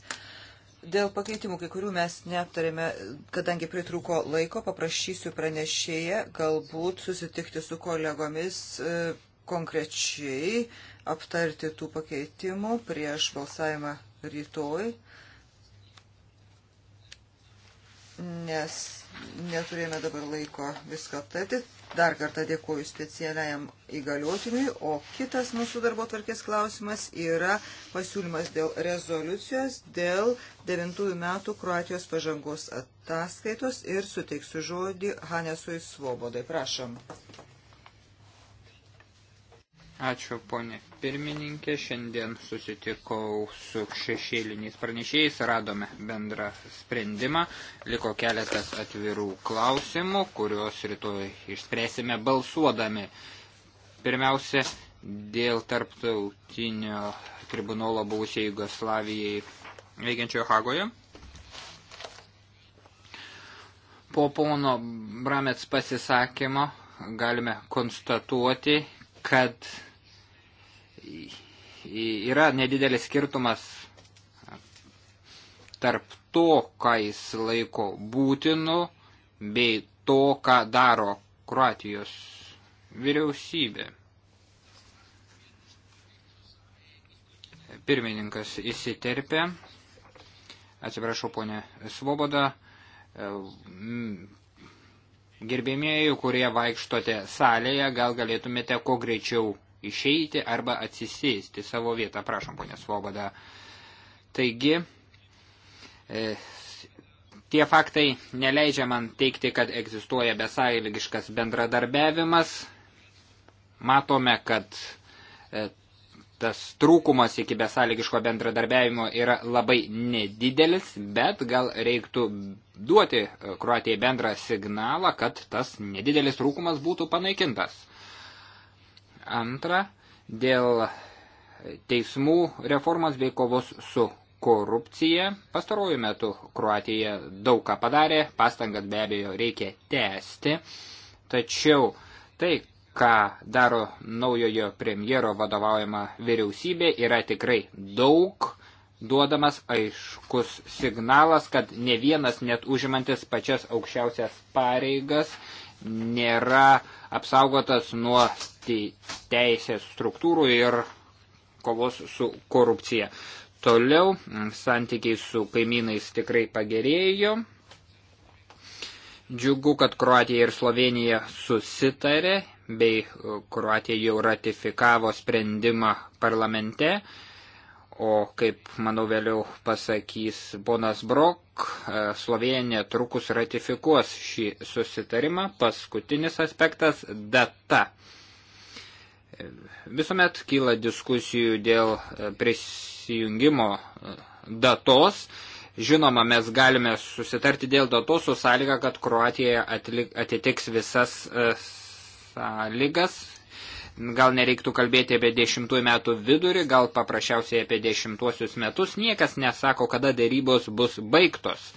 Dėl pakeitimų, kai kurių mes neaptarėme, kadangi pritruko laiko, paprašysiu pranešėją galbūt susitikti su kolegomis e, konkrečiai, aptarti tų pakeitimų prieš balsavimą rytoj, nes neturėjome dabar laiko viską aptarti. Dar kartą dėkuoju specialiajam įgaliotiniui, o kitas mūsų darbo tvarkės klausimas yra pasiūlymas dėl rezoliucijos dėl 9 metų Kroatijos pažangos ataskaitos ir suteiksiu žodį Hanesui Svobodai. Prašom. Ačiū, ponė pirmininkė. Šiandien susitikau su šešėliniais pranešėjais, radome bendrą sprendimą. Liko keletas atvirų klausimų, kuriuos rytoj išspręsime balsuodami. Pirmiausia, dėl tarptautinio tribunolo buvusiai Jugoslavijai veikiančiojo Hagoje. Po pono Bramets pasisakymo galime konstatuoti, kad yra nedidelis skirtumas tarp to, ką jis laiko būtinu, bei to, ką daro Kroatijos vyriausybė. Pirmininkas įsiterpė. Atsiprašau, ponė Svoboda. Gerbėmėjų, kurie vaikštote salėje, gal galėtumėte kuo greičiau išeiti arba atsisėsti savo vietą. Prašom, ponė Svoboda. Taigi, e, tie faktai neleidžia man teikti, kad egzistuoja besąlygiškas bendradarbiavimas. Matome, kad e, tas trūkumas iki besąlygiško bendradarbiavimo yra labai nedidelis, bet gal reiktų duoti Kruatijai bendrą signalą, kad tas nedidelis trūkumas būtų panaikintas. Antra, dėl teismų reformos bei kovos su korupcija. Pastaruoju metu Kroatija daug ką padarė, pastangas be abejo reikia tęsti, tačiau tai, ką daro naujojo premjero vadovaujama vyriausybė, yra tikrai daug duodamas aiškus signalas, kad ne vienas net užimantis pačias aukščiausias pareigas nėra apsaugotas nuo teisės struktūrų ir kovos su korupcija. Toliau mm, santykiai su kaimynais tikrai pagerėjo. Džiugu, kad Kroatija ir Slovenija susitarė, bei e, Kroatija jau ratifikavo sprendimą parlamente, o kaip, manau, vėliau pasakys ponas Brok, e, Slovenija trukus ratifikuos šį susitarimą. Paskutinis aspektas - data. Visuomet kyla diskusijų dėl e, prisijungimo e, datos. Žinoma, mes galime susitarti dėl datos su sąlyga, kad Kroatija atlik, atitiks visas e, sąlygas. Gal nereiktų kalbėti apie dešimtųjų metų vidurį, gal paprasčiausiai apie dešimtuosius metus. Niekas nesako, kada dėrybos bus baigtos.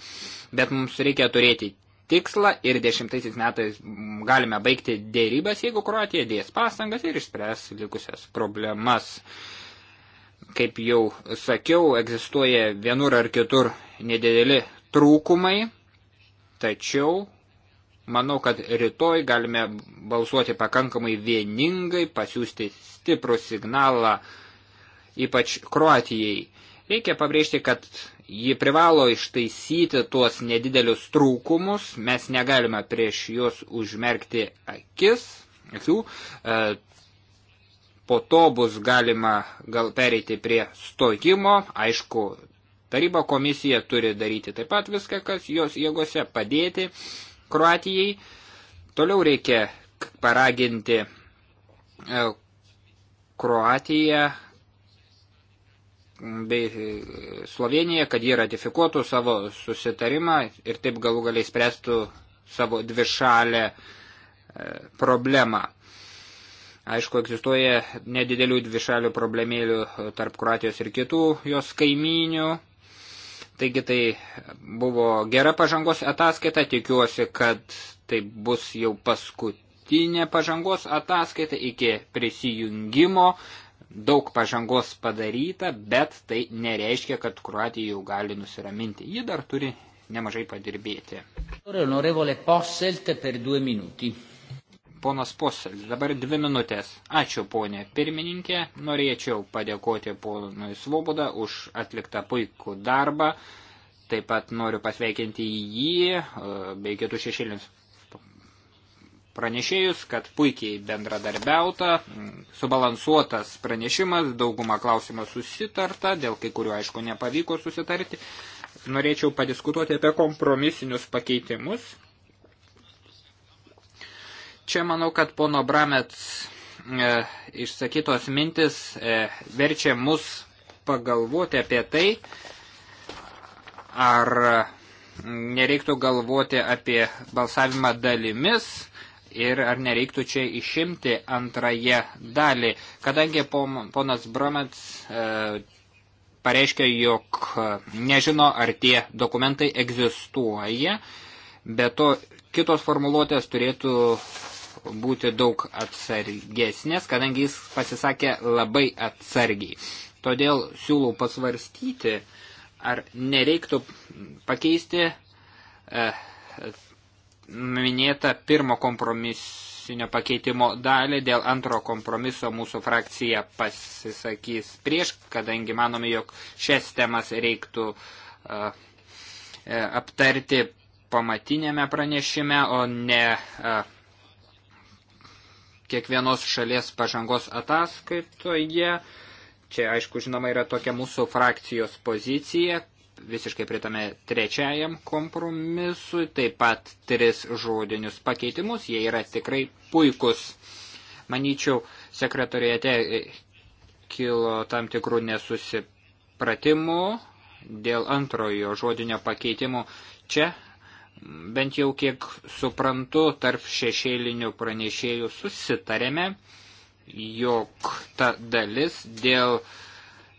Bet mums reikia turėti tikslą ir dešimtaisiais metais galime baigti dėrybas, jeigu Kroatija dės pastangas ir išspręs likusias problemas. Kaip jau sakiau, egzistuoja vienur ar kitur nedideli trūkumai, tačiau manau, kad rytoj galime balsuoti pakankamai vieningai, pasiūsti stiprų signalą, ypač Kroatijai. Reikia pabrėžti, kad Ji privalo ištaisyti tuos nedidelius trūkumus, mes negalime prieš juos užmerkti akis, akių. E, po to bus galima gal pereiti prie stojimo, aišku, taryba komisija turi daryti taip pat viską, kas jos jėgose padėti Kroatijai. Toliau reikia paraginti e, Kroatiją bei Slovenija, kad jie ratifikuotų savo susitarimą ir taip galų galiai spręstų savo dvišalę e, problemą. Aišku, egzistuoja nedidelių dvišalių problemėlių tarp Kroatijos ir kitų jos kaimynių. Taigi tai buvo gera pažangos ataskaita, tikiuosi, kad tai bus jau paskutinė pažangos ataskaita iki prisijungimo daug pažangos padaryta, bet tai nereiškia, kad Kroatija jau gali nusiraminti. Ji dar turi nemažai padirbėti. Ponas Posel, dabar dvi minutės. Ačiū, ponė pirmininkė. Norėčiau padėkoti ponui Svoboda už atliktą puikų darbą. Taip pat noriu pasveikinti jį e, bei kitus šešėlinius pranešėjus, kad puikiai bendradarbiauta, subalansuotas pranešimas, daugumą klausimą susitarta, dėl kai kurių aišku nepavyko susitarti. Norėčiau padiskutuoti apie kompromisinius pakeitimus. Čia manau, kad pono Bramets e, išsakytos mintis e, verčia mus pagalvoti apie tai, ar nereiktų galvoti apie balsavimą dalimis, ir ar nereiktų čia išimti antrąją dalį, kadangi ponas Bromets e, pareiškia, jog e, nežino, ar tie dokumentai egzistuoja, bet to kitos formuluotės turėtų būti daug atsargesnės, kadangi jis pasisakė labai atsargiai. Todėl siūlau pasvarstyti, ar nereiktų pakeisti e, minėtą pirmo kompromisinio pakeitimo dalį. Dėl antro kompromiso mūsų frakcija pasisakys prieš, kadangi manome, jog šias temas reiktų uh, aptarti pamatinėme pranešime, o ne uh, kiekvienos šalies pažangos ataskaitoje. Čia, aišku, žinoma, yra tokia mūsų frakcijos pozicija visiškai pritame trečiajam kompromisui, taip pat tris žodinius pakeitimus, jie yra tikrai puikus. Manyčiau, sekretorijate kilo tam tikrų nesusipratimų dėl antrojo žodinio pakeitimo. Čia, bent jau kiek suprantu, tarp šešėlinių pranešėjų susitarėme, jog ta dalis dėl uh,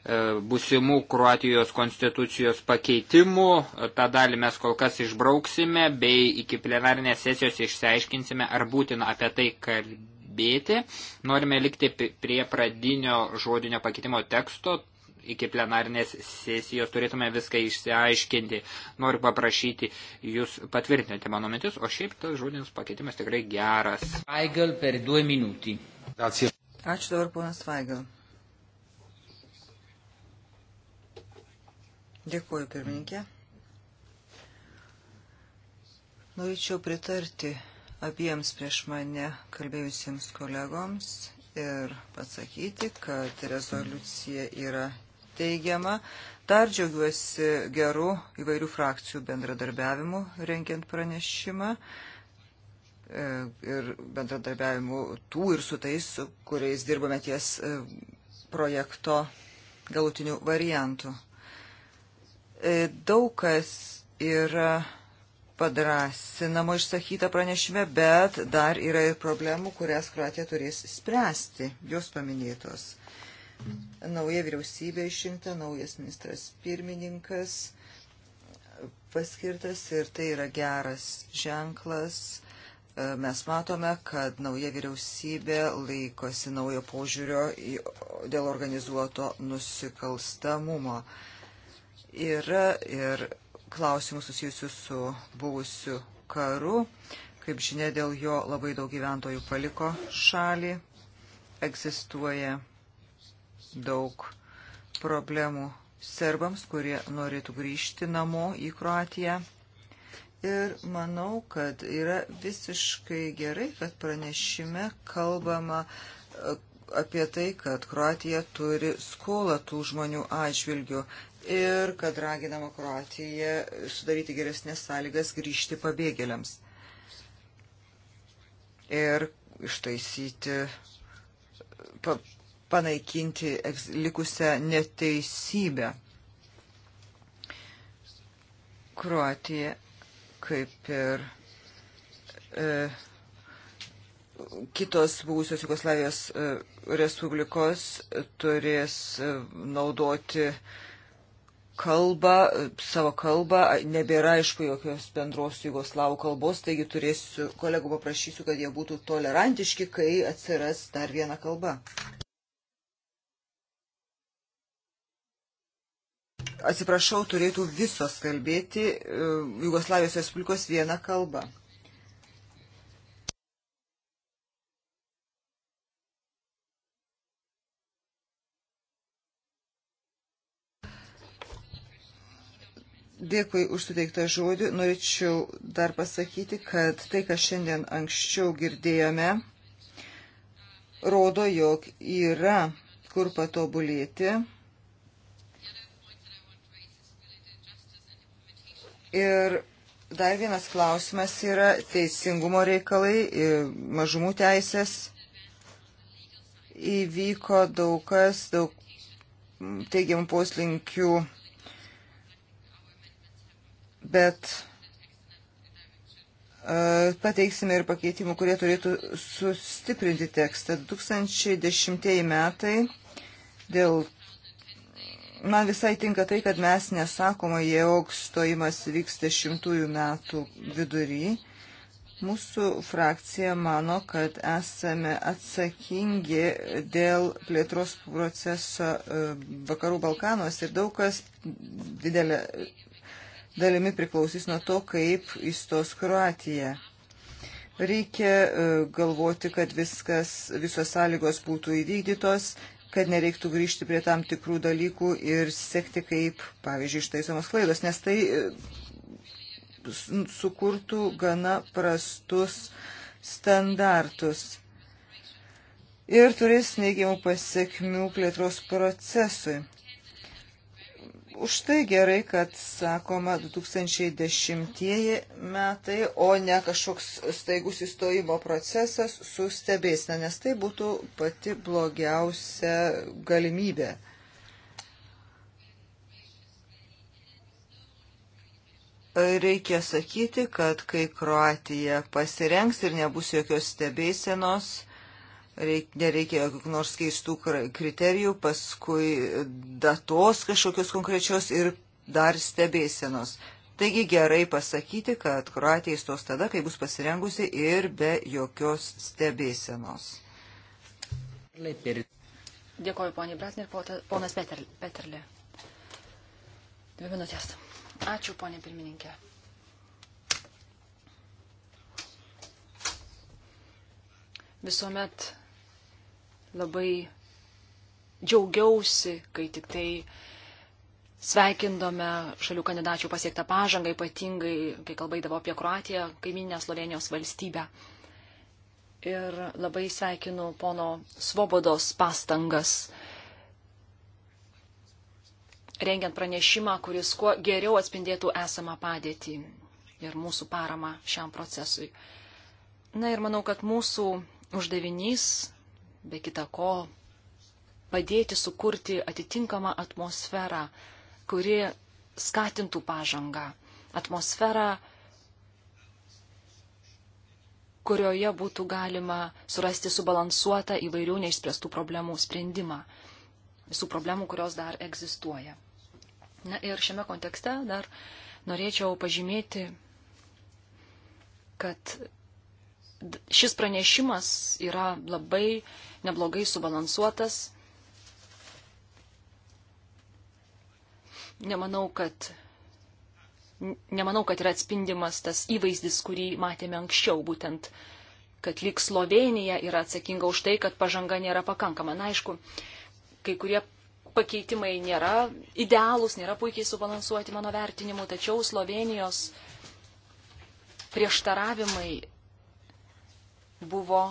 E, busimų Kroatijos konstitucijos pakeitimų. E, tą dalį mes kol kas išbrauksime, bei iki plenarinės sesijos išsiaiškinsime, ar būtina apie tai kalbėti. Norime likti prie pradinio žodinio pakeitimo teksto. Iki plenarinės sesijos turėtume viską išsiaiškinti. Noriu paprašyti jūs patvirtinti mano mintis, o šiaip tas žodinis pakeitimas tikrai geras. Feigl per du minutį. Ačiū dabar, ponas Feigl. Dėkuoju, pirmininkė. Norėčiau pritarti abiems prieš mane kalbėjusiems kolegoms ir pasakyti, kad rezoliucija yra teigiama. Dar džiaugiuosi gerų įvairių frakcijų bendradarbiavimu renkiant pranešimą e, ir bendradarbiavimu tų ir su tais, su kuriais dirbame ties e, projekto galutinių variantų. E, daug kas yra padrasinamo išsakyta pranešime, bet dar yra ir problemų, kurias Kroatija turės spręsti, jos paminėtos. Nauja vyriausybė išrinkta, naujas ministras pirmininkas paskirtas ir tai yra geras ženklas. E, mes matome, kad nauja vyriausybė laikosi naujo požiūrio dėl organizuoto nusikalstamumo. Yra ir klausimų susijusių su buvusiu karu. Kaip žinia, dėl jo labai daug gyventojų paliko šalį. Egzistuoja daug problemų serbams, kurie norėtų grįžti namo į Kroatiją. Ir manau, kad yra visiškai gerai, kad pranešime kalbama e, apie tai, kad Kroatija turi skolą tų žmonių atžvilgių ir kad raginama Kroatija sudaryti geresnės sąlygas grįžti pabėgėliams ir ištaisyti, pa, panaikinti likusią neteisybę. Kroatija kaip ir e, kitos buvusios Jugoslavijos e, respublikos turės e, naudoti e, kalbą, savo kalbą, nebėra aišku jokios bendros jugoslavų kalbos, taigi turėsiu, kolegų paprašysiu, kad jie būtų tolerantiški, kai atsiras dar viena kalba. Atsiprašau, turėtų visos kalbėti e, Jugoslavijos Respublikos vieną kalbą. Dėkui už suteiktą žodį. Norėčiau dar pasakyti, kad tai, ką šiandien anksčiau girdėjome, rodo, jog yra kur patobulėti. Ir dar vienas klausimas yra teisingumo reikalai, mažumų teisės. Įvyko daug kas, daug teigiamų poslinkių bet e, pateiksime ir pakeitimų, kurie turėtų sustiprinti tekstą. 2010 metai dėl man visai tinka tai, kad mes nesakoma, jog stojimas vyks dešimtųjų metų vidury. Mūsų frakcija mano, kad esame atsakingi dėl plėtros proceso e, Vakarų Balkanos ir daug kas didelė dalimi priklausys nuo to, kaip įstos Kroatija. Reikia e, galvoti, kad viskas, visos sąlygos būtų įvykdytos, kad nereiktų grįžti prie tam tikrų dalykų ir sekti, kaip, pavyzdžiui, ištaisomos klaidos, nes tai e, sukurtų gana prastus standartus ir turės neigiamų pasiekmių plėtros procesui. Už tai gerai, kad sakoma 2010 metai, o ne kažkoks staigus įstojimo procesas su stebėsna, nes tai būtų pati blogiausia galimybė. Reikia sakyti, kad kai Kroatija pasirengs ir nebus jokios stebėsenos, reik, nereikėjo kokių nors keistų kriterijų, paskui datos kažkokios konkrečios ir dar stebėsenos. Taigi gerai pasakyti, kad Kroatija įstos tada, kai bus pasirengusi ir be jokios stebėsenos. Dėkoju, poniai Bratner, ponas Peterlė. Dvi minutės. Ačiū, ponė pirmininkė. Visuomet labai džiaugiausi, kai tik tai sveikindome šalių kandidačių pasiektą pažangą, ypatingai, kai kalbaidavo apie Kroatiją, kaiminę Slovenijos valstybę. Ir labai sveikinu pono Svobodos pastangas rengiant pranešimą, kuris kuo geriau atspindėtų esamą padėtį ir mūsų paramą šiam procesui. Na ir manau, kad mūsų uždavinys be kita ko, padėti sukurti atitinkamą atmosferą, kuri skatintų pažangą. Atmosferą, kurioje būtų galima surasti subalansuotą įvairių neišspręstų problemų sprendimą. Visų problemų, kurios dar egzistuoja. Na ir šiame kontekste dar norėčiau pažymėti, kad šis pranešimas yra labai uh, neblogai subalansuotas. Nemanau, kad, nemanau, kad yra atspindimas tas įvaizdis, kurį matėme anksčiau, būtent, kad lyg Slovenija yra atsakinga už tai, kad pažanga nėra pakankama. Na, aišku, kai kurie pakeitimai nėra idealūs, nėra puikiai subalansuoti mano vertinimu, tačiau Slovenijos prieštaravimai buvo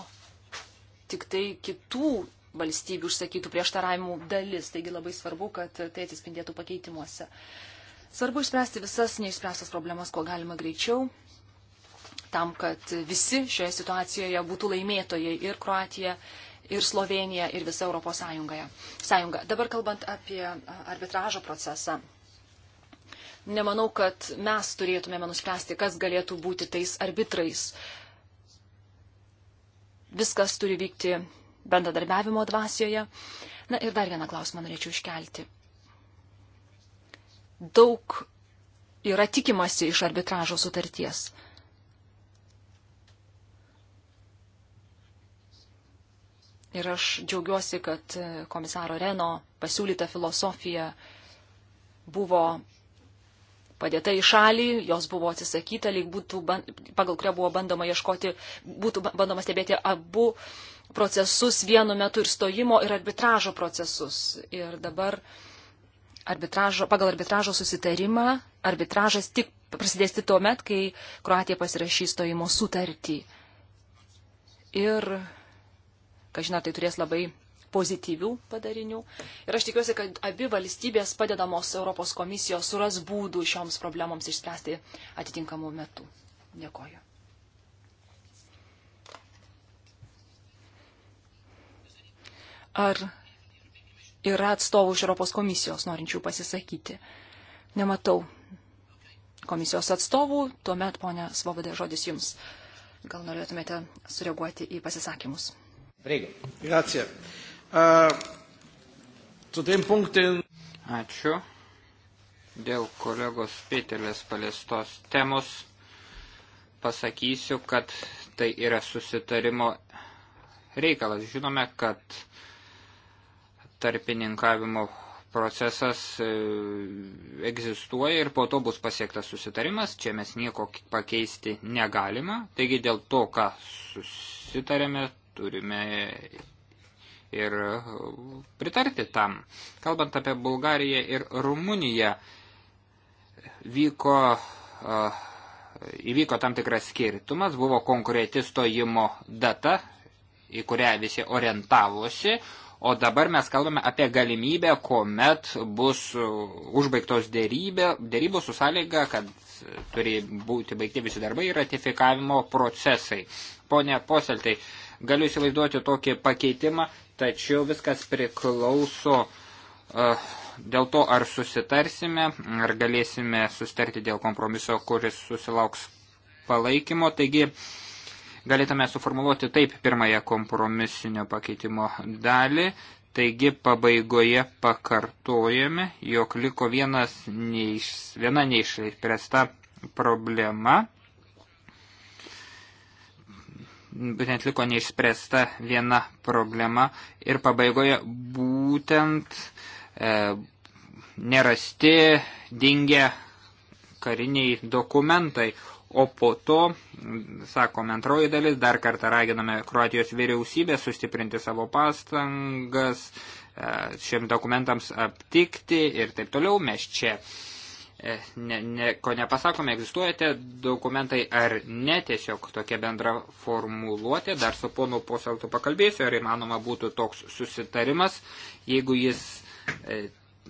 tik tai kitų valstybių užsakytų prieštaravimų dalis. Taigi labai svarbu, kad tai atsispindėtų pakeitimuose. Svarbu išspręsti visas neišspręstas problemas, kuo galima greičiau, tam, kad visi šioje situacijoje būtų laimėtojai ir Kroatija, ir Slovenija, ir visa Europos Sąjungoje. Sąjunga. Dabar kalbant apie arbitražo procesą. Nemanau, kad mes turėtumėme nuspręsti, kas galėtų būti tais arbitrais. Uh, viskas turi vykti bendradarbiavimo dvasioje. Na ir dar vieną klausimą norėčiau iškelti. Daug yra tikimasi iš arbitražo sutarties. Ir aš džiaugiuosi, kad komisaro Reno pasiūlyta filosofija buvo padėta į šalį, jos buvo atsisakyta, lyg būtų, pagal kurią buvo bandoma ieškoti, būtų bandoma stebėti abu procesus vienu metu ir stojimo ir arbitražo procesus. Ir dabar arbitražo, pagal arbitražo susitarimą arbitražas tik prasidės tik tuo met, kai Kroatija pasirašys stojimo sutartį. Ir, ką žinot, tai turės labai pozityvių padarinių. Ir aš tikiuosi, kad abi valstybės padedamos Europos komisijos suras būdų šioms problemoms išspręsti atitinkamų metų. Dėkoju. Ar yra atstovų iš Europos komisijos norinčių pasisakyti? Nematau komisijos atstovų, tuomet, ponia Svobodė, žodis jums. Gal norėtumėte sureaguoti į pasisakymus? Reigo. Gracija. Zu dem Punkt, den. Ačiū. Dėl kolegos Pitelės paliestos temos pasakysiu, kad tai yra susitarimo reikalas. Žinome, kad tarpininkavimo procesas e, egzistuoja ir po to bus pasiektas susitarimas. Čia mes nieko pakeisti negalima. Taigi dėl to, ką susitarėme, turime ir e, pritarti tam. Kalbant apie Bulgariją ir Rumuniją, vyko, e, įvyko tam tikras skirtumas, buvo konkreti stojimo data, į kurią visi orientavosi, o dabar mes kalbame apie galimybę, kuomet bus e, užbaigtos dėrybė, dėrybos su sąlyga, kad turi būti baigti visi darbai ir ratifikavimo procesai. Pone Poseltai, Galiu įsivaizduoti tokį pakeitimą, tačiau viskas priklauso uh, dėl to, ar susitarsime, ar galėsime sustarti dėl kompromiso, kuris susilauks palaikymo. Taigi, galėtume suformuluoti taip pirmąją kompromisinio pakeitimo dalį. Taigi pabaigoje pakartojame, jog liko vienas neiš, viena neišspręsta problema būtent liko neišspręsta viena problema ir pabaigoje būtent e, nerasti dingę kariniai dokumentai, o po to, sakome antroji dalis, dar kartą raginame Kroatijos vyriausybę sustiprinti savo pastangas, e, šiem dokumentams aptikti ir taip toliau. Mes čia uh, Eh, ne, ne, ko nepasakome, egzistuojate dokumentai ar ne, tiesiog tokia bendra formuluotė, dar su ponu poseltu pakalbėsiu, ar įmanoma būtų toks susitarimas, jeigu jis e,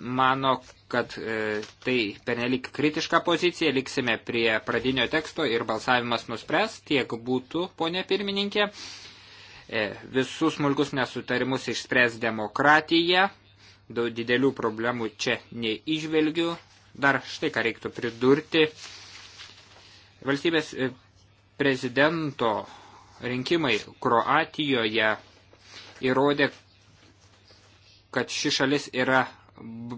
mano, kad e, tai pernelik kritiška pozicija, liksime prie pradinio teksto ir balsavimas nuspręs, tiek būtų, ponė pirmininkė, e, visus smulkus nesutarimus išspręs demokratija, daug didelių problemų čia neižvelgiu, Dar štai ką reiktų pridurti. Valstybės e, prezidento rinkimai Kroatijoje įrodė, kad ši šalis yra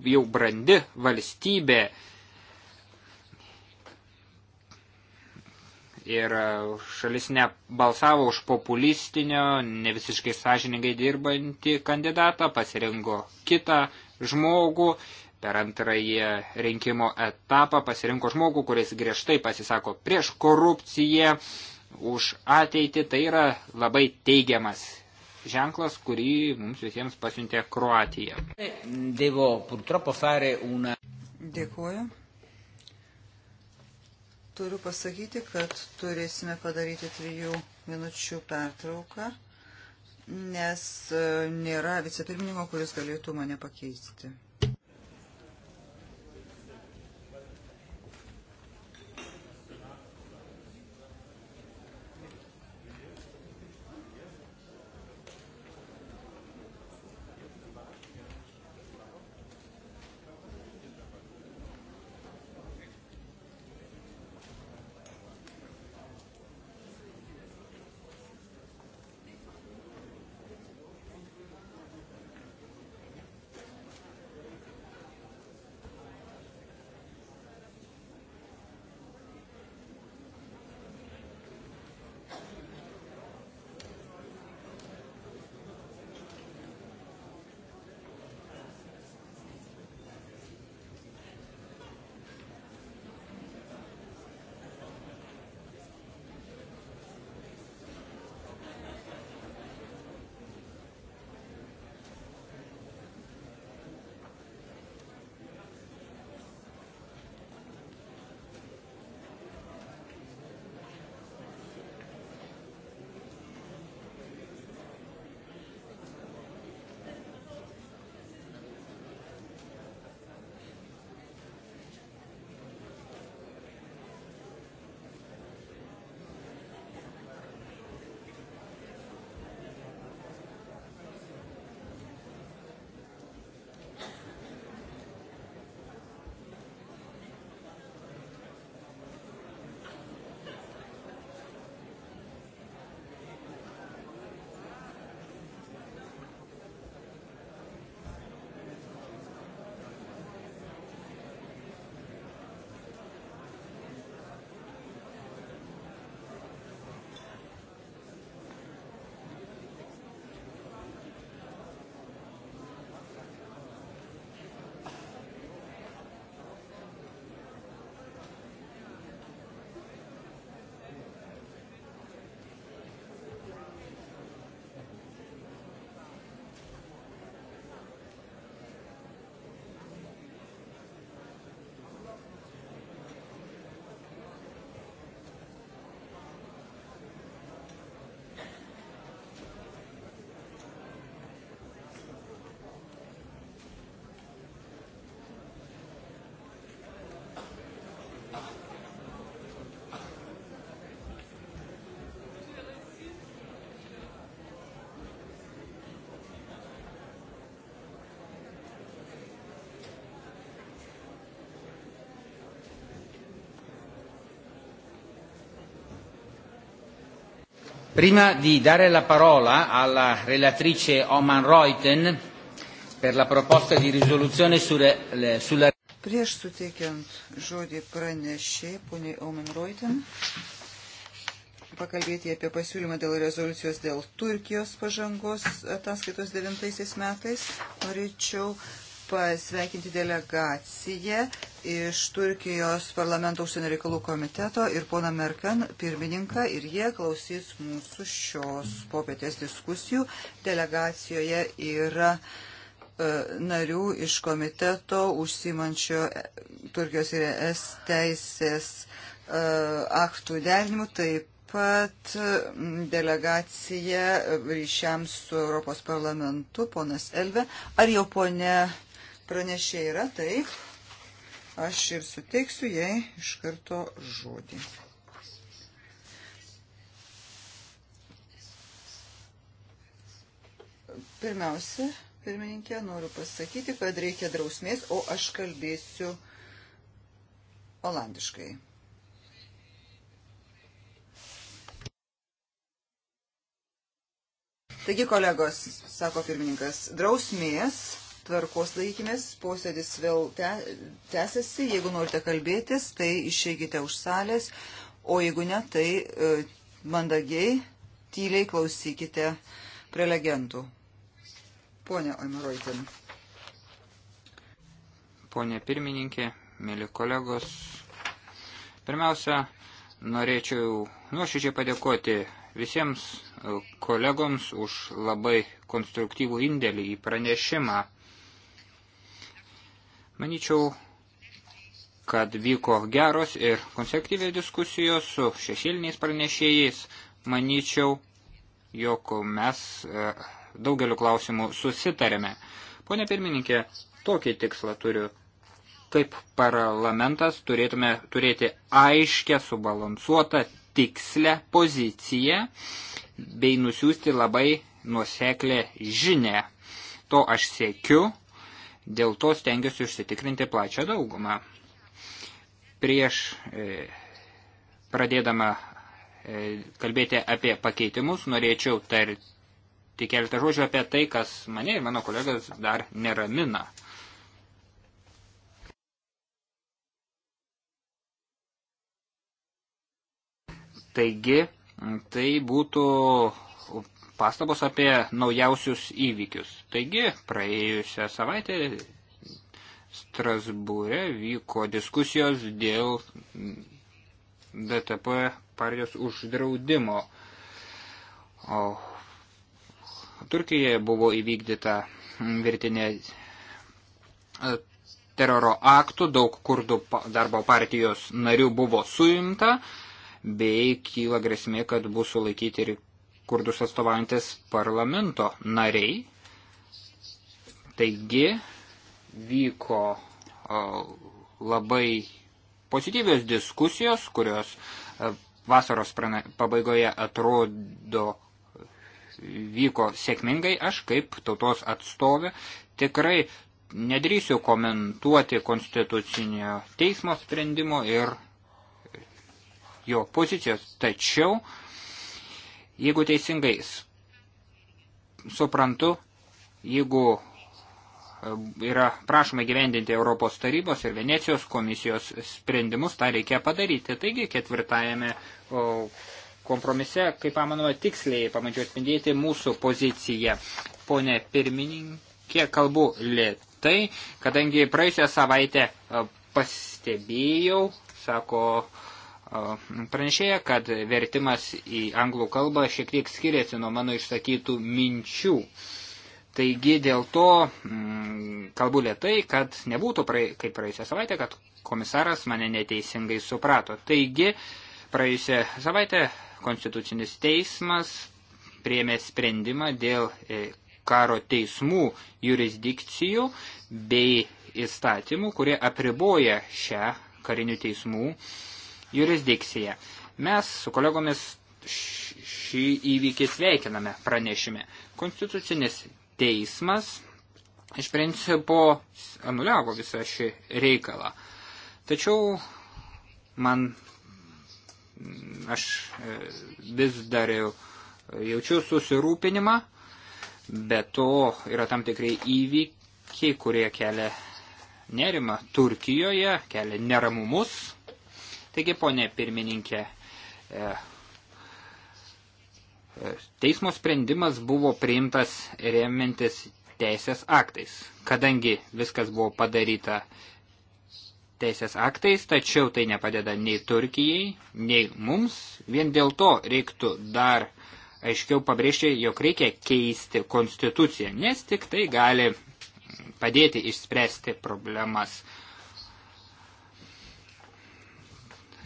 jau brandi valstybė ir šalis nebalsavo už populistinio, ne visiškai sąžiningai dirbantį kandidatą, pasirinko kitą žmogų per antrąjį rinkimo etapą pasirinko žmogų, kuris griežtai pasisako prieš korupciją, už ateitį. Tai yra labai teigiamas ženklas, kurį mums visiems pasiuntė Kroatija. Dėkuoju. Turiu pasakyti, kad turėsime padaryti trijų minučių pertrauką, nes e, nėra vicepirmininko, kuris galėtų mane pakeisti. Prima di dare la parola alla relatrice Oman Reuten per la proposta di risoluzione sulle, sulla. Prieš suteikiant žodį pranešė poniai Omen Reuten pakalbėti apie pasiūlymą dėl rezoliucijos dėl Turkijos pažangos ataskaitos devintaisiais metais. Norėčiau pasveikinti delegaciją iš Turkijos parlamento užsienio reikalų komiteto ir pona Merkan pirmininką ir jie klausys mūsų šios popietės diskusijų. Delegacijoje yra e, narių iš komiteto užsimančio e, Turkijos ir ES teisės e, aktų derinimu, taip pat delegacija ryšiams su Europos parlamentu, ponas Elve. Ar jau ponė pranešė yra? Taip aš ir suteiksiu jai iš karto žodį. Pirmiausia, pirmininkė, noriu pasakyti, kad reikia drausmės, o aš kalbėsiu olandiškai. Taigi, kolegos, sako pirmininkas, drausmės tvarkos laikymės, posėdis vėl te, tęsiasi, jeigu norite kalbėtis, tai išeikite už salės, o jeigu ne, tai e, mandagiai, tyliai klausykite prelegentų. Pone Oimaroitin. Pone pirmininkė, mėly kolegos, pirmiausia, norėčiau nuoširdžiai padėkoti visiems kolegoms už labai konstruktyvų indėlį į pranešimą. Manyčiau, kad vyko geros ir konstruktyvės diskusijos su šešiliniais pranešėjais. Manyčiau, jog mes e, daugeliu klausimų susitarėme. Pone pirmininkė, tokį tikslą turiu. Kaip parlamentas turėtume turėti aiškę, subalansuotą, tikslę poziciją bei nusiųsti labai nuoseklę žinę. To aš siekiu Dėl to stengiuosi užsitikrinti plačią daugumą. Prieš e, pradėdama e, kalbėti apie pakeitimus, norėčiau tarti keletą žodžių apie tai, kas mane ir mano kolegas dar neramina. Taigi, tai būtų pastabos apie naujausius įvykius. Taigi, praėjusią savaitę Strasbūre vyko diskusijos dėl DTP partijos uždraudimo. O Turkijoje buvo įvykdyta virtinė e, teroro aktų, daug kurdų darbo partijos narių buvo suimta, bei kyla grėsmė, kad bus sulaikyti ir kurdus atstovaujantis parlamento nariai. Taigi vyko o, labai pozityvios diskusijos, kurios vasaros prana, pabaigoje atrodo vyko sėkmingai. Aš kaip tautos atstovė tikrai nedrįsiu komentuoti konstitucinio teismo sprendimo ir jo pozicijos, tačiau uh, Jeigu teisingai suprantu, jeigu e, yra prašoma gyvendinti Europos tarybos ir Venecijos komisijos sprendimus, tą reikia padaryti. Taigi ketvirtajame kompromise, kaip pamanau, tiksliai pamačiau atspindėti mūsų poziciją. Pone pirmininkė, kalbu lėtai, kadangi praėjusią savaitę e, pastebėjau, sako uh, pranešėją, kad vertimas į anglų kalbą šiek tiek skiriasi nuo mano išsakytų minčių. Taigi dėl to mm, kalbu lietai, kad nebūtų praė, kaip praėjusią savaitę, kad komisaras mane neteisingai suprato. Taigi praėjusią savaitę Konstitucinis teismas priėmė sprendimą dėl e, karo teismų jurisdikcijų bei įstatymų, kurie apriboja šią karinių teismų uh, jurisdikciją. Mes su kolegomis šį įvykį sveikiname pranešime. Konstitucinis teismas iš principo anuliavo visą šį reikalą. Tačiau man aš e, vis dar jaučiu susirūpinimą, bet to yra tam tikrai įvykiai, kurie kelia nerimą Turkijoje, kelia neramumus. Taigi, ponė pirmininkė, e, e, teismo sprendimas buvo priimtas remiantis teisės aktais. Kadangi viskas buvo padaryta teisės aktais, tačiau tai nepadeda nei Turkijai, nei mums. Vien dėl to reiktų dar aiškiau pabrėžti, jog reikia keisti konstituciją, nes tik tai gali padėti išspręsti problemas.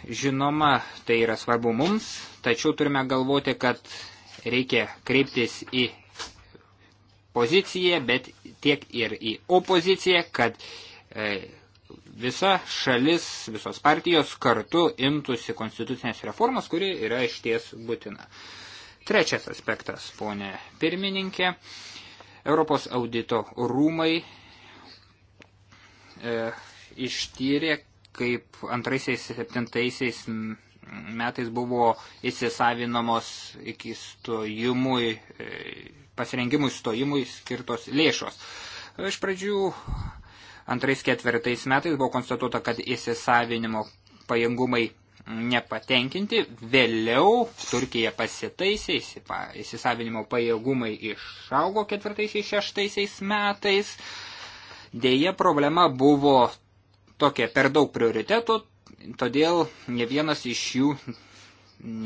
Žinoma, tai yra svarbu mums, tačiau turime galvoti, kad reikia kreiptis į poziciją, bet tiek ir į opoziciją, kad e, visa šalis, visos partijos kartu imtųsi konstitucinės reformos, kuri yra išties būtina. Trečias aspektas, ponė pirmininkė, Europos audito rūmai e, ištyrė, kaip antraisiais septintaisiais metais buvo įsisavinamos iki stojimui, e, pasirengimui stojimui skirtos lėšos. Iš pradžių antrais ketvirtais metais buvo konstatuota, kad įsisavinimo pajėgumai nepatenkinti, vėliau Turkija pasitaisė, įsisavinimo pajėgumai išaugo ketvirtaisiais šeštaisiais metais. Deja, problema buvo tokie per daug prioritetų, todėl ne vienas iš jų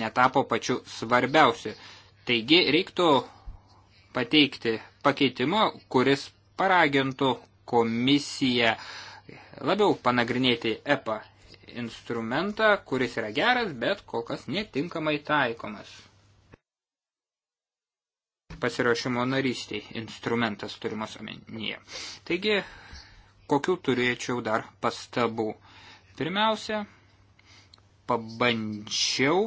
netapo pačiu svarbiausiu. Taigi reiktų pateikti pakeitimą, kuris paragintų komisiją labiau panagrinėti EPA instrumentą, kuris yra geras, bet kol kas netinkamai taikomas. Pasiruošimo narystiai instrumentas turimas omenyje. Taigi kokių turėčiau dar pastabų. Pirmiausia, pabandžiau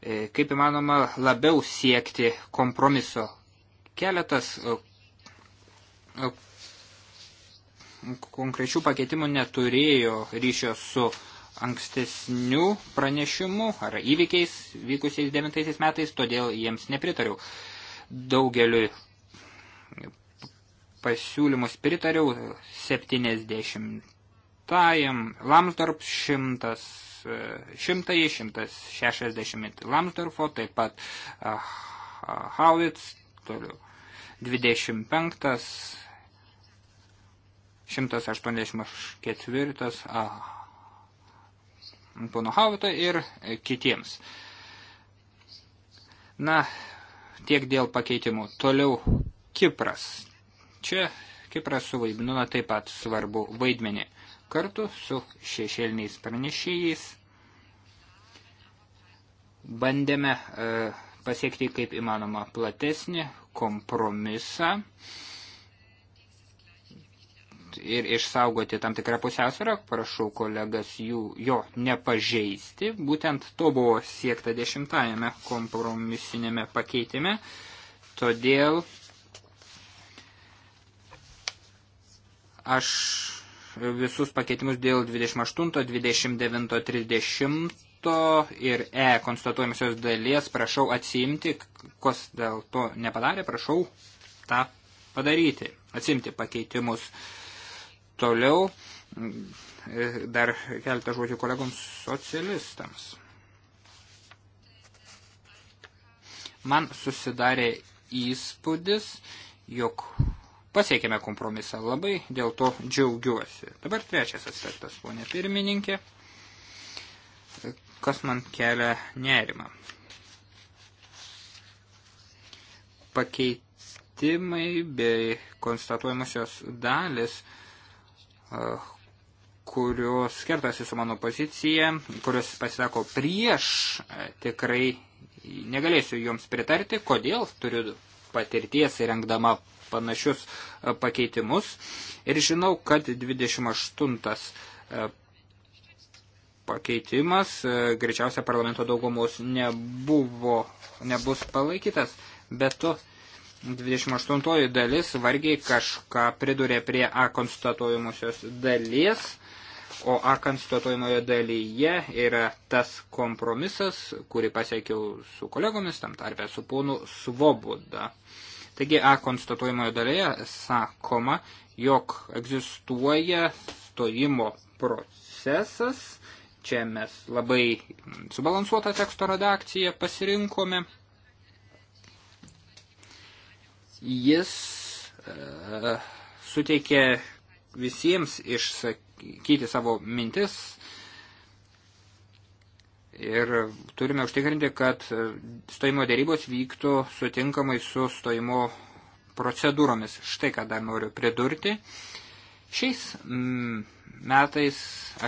e, kaip įmanoma labiau siekti kompromiso. Keletas e, e, konkrečių pakeitimų neturėjo ryšio su ankstesnių pranešimų ar įvykiais vykusiais devintaisiais metais, todėl jiems nepritariau. Daugeliu pasiūlymus pritariau 70 Lamsdorp 100, 100, 160 Lamsdorfo, taip pat uh, e, Haulitz, toliau 25, 184 uh, pono Havito ir kitiems. Na, tiek dėl pakeitimų. Toliau Kipras. Čia Kipras suvaidino taip pat svarbu vaidmenį kartu su šešėliniais pranešėjais. Bandėme e, pasiekti kaip įmanoma platesnį kompromisą ir išsaugoti tam tikrą pusiausvyrą, prašau kolegas jų, jo nepažeisti. Būtent to buvo siekta dešimtajame kompromisinėme pakeitime, todėl Aš visus pakeitimus dėl 28, 29, 30 ir E konstatuojamosios dalies prašau atsiimti, kas dėl to nepadarė, prašau tą padaryti, atsimti pakeitimus. Toliau dar keletą žodžių kolegoms socialistams. Man susidarė įspūdis, jog pasiekėme kompromisą. Labai dėl to džiaugiuosi. Dabar trečias aspektas, ponė pirmininkė, kas man kelia nerimą. Pakeitimai bei konstatuojamosios dalis, kurios kertasi su mano pozicija, kurios pasisako prieš, tikrai negalėsiu joms pritarti, kodėl turiu patirties įrengdama panašius e, pakeitimus. Ir žinau, kad 28 e, pakeitimas e, greičiausia parlamento daugumos nebuvo, nebus palaikytas, bet to 28 dalis vargiai kažką pridurė prie A konstatuojamosios dalies, o A konstatuojamojo dalyje yra tas kompromisas, kurį pasiekiau su kolegomis, tam tarpę su ponu Svoboda. Uh, Taigi A konstatuojamoje dalyje sakoma, jog egzistuoja stojimo procesas. Čia mes labai subalansuotą teksto redakciją pasirinkome. Jis e, suteikė visiems išsakyti savo mintis Ir turime užtikrinti, kad stojimo dėrybos vyktų sutinkamai su stojimo procedūromis. Štai ką dar noriu pridurti. Šiais mm, metais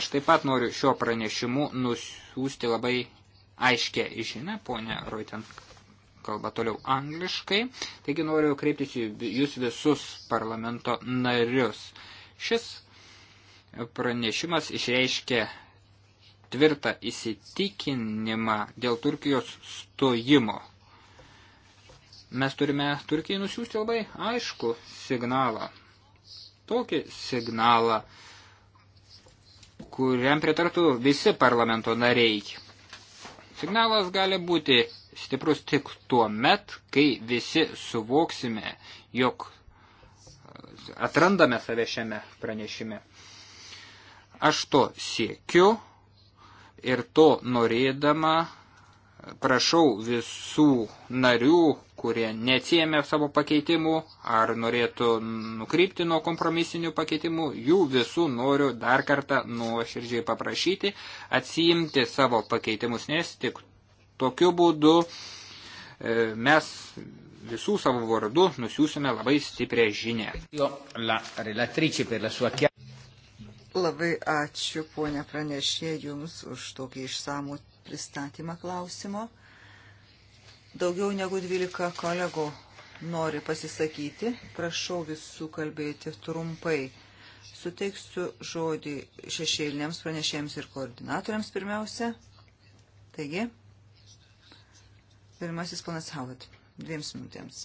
aš taip pat noriu šiuo pranešimu nusiųsti labai aiškę žinę, ponė Roitent kalba toliau angliškai, taigi noriu kreiptis į jūs visus parlamento narius. Šis pranešimas išreiškia tvirtą įsitikinimą dėl Turkijos stojimo. Mes turime Turkijai nusiųsti labai aišku signalą. Tokį signalą, kuriam pritartų visi parlamento nariai. Signalas gali būti stiprus tik tuo met, kai visi suvoksime, jog atrandame save šiame pranešime. Aš to siekiu, ir to norėdama prašau visų narių, kurie neatsiemė savo pakeitimų ar norėtų nukrypti nuo kompromisinių pakeitimų, jų visų noriu dar kartą nuoširdžiai paprašyti atsiimti savo pakeitimus, nes tik tokiu būdu e, mes visų savo vardu nusiūsime labai stiprią žinę. Labai ačiū, ponia pranešė, Jums už tokį išsamų pristatymą klausimo. Daugiau negu 12 kolegų nori pasisakyti. Prašau visų kalbėti trumpai. Suteiksiu žodį šešėliniams pranešėjams ir koordinatoriams pirmiausia. Taigi, pirmasis ponas Havat, dviems minutėms.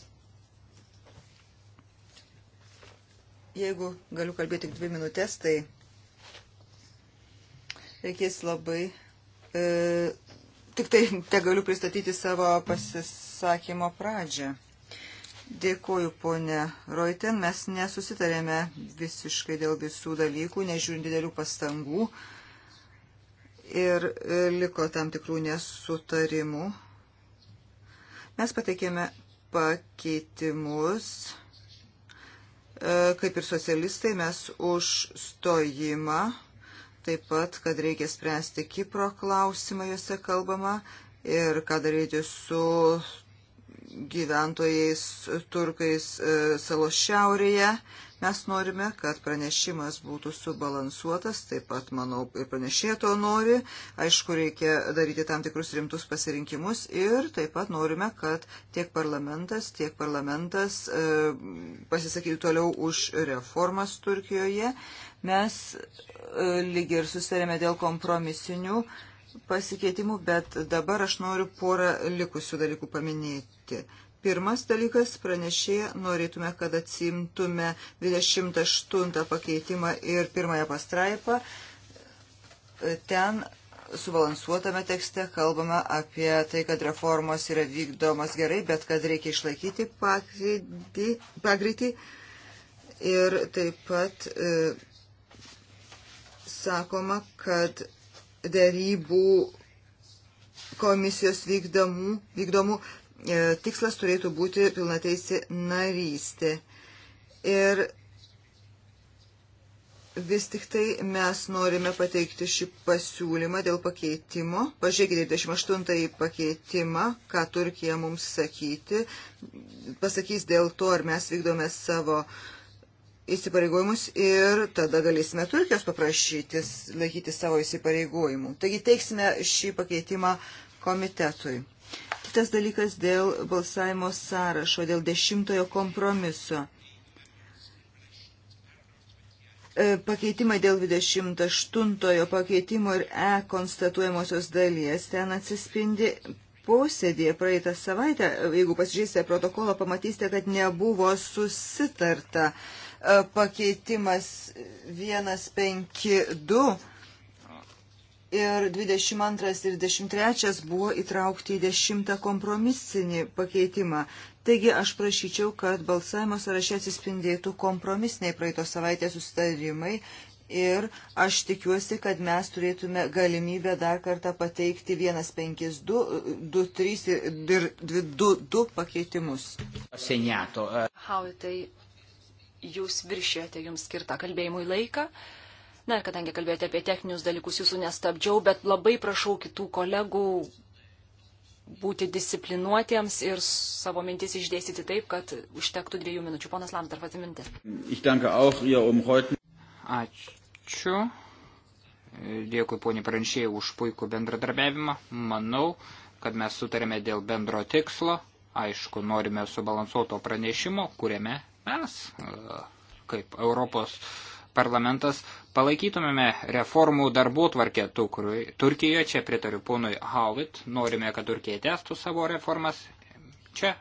Jeigu galiu kalbėti tik dvi minutės, tai Reikės labai. E, tik tai te galiu pristatyti savo pasisakymo pradžią. Dėkuoju, ponė Roiten, mes nesusitarėme visiškai dėl visų dalykų, nežiūrint didelių pastangų ir e, liko tam tikrų nesutarimų. Mes pateikėme pakeitimus, e, kaip ir socialistai, mes už stojimą taip pat, kad reikia spręsti Kipro klausimą, juose kalbama, ir ką daryti su gyventojais turkais e, salos šiaurėje. Mes norime, kad pranešimas būtų subalansuotas, taip pat, manau, ir pranešė to nori. Aišku, reikia daryti tam tikrus rimtus pasirinkimus ir taip pat norime, kad tiek parlamentas, tiek parlamentas e, pasisakytų toliau už reformas Turkijoje, Mes e, lyg ir susitarėme dėl kompromisinių pasikeitimų, bet dabar aš noriu porą likusių dalykų paminėti. Pirmas dalykas, pranešėje norėtume, kad atsimtume 28 pakeitimą ir pirmąją pastraipą. Ten subalansuotame tekste kalbame apie tai, kad reformos yra vykdomas gerai, bet kad reikia išlaikyti pagreitį. pagreitį ir taip pat. E, sakoma, kad dėrybų komisijos vykdomų, vykdomų e, tikslas turėtų būti pilnateisi narystė. Ir vis tik tai mes norime pateikti šį pasiūlymą dėl pakeitimo. Pažiūrėkite 28 pakeitimą, ką Turkija mums sakyti, pasakys dėl to, ar mes vykdome savo uh, įsipareigojimus ir tada galėsime Turkijos paprašyti laikyti savo įsipareigojimų. Taigi teiksime šį pakeitimą komitetui. Kitas dalykas dėl balsavimo sąrašo, dėl dešimtojo kompromiso. E, pakeitimą dėl 28 pakeitimo ir E konstatuojamosios dalies ten atsispindi posėdėje praeitą savaitę, jeigu pasižiūrėsite protokolą, pamatysite, kad nebuvo susitarta e, pakeitimas 152 ir 22 ir 23 buvo įtraukti į 10 kompromisinį pakeitimą. Taigi aš prašyčiau, kad balsavimo sąraše atsispindėtų kompromisiniai praeito savaitės susitarimai ir aš tikiuosi, kad mes turėtume galimybę dar kartą pateikti 152, 23 ir 22 pakeitimus. Senjato. Hautai, eh. jūs viršėjote jums skirtą kalbėjimui laiką. Na ir kadangi kalbėjote apie techninius dalykus, jūsų nestabdžiau, bet labai prašau kitų kolegų būti disciplinuotiems ir savo mintis išdėstyti taip, kad užtektų dviejų minučių. Ponas Lamsdorfas, mintis. Ačiū. Dėkui poniai pranešėjai už puikų bendradarbiavimą. Manau, kad mes sutarėme dėl bendro tikslo. Aišku, norime subalansuoto pranešimo, kuriame mes, e, kaip Europos parlamentas, palaikytumėme reformų darbų tvarkę Turkijoje. Čia pritariu ponui Howitt. Norime, kad Turkija testų savo reformas. Čia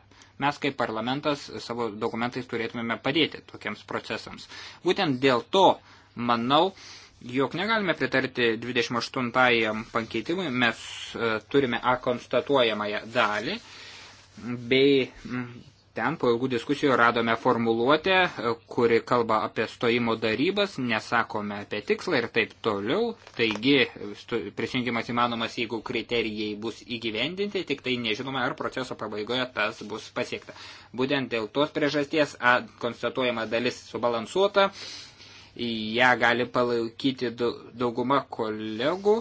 Mes kaip parlamentas savo dokumentais turėtumėme padėti tokiems procesams. Būtent dėl to, manau, jog negalime pritarti 28-ajam pankeitimui, mes e, turime A konstatuojamąją dalį bei ten po ilgų diskusijų radome formuluotę, e, kuri kalba apie stojimo darybas, nesakome apie tikslą ir taip toliau. Taigi, prisijungimas įmanomas, jeigu kriterijai bus įgyvendinti, tik tai nežinome, ar proceso pabaigoje tas bus pasiekta. Būtent dėl tos priežasties A konstatuojama dalis subalansuota, ją gali palaikyti dauguma kolegų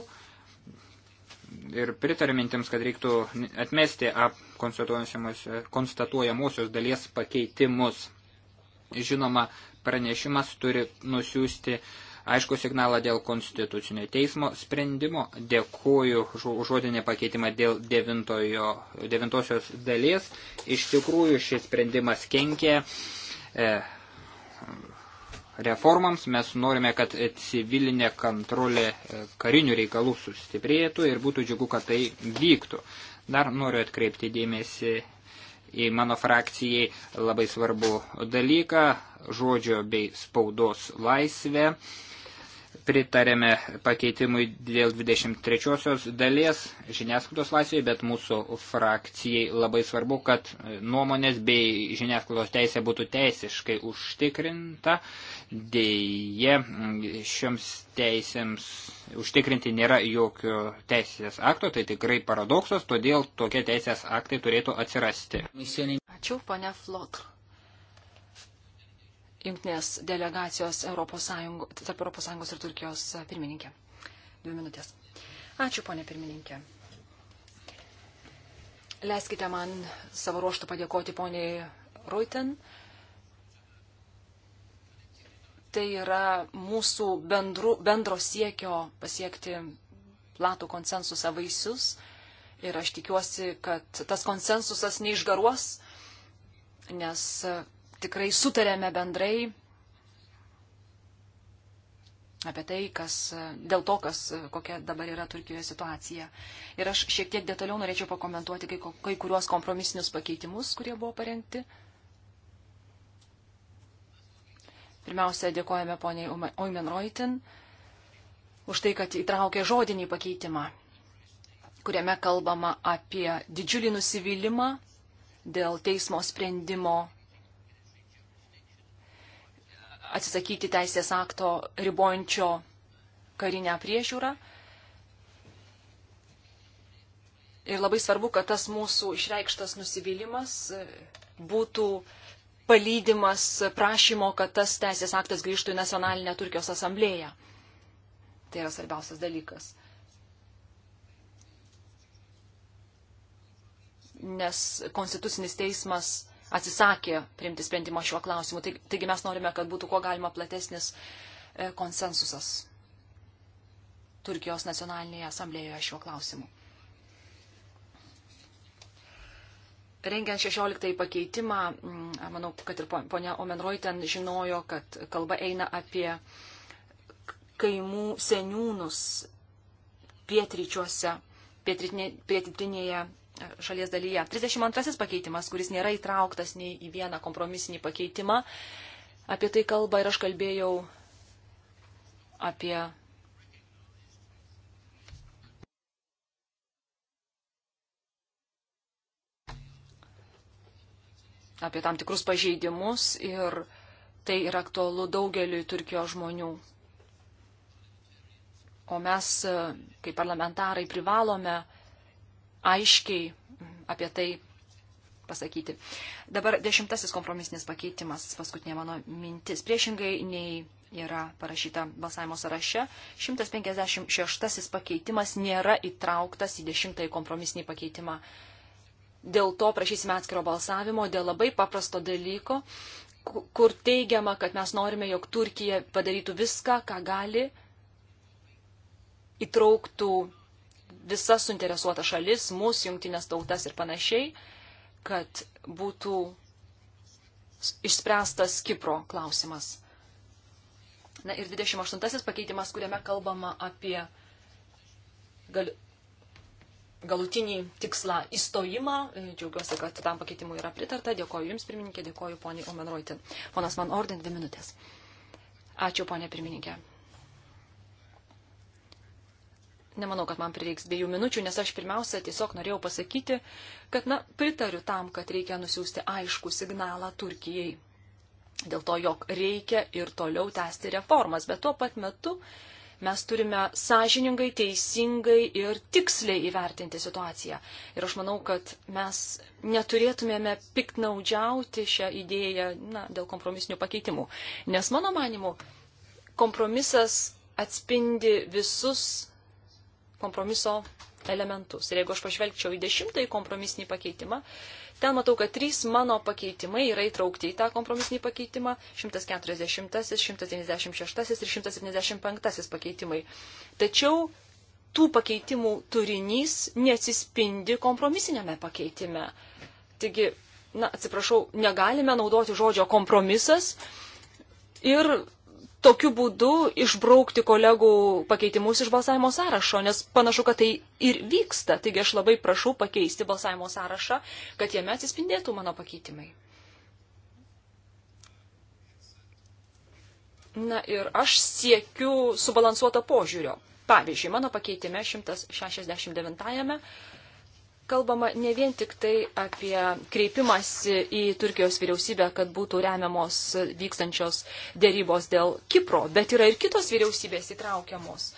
ir pritariu mintims, kad reiktų atmesti ap konstatuojamosios dalies pakeitimus. Žinoma, pranešimas turi nusiųsti aišku signalą dėl konstitucinio teismo sprendimo. Dėkuoju žodinį pakeitimą dėl devintojo, devintosios dalies. Iš tikrųjų, šis sprendimas kenkė. E, reformams, mes norime, kad civilinė kontrolė e, karinių reikalų sustiprėtų ir būtų džiugu, kad tai vyktų. Dar noriu atkreipti dėmesį į mano frakcijai labai svarbu dalyką - žodžio bei spaudos laisvę pritarėme pakeitimui dėl 23-osios dalies žiniasklaidos laisvėje, bet mūsų frakcijai labai svarbu, kad nuomonės bei žiniasklaidos teisė būtų teisiškai užtikrinta. Dėje šioms teisėms užtikrinti nėra jokio teisės akto, tai tikrai paradoksas, todėl tokie teisės aktai turėtų atsirasti. Ačiū, ponia Flotr jungtinės delegacijos ES, tarp ES ir Turkijos pirmininkė. Dvi minutės. Ačiū, ponė pirmininkė. Leiskite man savo ruoštų padėkoti poniai Ruiten. Tai yra mūsų bendru, bendro siekio pasiekti platų konsensusą vaisius. Ir aš tikiuosi, kad tas konsensusas neišgaruos, nes tikrai sutarėme bendrai apie tai, kas, dėl to, kas, kokia dabar yra Turkijoje situacija. Ir aš šiek tiek detaliau norėčiau pakomentuoti kai, kai kuriuos kompromisinius pakeitimus, kurie buvo parengti. Pirmiausia, dėkojame poniai Oimen Reutin už tai, kad įtraukė žodinį pakeitimą, kuriame kalbama apie didžiulį nusivylimą dėl teismo sprendimo atsisakyti teisės akto ribojančio karinę priežiūrą. Ir labai svarbu, kad tas mūsų išreikštas nusivylimas būtų palydimas prašymo, kad tas teisės aktas grįžtų į nacionalinę Turkijos asamblėją. Tai yra svarbiausias dalykas. Nes konstitucinis teismas atsisakė priimti sprendimą šiuo klausimu. Tai, taigi mes norime, kad būtų kuo galima platesnis e, konsensusas Turkijos nacionalinėje asamblėjoje šiuo klausimu. Rengiant 16 pakeitimą, mm, manau, kad ir ponia Omenroj ten žinojo, kad kalba eina apie kaimų seniūnus pietryčiuose, pietrytinėje šalies dalyje. 32 pakeitimas, kuris nėra įtrauktas nei į vieną kompromisinį pakeitimą, apie tai kalba ir aš kalbėjau apie. apie tam tikrus pažeidimus ir tai yra aktualu daugeliui Turkijos žmonių. O mes, kaip parlamentarai, privalome uh, aiškiai apie tai pasakyti. Dabar dešimtasis kompromisinis pakeitimas, paskutinė mano mintis. Priešingai nei yra parašyta balsavimo sąraše, 156 pakeitimas nėra įtrauktas į dešimtąjį kompromisinį pakeitimą. Dėl to prašysime atskiro balsavimo dėl labai paprasto dalyko, kur teigiama, kad mes norime, jog Turkija padarytų viską, ką gali, įtrauktų visas suinteresuotas šalis, mūsų jungtinės tautas ir panašiai, kad būtų išspręstas Kipro klausimas. Na ir 28 pakeitimas, kuriame kalbama apie gal, galutinį tikslą įstojimą. Džiaugiuosi, kad tam pakeitimui yra pritarta. Dėkoju Jums, pirmininkė, dėkoju poniai Omenroitin. Ponas man Orden, dvi minutės. Ačiū, ponė pirmininkė. Nemanau, kad man prireiks dviejų minučių, nes aš pirmiausia tiesiog norėjau pasakyti, kad, na, pritariu tam, kad reikia nusiųsti aišku signalą Turkijai. Dėl to, jog reikia ir toliau tęsti reformas, bet tuo pat metu mes turime sąžiningai, teisingai ir tiksliai įvertinti situaciją. Ir aš manau, kad mes neturėtumėme piknaudžiauti šią idėją na, dėl kompromisinių pakeitimų. Nes mano manimu, kompromisas atspindi visus kompromiso elementus. Ir jeigu aš pažvelgčiau į dešimtąjį kompromisinį pakeitimą, ten matau, kad trys mano pakeitimai yra įtraukti į tą kompromisinį pakeitimą - 140, 196 ir 175 pakeitimai. Tačiau tų pakeitimų turinys nesispindi kompromisinėme pakeitime. Taigi, na, atsiprašau, negalime naudoti žodžio kompromisas ir tokiu būdu išbraukti kolegų pakeitimus iš balsavimo sąrašo, nes panašu, kad tai ir vyksta. Taigi aš labai prašau pakeisti balsavimo sąrašą, kad jame atsispindėtų mano pakeitimai. Na ir aš siekiu subalansuoto požiūrio. Pavyzdžiui, mano pakeitime 169 kalbama ne vien tik tai apie kreipimąsi į Turkijos vyriausybę, kad būtų remiamos vykstančios dėrybos dėl Kipro, bet yra ir kitos vyriausybės įtraukiamos.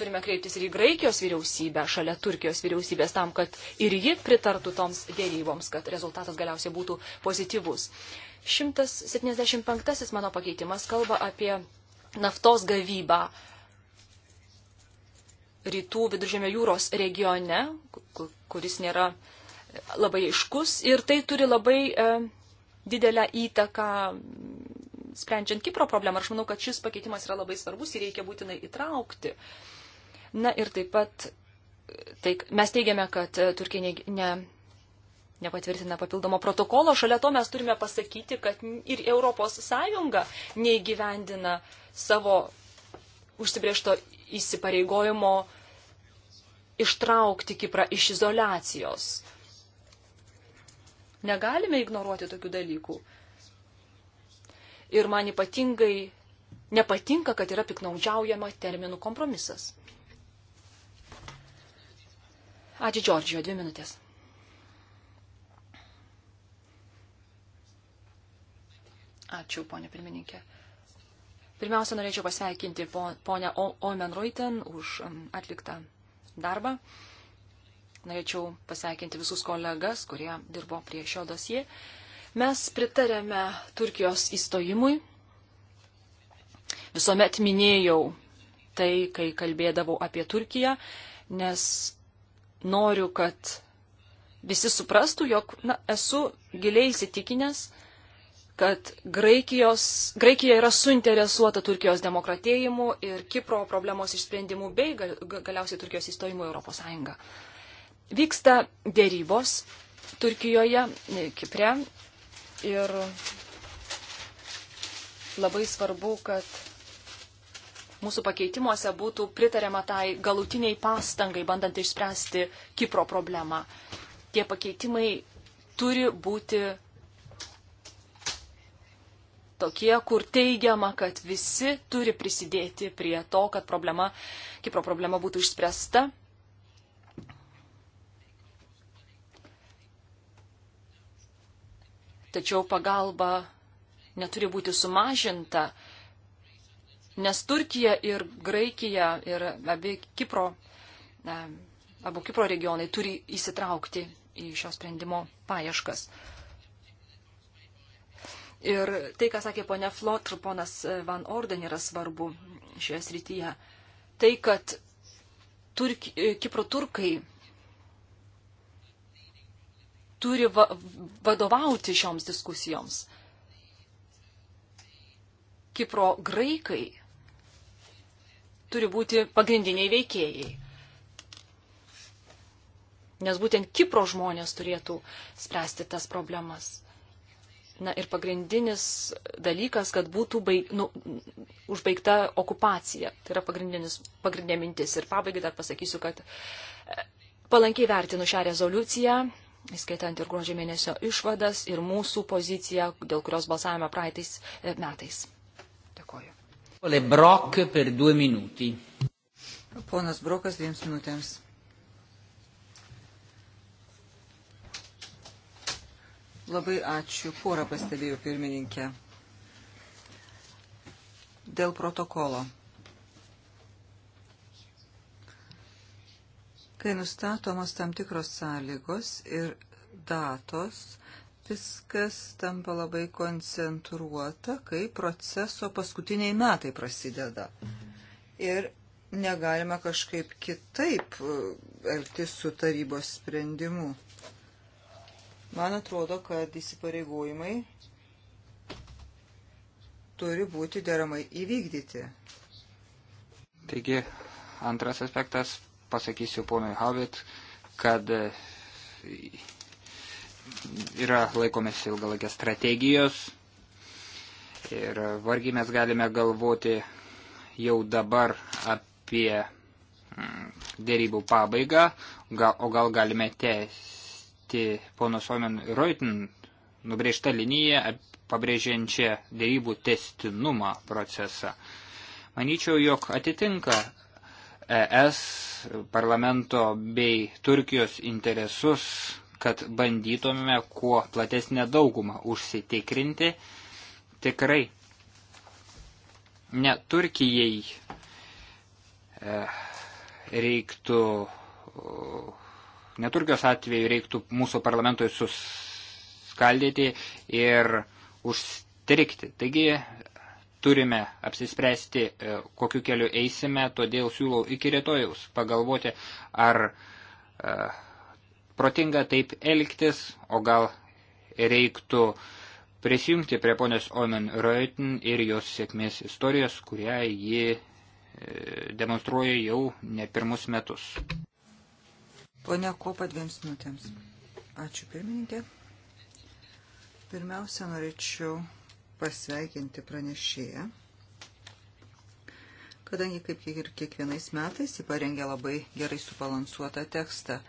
Turime kreiptis ir į Graikijos vyriausybę šalia Turkijos vyriausybės tam, kad ir ji pritartų toms dėryboms, kad rezultatas galiausiai būtų pozityvus. 175 mano pakeitimas kalba apie naftos gavybą rytų viduržėmio jūros regione, kuris nėra e, labai aiškus ir tai turi labai e, didelę įtaką sprendžiant Kipro problemą. Aš manau, kad šis pakeitimas yra labai svarbus ir reikia būtinai įtraukti. Na ir taip pat e, tai, mes teigiame, kad e, Turkija ne, ne, nepatvirtina papildomo protokolo. Šalia to mes turime pasakyti, kad ir ES neįgyvendina savo užsibriešto įsipareigojimo ištraukti Kiprą iš izolacijos. Negalime ignoruoti tokių dalykų. Ir man ypatingai nepatinka, kad yra piknaudžiaujama terminų kompromisas. Ačiū, Džordžijo, dvi minutės. Ačiū, ponė pirmininkė. Pirmiausia, norėčiau pasveikinti ponę Omen Reuten už um, atliktą darbą. Norėčiau pasveikinti visus kolegas, kurie dirbo prie šio dosie. Mes pritarėme Turkijos įstojimui. Visuomet minėjau tai, kai kalbėdavau apie Turkiją, nes noriu, kad visi suprastų, jog na, esu giliai įsitikinęs, kad Graikijos, Graikija yra suinteresuota Turkijos demokratėjimu ir Kipro problemos išsprendimu bei gal, galiausiai Turkijos įstojimu į Europos Sąjungą. Vyksta dėrybos Turkijoje, e, Kipre ir labai svarbu, kad mūsų pakeitimuose būtų pritariama tai galutiniai pastangai, bandant išspręsti Kipro problemą. Tie pakeitimai turi būti tokie, kur teigiama, kad visi turi prisidėti prie to, kad problema, Kipro problema būtų išspręsta. Tačiau pagalba neturi būti sumažinta, nes Turkija ir Graikija ir abi Kipro, abu Kipro regionai turi įsitraukti į šio sprendimo paieškas. Ir tai, ką sakė ponia Flotr, ponas Van Orden yra svarbu šioje srityje. Tai, kad turk, Kipro turkai turi va, vadovauti šioms diskusijoms. Kipro graikai turi būti pagrindiniai veikėjai. Nes būtent Kipro žmonės turėtų spręsti tas problemas. Na ir pagrindinis dalykas, kad būtų baig, nu, užbaigta okupacija. Tai yra pagrindinė mintis. Ir pabaigai dar pasakysiu, kad e, palankiai vertinu šią rezoliuciją, įskaitant ir gruodžio mėnesio išvadas ir mūsų poziciją, dėl kurios balsavome praeitais e, metais. Dėkoju. Ponas Brokas dviems minutėms. Labai ačiū. Porą pastebėjau pirmininkė. Dėl protokolo. Kai nustatomos tam tikros sąlygos ir datos, viskas tampa labai koncentruota, kai proceso paskutiniai metai prasideda. Ir negalima kažkaip kitaip e, elgtis su tarybos sprendimu. Man atrodo, kad įsipareigojimai turi būti deramai įvykdyti. Taigi, antras aspektas, pasakysiu ponui Havit, kad e, yra laikomės ilgalaikės strategijos ir vargiai mes galime galvoti jau dabar apie mm, dėrybų pabaigą, o gal galime tęsti pati pono Suomen Reutin nubrėžta linija pabrėžiančia dėrybų testinumą procesą. Manyčiau, jog atitinka ES parlamento bei Turkijos interesus, kad bandytume kuo platesnę daugumą užsitikrinti. Tikrai ne Turkijai e, reiktų neturkios atveju reiktų mūsų parlamentui suskaldyti ir užstrikti. Taigi turime apsispręsti, e, kokiu keliu eisime, todėl siūlau iki rytojaus pagalvoti, ar e, protinga taip elgtis, o gal reiktų prisijungti prie ponės Omen Reuten ir jos sėkmės istorijos, kurią ji e, demonstruoja jau ne pirmus metus. Pone Kopa dviems minutėms. Ačiū pirmininkė. Pirmiausia, norėčiau pasveikinti pranešėją, kadangi kaip ir kiekvienais metais jį parengė labai gerai subalansuotą tekstą.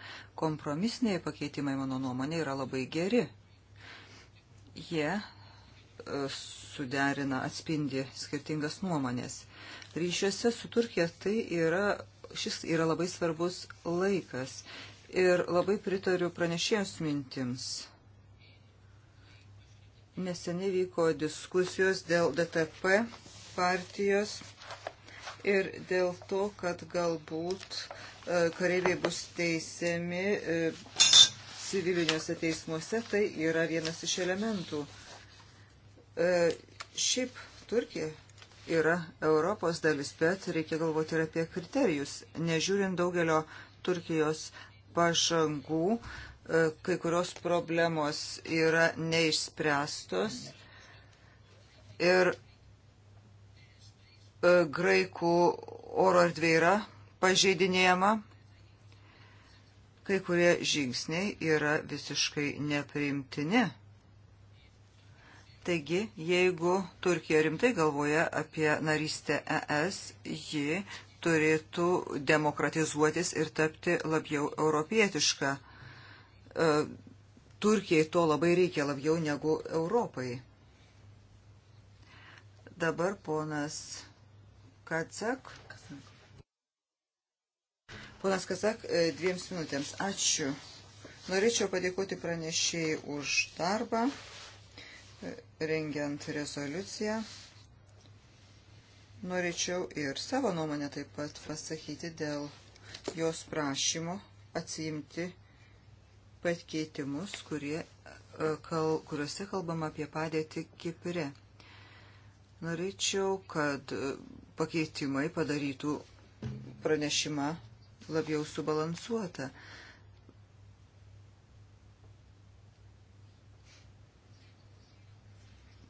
Kompromisiniai pakeitimai, mano nuomonė, yra labai geri. Jie e, suderina, atspindi skirtingas nuomonės. Ryšiuose su Turkija tai yra šis yra labai svarbus laikas ir labai pritariu pranešėjos mintims. Neseniai vyko diskusijos dėl DTP partijos ir dėl to, kad galbūt e, kareiviai bus teisiami e, civiliniuose teismuose, tai yra vienas iš elementų. E, šiaip Turkija yra Europos dalis, bet reikia galvoti ir apie kriterijus. Nežiūrint daugelio Turkijos pažangų, e, kai kurios problemos yra neišspręstos ir e, graikų oro erdvė yra pažeidinėjama. Kai kurie žingsniai yra visiškai nepriimtini. Taigi, jeigu Turkija rimtai galvoja apie narystę ES, ji turėtų demokratizuotis ir tapti labiau europietiška. E, Turkijai to labai reikia labiau negu Europai. Dabar ponas Kacak. Ponas Kazak, e, dviems minutėms. Ačiū. Norėčiau padėkoti pranešėjai už darbą rengiant rezoliuciją. Norėčiau ir savo nuomonę taip pat pasakyti dėl jos prašymo atsiimti pakeitimus, kurie, e, kal, kuriuose kalbama apie padėtį Kipre. Norėčiau, kad e, pakeitimai padarytų pranešimą labiau subalansuotą.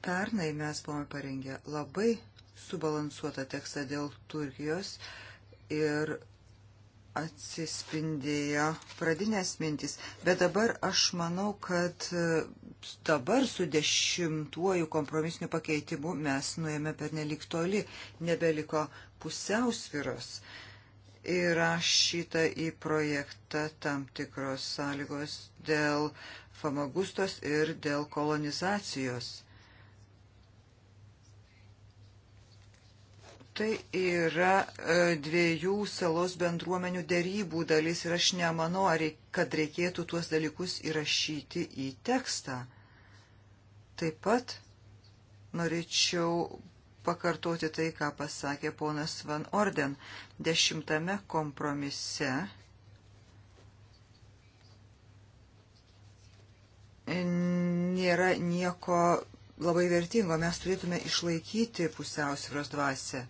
Pernai mes buvome parengę labai subalansuotą tekstą dėl Turkijos ir atsispindėjo pradinės mintys. Bet dabar aš manau, kad dabar su dešimtuoju kompromisiniu pakeitimu mes nuėjome per nelik toli, nebeliko pusiausviros. Įrašyta į projektą tam tikros sąlygos dėl famagustos ir dėl kolonizacijos Tai yra e, dviejų salos bendruomenių dėrybų dalis ir aš nemanau, kad reikėtų tuos dalykus įrašyti į tekstą. Taip pat norėčiau pakartoti tai, ką pasakė ponas Van Orden. Dešimtame kompromise nėra nieko labai vertingo. Mes turėtume išlaikyti pusiausvėros dvasę.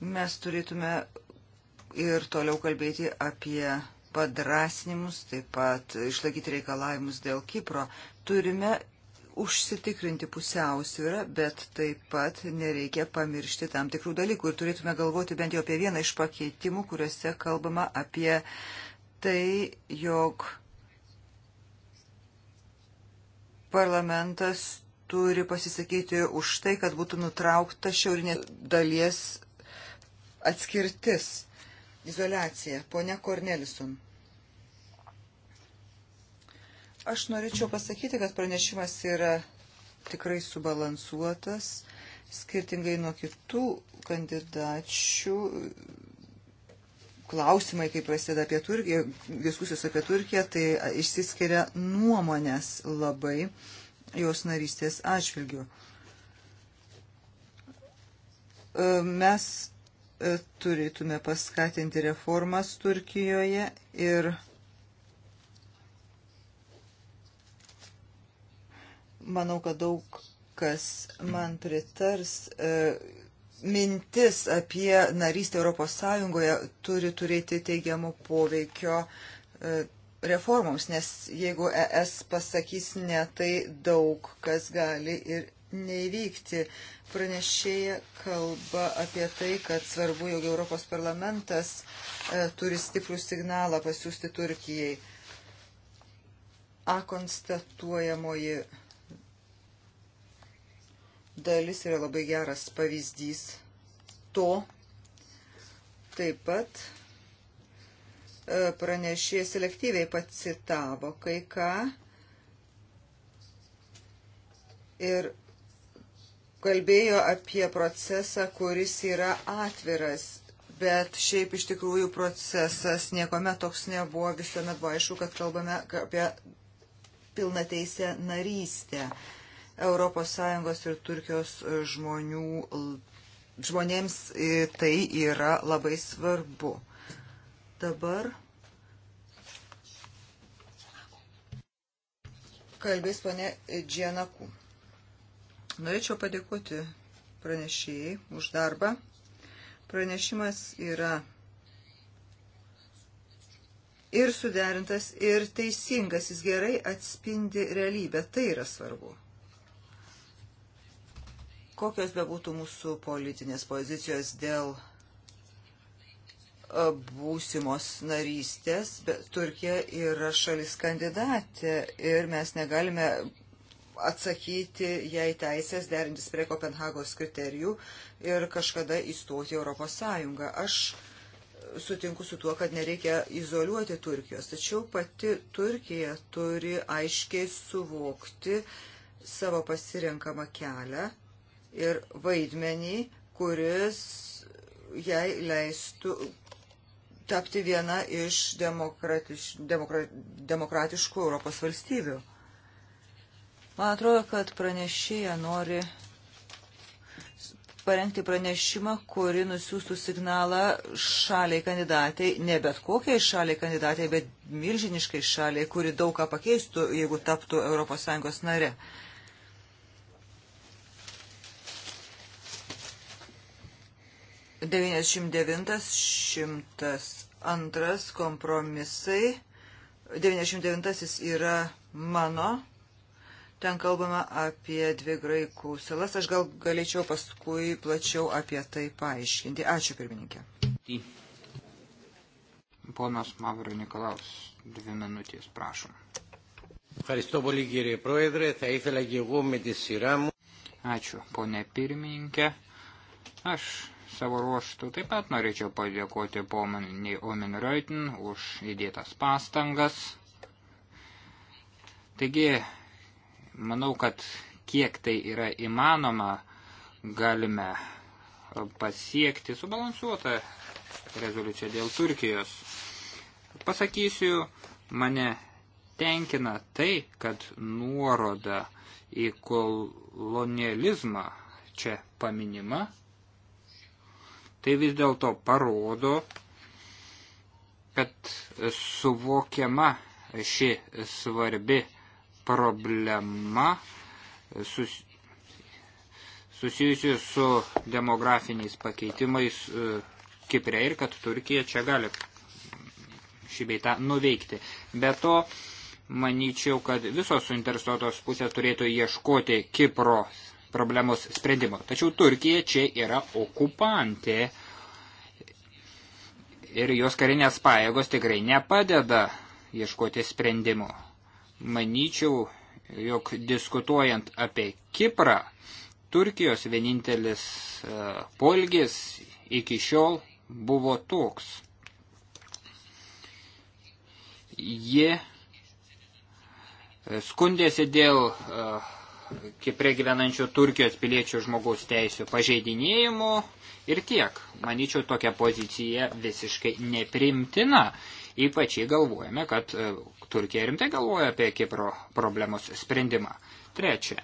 Mes turėtume ir toliau kalbėti apie padrasnimus, taip pat išlaikyti reikalavimus dėl Kipro. Turime užsitikrinti pusiausvyrą, bet taip pat nereikia pamiršti tam tikrų dalykų ir turėtume galvoti bent jau apie vieną iš pakeitimų, kuriuose kalbama apie tai, jog parlamentas turi pasisakyti už tai, kad būtų nutraukta šiaurinė dalies atskirtis, izolacija. Pone Kornelison. Aš norėčiau pasakyti, kad pranešimas yra tikrai subalansuotas, skirtingai nuo kitų kandidačių. Klausimai, kai prasideda apie Turkiją, diskusijos apie Turkiją, tai išsiskiria nuomonės labai jos narystės atžvilgių. Mes E, turėtume paskatinti reformas Turkijoje ir manau, kad daug kas man pritars. E, mintis apie narystę Europos Sąjungoje turi turėti teigiamų poveikio e, reformoms, nes jeigu ES pasakys ne, tai daug kas gali ir neįvykti. Pranešėja kalba apie tai, kad svarbu, jog Europos parlamentas e, turi stiprų signalą pasiūsti Turkijai. A konstatuojamoji dalis yra labai geras pavyzdys to. Taip pat e, pranešėjai selektyviai pacitavo kai ką ir kalbėjo apie procesą, kuris yra atviras, bet šiaip iš tikrųjų procesas niekome toks nebuvo, visuomet buvo aišku, kad kalbame apie pilnateisę narystę ES ir Turkijos žmonių, žmonėms tai yra labai svarbu. Dabar kalbės ponė Džianaku. Norėčiau padėkoti pranešėjai už darbą. Pranešimas yra ir suderintas, ir teisingas, jis gerai atspindi realybę. Tai yra svarbu. Kokios bebūtų mūsų politinės pozicijos dėl e, būsimos narystės, bet Turkija yra šalis kandidatė ir mes negalime atsakyti jai teisės derintis prie Kopenhagos kriterijų ir kažkada įstoti Europos Sąjungą. Aš sutinku su tuo, kad nereikia izoliuoti Turkijos, tačiau pati Turkija turi aiškiai suvokti savo pasirenkamą kelią ir vaidmenį, kuris jai leistų tapti viena iš demokratiš, demokra, demokratiškų Europos valstybių. Man atrodo, kad pranešėja nori parengti pranešimą, kuri nusiųstų signalą šaliai kandidatai, ne bet kokiai šaliai kandidatai, bet milžiniškai šaliai, kuri daug ką pakeistų, jeigu taptų ES nare. Devyniasdešimt devintas, šimtas antras kompromisai. Devyniasdešimt devintasis yra mano Ten kalbama apie dvi graikų salas. Aš gal galėčiau paskui plačiau apie tai paaiškinti. Ačiū, pirmininkė. Ponas Mavro Nikolaus, dvi minutės, prašom. Ačiū, ponė pirmininkė. Aš savo ruoštų taip pat norėčiau padėkoti poniai Omen Reutin už įdėtas pastangas. Taigi, Manau, kad kiek tai yra įmanoma, galime pasiekti subalansuotą rezoliuciją dėl Turkijos. Pasakysiu, mane tenkina tai, kad nuoroda į kolonializmą čia paminima, tai vis dėlto parodo, kad suvokiama ši svarbi problema sus, susijusi su demografiniais pakeitimais e, Kiprė ir kad Turkija čia gali šį beitą nuveikti. Be to, manyčiau, kad visos suinteresuotos pusės turėtų ieškoti Kipro problemos sprendimo. Tačiau Turkija čia yra okupantė ir jos karinės pajėgos tikrai nepadeda ieškoti sprendimo manyčiau, jog diskutuojant apie Kiprą, Turkijos vienintelis e, polgis iki šiol buvo toks. Jie e, skundėsi dėl e, Kipre gyvenančių Turkijos piliečių žmogaus teisų pažeidinėjimų ir tiek. Manyčiau, tokia pozicija visiškai neprimtina. Ypač jei galvojame, kad e, Turkija rimtai galvoja apie Kipro problemos sprendimą. Trečia,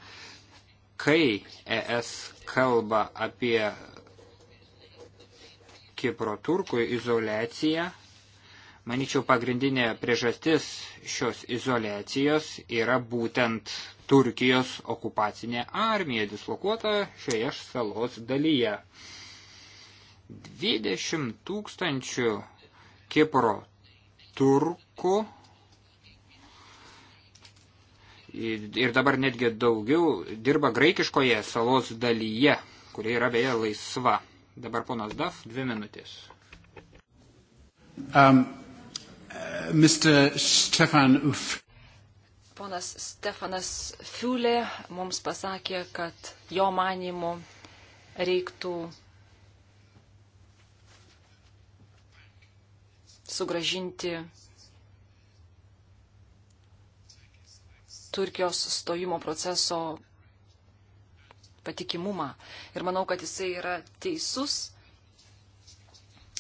kai ES kalba apie Kipro turkų izolaciją, manyčiau, pagrindinė priežastis šios izolacijos yra būtent Turkijos okupacinė armija dislokuota šioje salos dalyje. 20 tūkstančių Kipro turkų. Ir dabar netgi daugiau dirba graikiškoje salos dalyje, kuri yra beje laisva. Dabar ponas Daf, dvi minutės. Um, uh, Stefan Uf. Ponas Stefanas Fiulė mums pasakė, kad jo manimu reiktų sugražinti Turkijos stojimo proceso patikimumą. Ir manau, kad jisai yra teisus.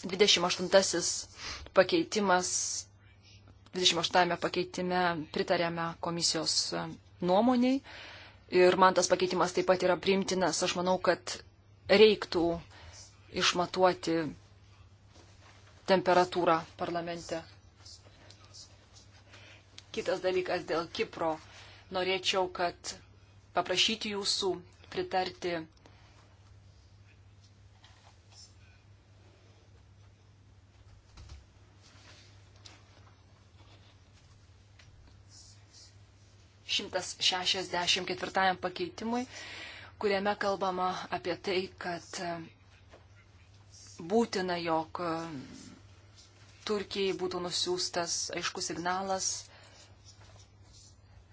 28 pakeitimas, 28 pakeitime pritarėme komisijos nuomoniai. Ir man tas pakeitimas taip pat yra primtinas. Aš manau, kad reiktų išmatuoti temperatūrą parlamente. Kitas dalykas dėl Kipro. Norėčiau, kad paprašyti jūsų pritarti šimtas šešiasdešimt ketvirtajam pakeitimui, kuriame kalbama apie tai, kad būtina, jog Turkijai būtų nusiųstas aiškus signalas,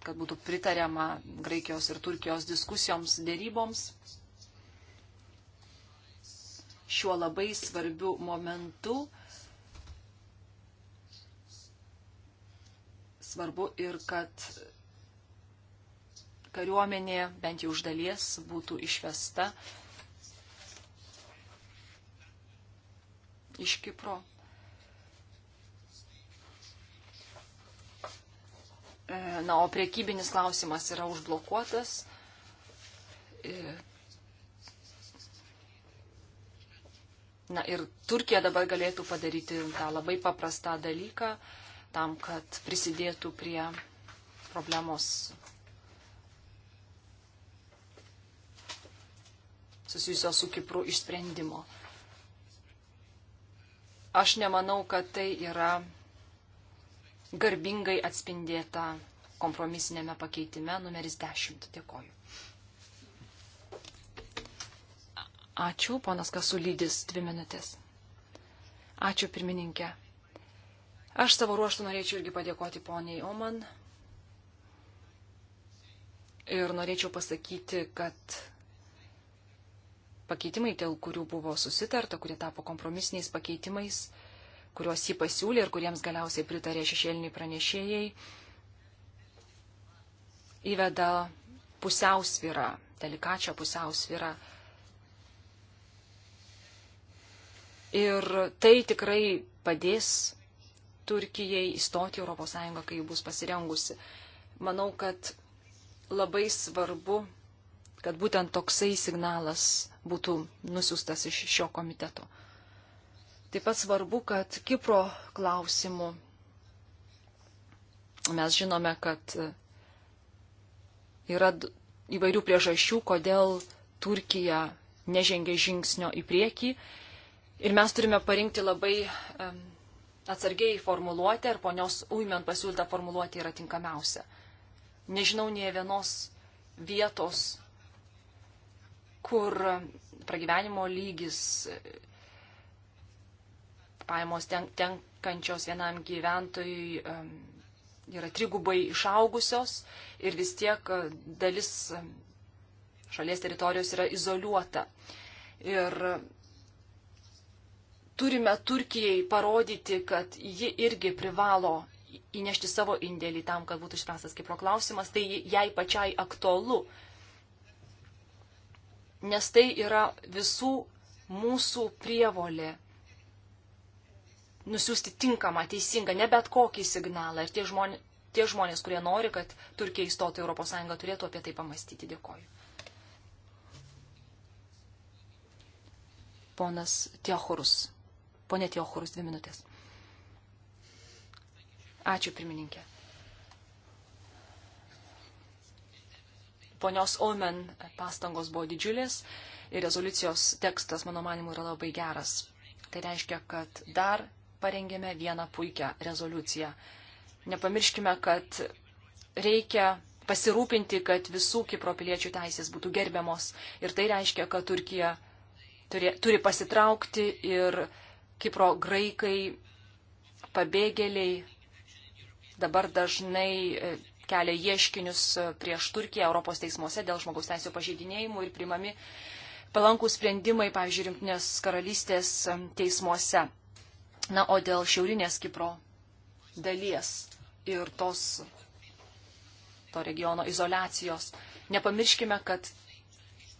kad būtų pritariama Graikijos ir Turkijos diskusijoms, dėryboms. Šiuo labai svarbiu momentu svarbu ir, kad kariuomenė bent jau už dalies būtų išvesta iš Kipro. E, na, o priekybinis klausimas yra užblokuotas. E, na ir Turkija dabar galėtų padaryti tą labai paprastą dalyką, tam, kad prisidėtų prie problemos susijusios su Kipru išsprendimo. Aš nemanau, kad tai yra garbingai atspindėta kompromisinėme pakeitime numeris 10. Dėkoju. Ačiū, ponas Kasulydis, dvi minutės. Ačiū, pirmininkė. Aš savo ruoštų norėčiau irgi padėkoti poniai Oman. Ir norėčiau pasakyti, kad pakeitimai, dėl kurių buvo susitarta, kurie tapo kompromisiniais pakeitimais, kuriuos jį pasiūlė ir kuriems galiausiai pritarė šešėliniai pranešėjai, įveda pusiausvyrą, delikačią pusiausvyrą. Ir tai tikrai padės Turkijai įstoti Europos Sąjungą, kai bus pasirengusi. Manau, kad labai svarbu, kad būtent toksai signalas būtų nusiustas iš šio komiteto. Taip pat svarbu, kad Kipro klausimų mes žinome, kad yra įvairių priežasčių, kodėl Turkija nežengia žingsnio į priekį. Ir mes turime parinkti labai um, atsargiai formuluotę ir ponios Uimen pasiūlyta formuluotė yra tinkamiausia. Nežinau nie vienos vietos, kur pragyvenimo lygis paėmos tenkančios vienam gyventojui yra trigubai išaugusios ir vis tiek e, dalis šalies teritorijos yra izoliuota. Ir e, turime Turkijai parodyti, kad ji irgi privalo įnešti savo indėlį tam, kad būtų išspręstas Kipro klausimas, tai jai pačiai aktualu. Nes tai yra visų mūsų prievolė nusiųsti tinkamą, teisingą, ne bet kokį signalą. Ir tie žmonės, tie žmonės kurie nori, kad Turkija įstotų Europos Sąjungą, turėtų apie tai pamastyti. Dėkoju. Ponas Tiochurus. Pone Tiochurus, dvi minutės. Ačiū, pirmininkė. ponios Omen pastangos buvo didžiulės ir rezoliucijos tekstas, mano manimu, yra labai geras. Tai reiškia, kad dar parengėme vieną puikią rezoliuciją. Nepamirškime, kad reikia pasirūpinti, kad visų Kipro piliečių teisės būtų gerbiamos. Ir tai reiškia, kad Turkija turi, turi pasitraukti ir Kipro graikai, pabėgėliai dabar dažnai e, kelia ieškinius e, prieš Turkiją Europos teismuose dėl žmogaus teisų pažeidinėjimų ir primami palankų sprendimai, pavyzdžiui, Rimtinės karalystės e, teismuose. Na, o dėl šiaurinės Kipro dalies ir tos to regiono izolacijos. Nepamirškime, kad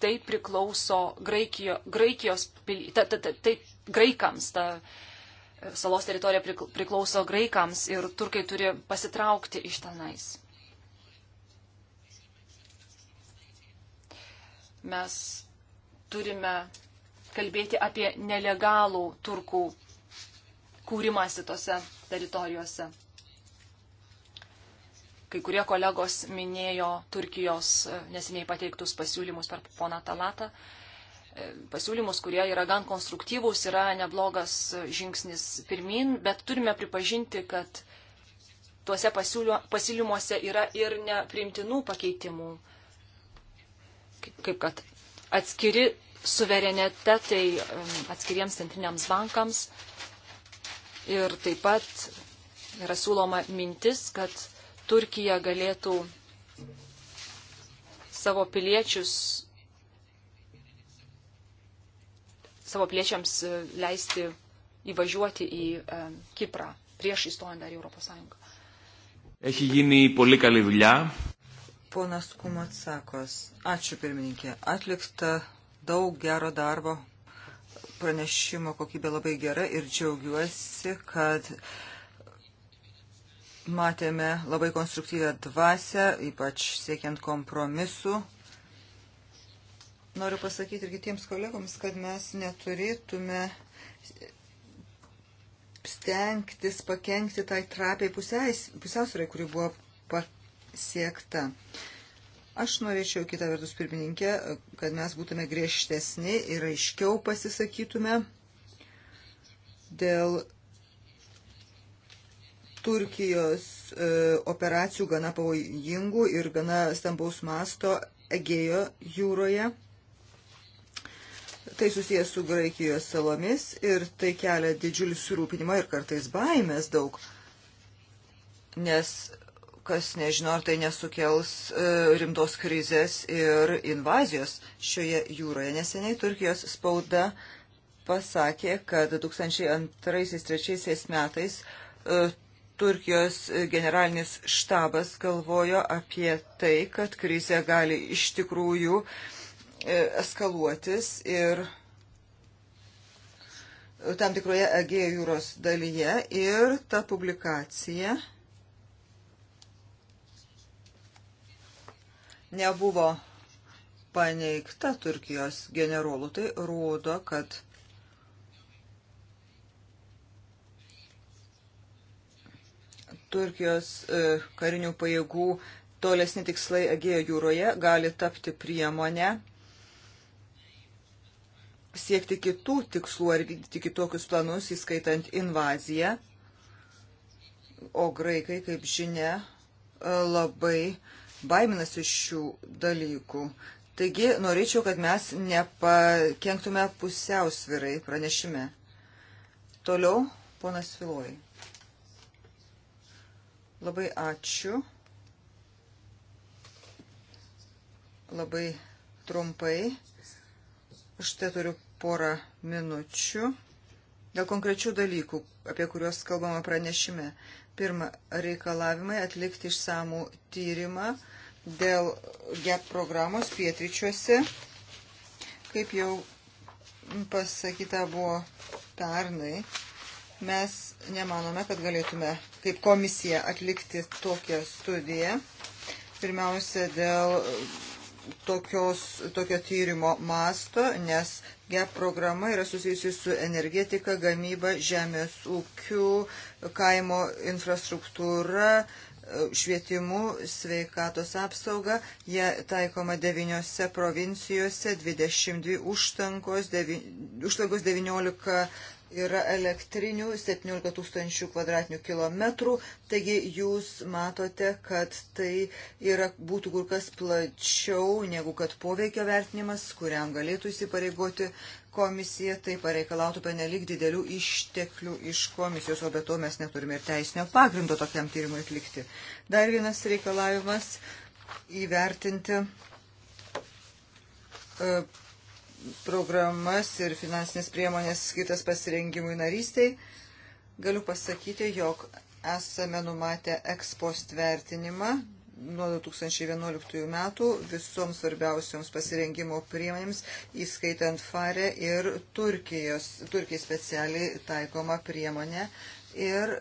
tai priklauso Graikijo, Graikijos, ta, ta, ta, tai graikams, ta e, salos teritorija priklauso graikams ir turkai turi pasitraukti iš tenais. Mes turime kalbėti apie nelegalų turkų kūrimasi tose teritorijose. Kai kurie kolegos minėjo Turkijos e, neseniai pateiktus pasiūlymus per poną Talatą. E, pasiūlymus, kurie yra gan konstruktyvūs, yra neblogas e, žingsnis pirmin, bet turime pripažinti, kad tuose pasiūlymuose yra ir neprimtinų pakeitimų, kaip, kaip kad atskiri suverenitetai atskiriems centriniams bankams, Ir taip pat yra siūloma mintis, kad Turkija galėtų savo piliečius, savo piliečiams e, leisti įvažiuoti į e, Kiprą prieš įstojant dar į Europos Sąjungą. Έχει γίνει πολύ καλή δουλειά. Ponas Kumatsakos, ačiū pirmininkė, atlikta daug gero darbo, pranešimo kokybė labai gera ir džiaugiuosi, kad matėme labai konstruktyvę dvasę, ypač siekiant kompromisų. Noriu pasakyti ir kitiems kolegoms, kad mes neturėtume stengtis pakengti tai trapiai pusiausvėrai, kuri buvo pasiekta. Aš norėčiau kitą vertus pirmininkę, kad mes būtume griežtesni ir aiškiau pasisakytume dėl Turkijos e, operacijų gana pavojingų ir gana stambaus masto Egėjo jūroje. Tai susijęs su Graikijos salomis ir tai kelia didžiulį surūpinimą ir kartais baimės daug, nes kas nežino, ar tai nesukels e, rimtos krizės ir invazijos šioje jūroje. Neseniai Turkijos spauda pasakė, kad 2002-2003 metais e, Turkijos generalinis štabas galvojo apie tai, kad krizė gali iš tikrųjų e, eskaluotis ir tam tikroje Egėjo jūros dalyje ir ta publikacija – nebuvo paneigta Turkijos generolų. Tai rodo, kad Turkijos e, karinių pajėgų tolesni tikslai Egėjo jūroje gali tapti priemonę siekti kitų tikslų ar vykdyti kitokius planus, įskaitant invaziją. O graikai, kaip žinia, e, labai uh, baiminasi šių dalykų. Taigi norėčiau, kad mes nepakenktume pusiausvirai pranešime. Toliau, ponas Viloj. Labai ačiū. Labai trumpai. Aš te turiu porą minučių dėl konkrečių dalykų, apie kuriuos kalbama pranešime. Pirma, reikalavimai atlikti išsamų tyrimą dėl GEP programos pietričiuose. Kaip jau pasakyta buvo pernai, mes nemanome, kad galėtume kaip komisija atlikti tokią studiją. Pirmiausia, dėl tokios, tokio tyrimo masto, nes GEP programa yra susijusi su energetika, gamyba, žemės ūkiu, kaimo infrastruktūra, švietimu, sveikatos apsauga. Jie taikoma devyniose provincijose, 22 užtankos, devi, užtankos 19 yra elektrinių 17 tūkstančių kvadratinių kilometrų, taigi jūs matote, kad tai yra, būtų kur kas plačiau negu kad poveikio vertinimas, kuriam galėtų įsipareigoti komisija, tai pareikalautų penelik didelių išteklių iš komisijos, o be to mes neturime ir teisinio pagrindo tokiam tyrimui atlikti. Dar vienas reikalavimas įvertinti e, programas ir finansinės priemonės skirtas pasirengimui narystiai, galiu pasakyti, jog esame numatę ekspost vertinimą nuo 2011 metų visoms svarbiausioms pasirengimo priemonėms, įskaitant FARE ir Turkijos, Turkijai specialiai taikoma priemonė. Ir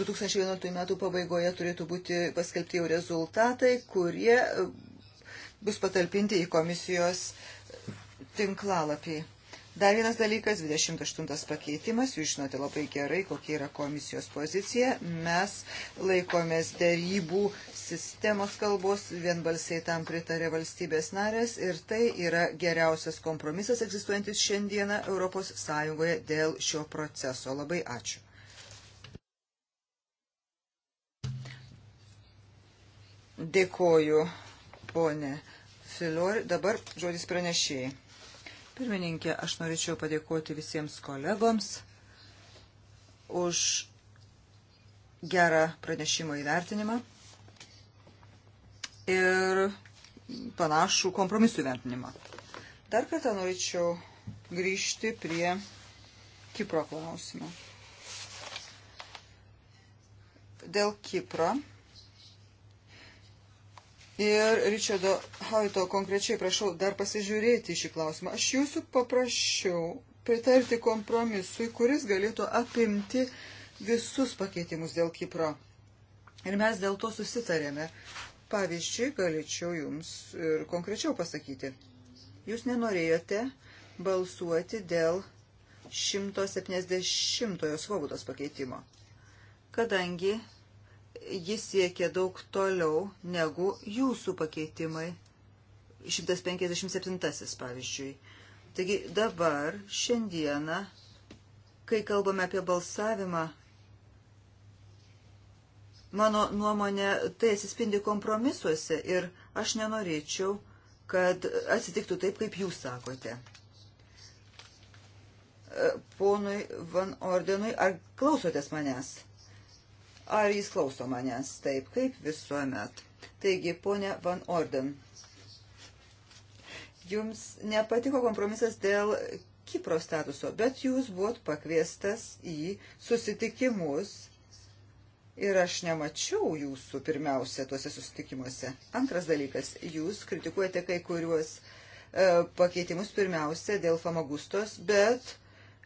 2011 e, metų pabaigoje turėtų būti paskelbti jau rezultatai, kurie e, bus patalpinti į komisijos uh, tinklalapiai. Dar vienas dalykas, 28 pakeitimas, jūs žinote labai gerai, kokia yra komisijos pozicija. Mes laikomės dėrybų sistemos kalbos, vienbalsiai tam pritarė valstybės narės ir tai yra geriausias kompromisas egzistuojantis šiandieną ES dėl šio proceso. Labai ačiū. Dėkoju, ponė Filori. Dabar žodis pranešėjai. Pirmininkė, aš norėčiau padėkoti visiems kolegoms už gerą pranešimo įvertinimą ir panašų kompromisų įvertinimą. Dar kartą norėčiau grįžti prie Kipro klausimo. Dėl Kipro Ir Richardo Hauito konkrečiai prašau dar pasižiūrėti šį klausimą. Aš jūsų paprašiau pritarti kompromisui, kuris galėtų apimti visus pakeitimus dėl Kipro. Ir mes dėl to susitarėme. Pavyzdžiui, galėčiau jums ir konkrečiau pasakyti. Jūs nenorėjote balsuoti dėl 170 svobodos pakeitimo, kadangi jis siekia daug toliau negu jūsų pakeitimai. 157 pavyzdžiui. Taigi dabar, šiandieną, kai kalbame apie balsavimą, mano nuomonė tai atsispindi kompromisuose ir aš nenorėčiau, kad atsitiktų taip, kaip jūs sakote ponui Van Ordenui, ar klausotės manęs? Ar jis klauso manęs taip, kaip visuomet? Taigi, ponė Van Orden, jums nepatiko kompromisas dėl Kipro statuso, bet jūs buvot pakviestas į susitikimus ir aš nemačiau jūsų pirmiausia tuose susitikimuose. Antras dalykas, jūs kritikuojate kai kuriuos e, pakeitimus pirmiausia dėl famagustos, bet e,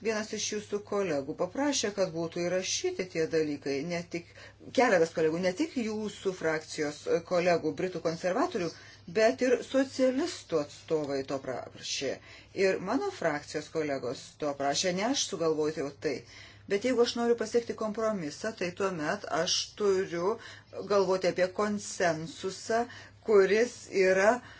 Vienas iš jūsų kolegų paprašė, kad būtų įrašyti tie dalykai, ne tik keletas kolegų, ne tik jūsų frakcijos kolegų, britų konservatorių, bet ir socialistų atstovai to prašė. Ir mano frakcijos kolegos to prašė, ne aš sugalvojau tai. Bet jeigu aš noriu pasiekti kompromisą, tai tuomet aš turiu galvoti apie konsensusą, kuris yra uh,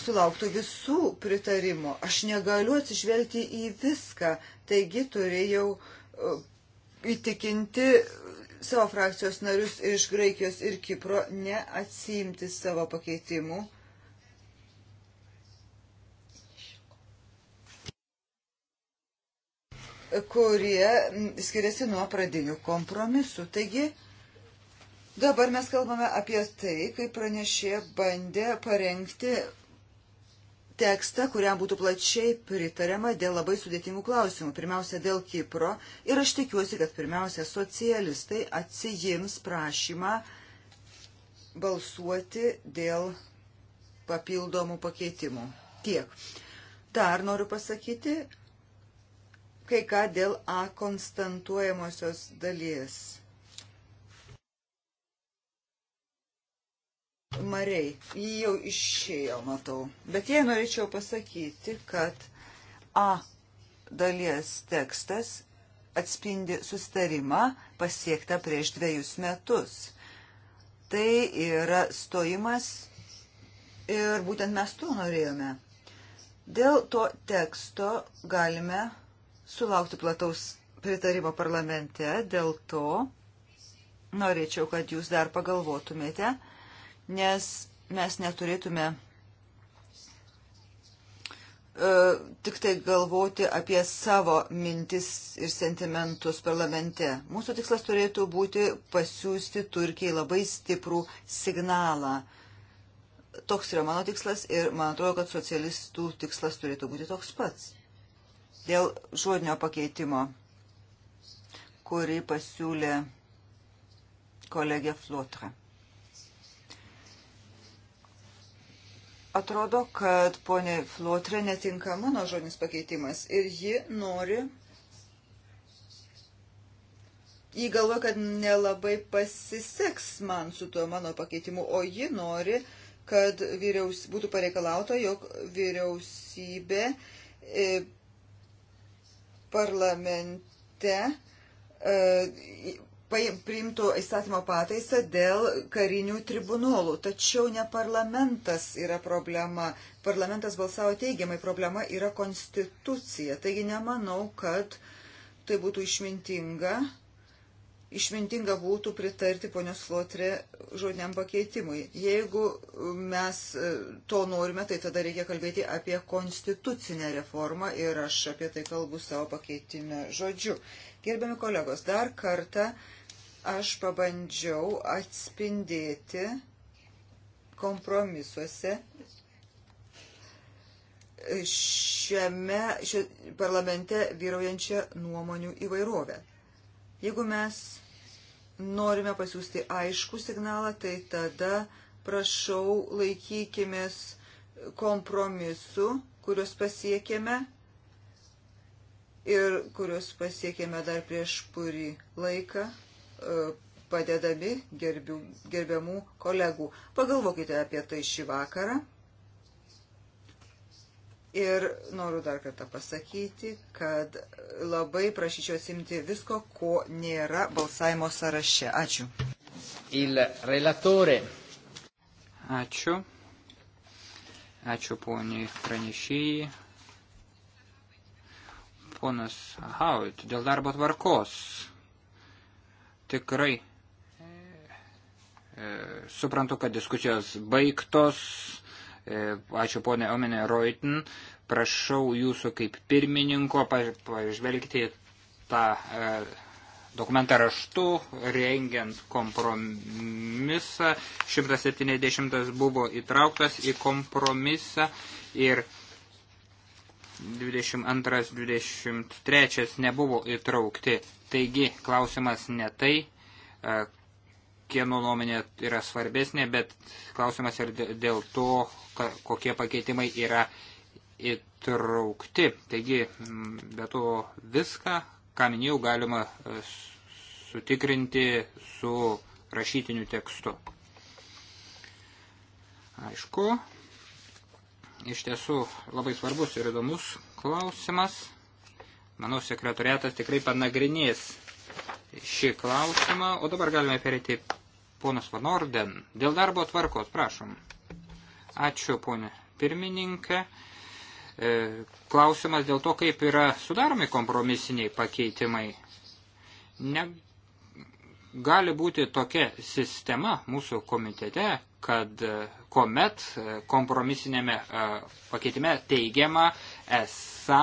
sulauktų visų pritarimo. Aš negaliu atsižvelgti į viską, taigi turėjau e, įtikinti savo frakcijos narius iš Graikijos ir Kipro neatsiimti savo pakeitimų. kurie skiriasi nuo pradinių kompromisų. Taigi, Dabar mes kalbame apie tai, kaip pranešė bandė parengti tekstą, kuriam būtų plačiai pritariama dėl labai sudėtingų klausimų. Pirmiausia, dėl Kipro. Ir aš tikiuosi, kad pirmiausia, socialistai atsijims prašymą balsuoti dėl papildomų pakeitimų. Tiek. Dar noriu pasakyti kai ką dėl A konstantuojamosios dalies. Marei. Jį jau išėjo, matau. Bet jei norėčiau pasakyti, kad A dalies tekstas atspindi sustarimą pasiektą prieš dviejus metus. Tai yra stojimas ir būtent mes to norėjome. Dėl to teksto galime sulaukti plataus pritarimo parlamente, dėl to norėčiau, kad jūs dar pagalvotumėte nes mes neturėtume uh, tik tai galvoti apie savo mintis ir sentimentus parlamente. Mūsų tikslas turėtų būti pasiūsti Turkijai labai stiprų signalą. Toks yra mano tikslas ir man atrodo, kad socialistų tikslas turėtų būti toks pats. Dėl žodinio pakeitimo, kurį pasiūlė kolegė Flotra. Atrodo, kad ponė Flotre netinka mano žodis pakeitimas ir ji nori jį galvoja, kad nelabai pasiseks man su tuo mano pakeitimu, o ji nori, kad vyriaus, būtų pareikalauta, jog vyriausybė e, parlamente e, priimtų įstatymo pataisą dėl karinių tribunolų. Tačiau ne parlamentas yra problema. Parlamentas balsavo teigiamai, problema yra konstitucija. Taigi nemanau, kad tai būtų išmintinga. Išmintinga būtų pritarti ponios Flotre žodiniam pakeitimui. Jeigu mes e, to norime, tai tada reikia kalbėti apie konstitucinę reformą ir aš apie tai kalbu savo pakeitime žodžiu. Gerbiami kolegos, dar kartą uh, aš pabandžiau atspindėti kompromisuose šiame šio parlamente vyraujančią nuomonių įvairovę. Jeigu mes norime pasiūsti aiškų signalą, tai tada prašau laikykimės kompromisu, kuriuos pasiekėme ir kuriuos pasiekėme dar prieš kurį laiką. E, padedami gerbių, gerbiamų kolegų. Pagalvokite apie tai šį vakarą. Ir noriu dar kartą pasakyti, kad labai prašyčiau atsimti visko, ko nėra balsavimo sąraše. Ačiū. Il relatore. Ačiū. Ačiū poniai pranešėjai. Ponas Haut, dėl darbo tvarkos. Tikrai e, e, suprantu, kad diskusijos baigtos. E, ačiū ponė Omenė Reutin. Prašau jūsų kaip pirmininko pažvelgti tą e, dokumentą raštu, rengiant kompromisą. 170 buvo įtrauktas į kompromisą ir 22-23 nebuvo įtraukti. Taigi klausimas ne tai, e, kieno nuomonė yra svarbesnė, bet klausimas ir dėl to, kokie pakeitimai yra įtraukti. Taigi, be to viską, ką minėjau, galima e, sutikrinti su rašytiniu tekstu. Aišku, iš tiesų labai svarbus ir įdomus klausimas. Manau, sekretoriatas tikrai panagrinės šį klausimą. O dabar galime perėti ponas Van Orden. Dėl darbo tvarkos, prašom. Ačiū, ponė pirmininkė. E, klausimas dėl to, kaip yra sudaromi kompromisiniai pakeitimai. Ne, gali būti tokia sistema mūsų komitete, kad e, kuomet e, kompromisinėme e, pakeitime teigiama esą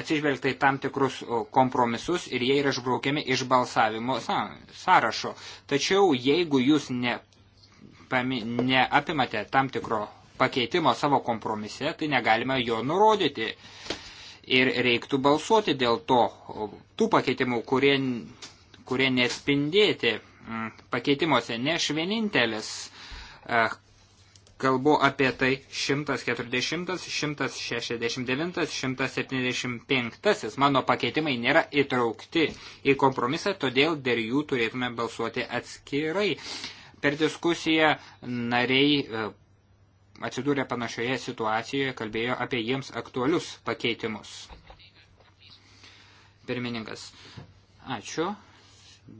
atsižvelgtai tam tikrus kompromisus ir jie yra išbraukiami iš balsavimo sąrašo. Tačiau jeigu jūs ne, pami, neapimate tam tikro pakeitimo savo kompromise, tai negalime jo nurodyti. Ir reiktų balsuoti dėl to, tų pakeitimų, kurie, kurie nespindėti pakeitimuose. Ne aš vienintelis E, kalbu apie tai 140, 169, 175. Mano pakeitimai nėra įtraukti į kompromisą, todėl dėl jų turėtume balsuoti atskirai. Per diskusiją nariai e, atsidūrė panašioje situacijoje, kalbėjo apie jiems aktualius pakeitimus. Pirmininkas, ačiū.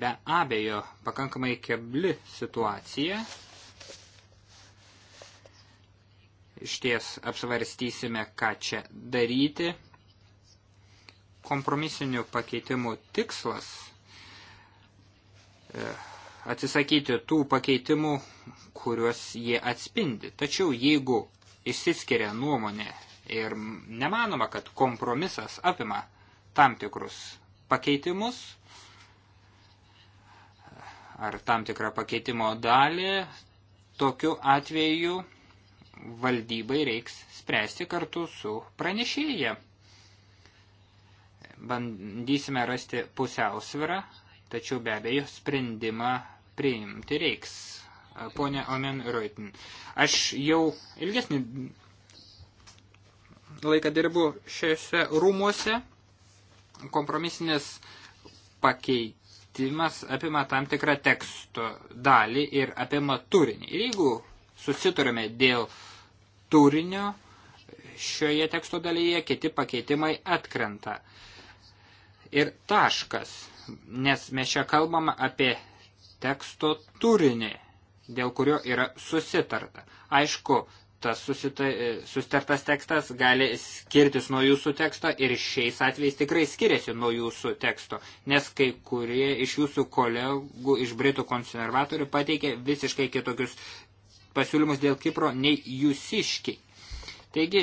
Be abejo, pakankamai kebli situacija. Šties apsvarstysime, ką čia daryti. Kompromisinių pakeitimų tikslas e, atsisakyti tų pakeitimų, kuriuos jie atspindi. Tačiau jeigu išsiskiria nuomonė ir nemanoma, kad kompromisas apima tam tikrus pakeitimus ar tam tikrą pakeitimo dalį, tokiu atveju valdybai reiks spręsti kartu su pranešėja. Bandysime rasti pusiausvirą, tačiau be abejo sprendimą priimti reiks. Pone Omen Reutin, aš jau ilgesnį laiką dirbu šiuose rūmuose. Kompromisinės pakeitimas apima tam tikrą teksto dalį ir apima turinį. Ir jeigu susiturime dėl turinio šioje teksto dalyje, kiti pakeitimai atkrenta. Ir taškas, nes mes čia kalbame apie teksto turinį, dėl kurio yra susitarta. Aišku, tas susita, susitartas tekstas gali skirtis nuo jūsų teksto ir šiais atvejais tikrai skiriasi nuo jūsų teksto, nes kai kurie iš jūsų kolegų iš Britų konservatorių pateikė visiškai kitokius pasiūlymus dėl Kipro nei jūsiškiai. Taigi,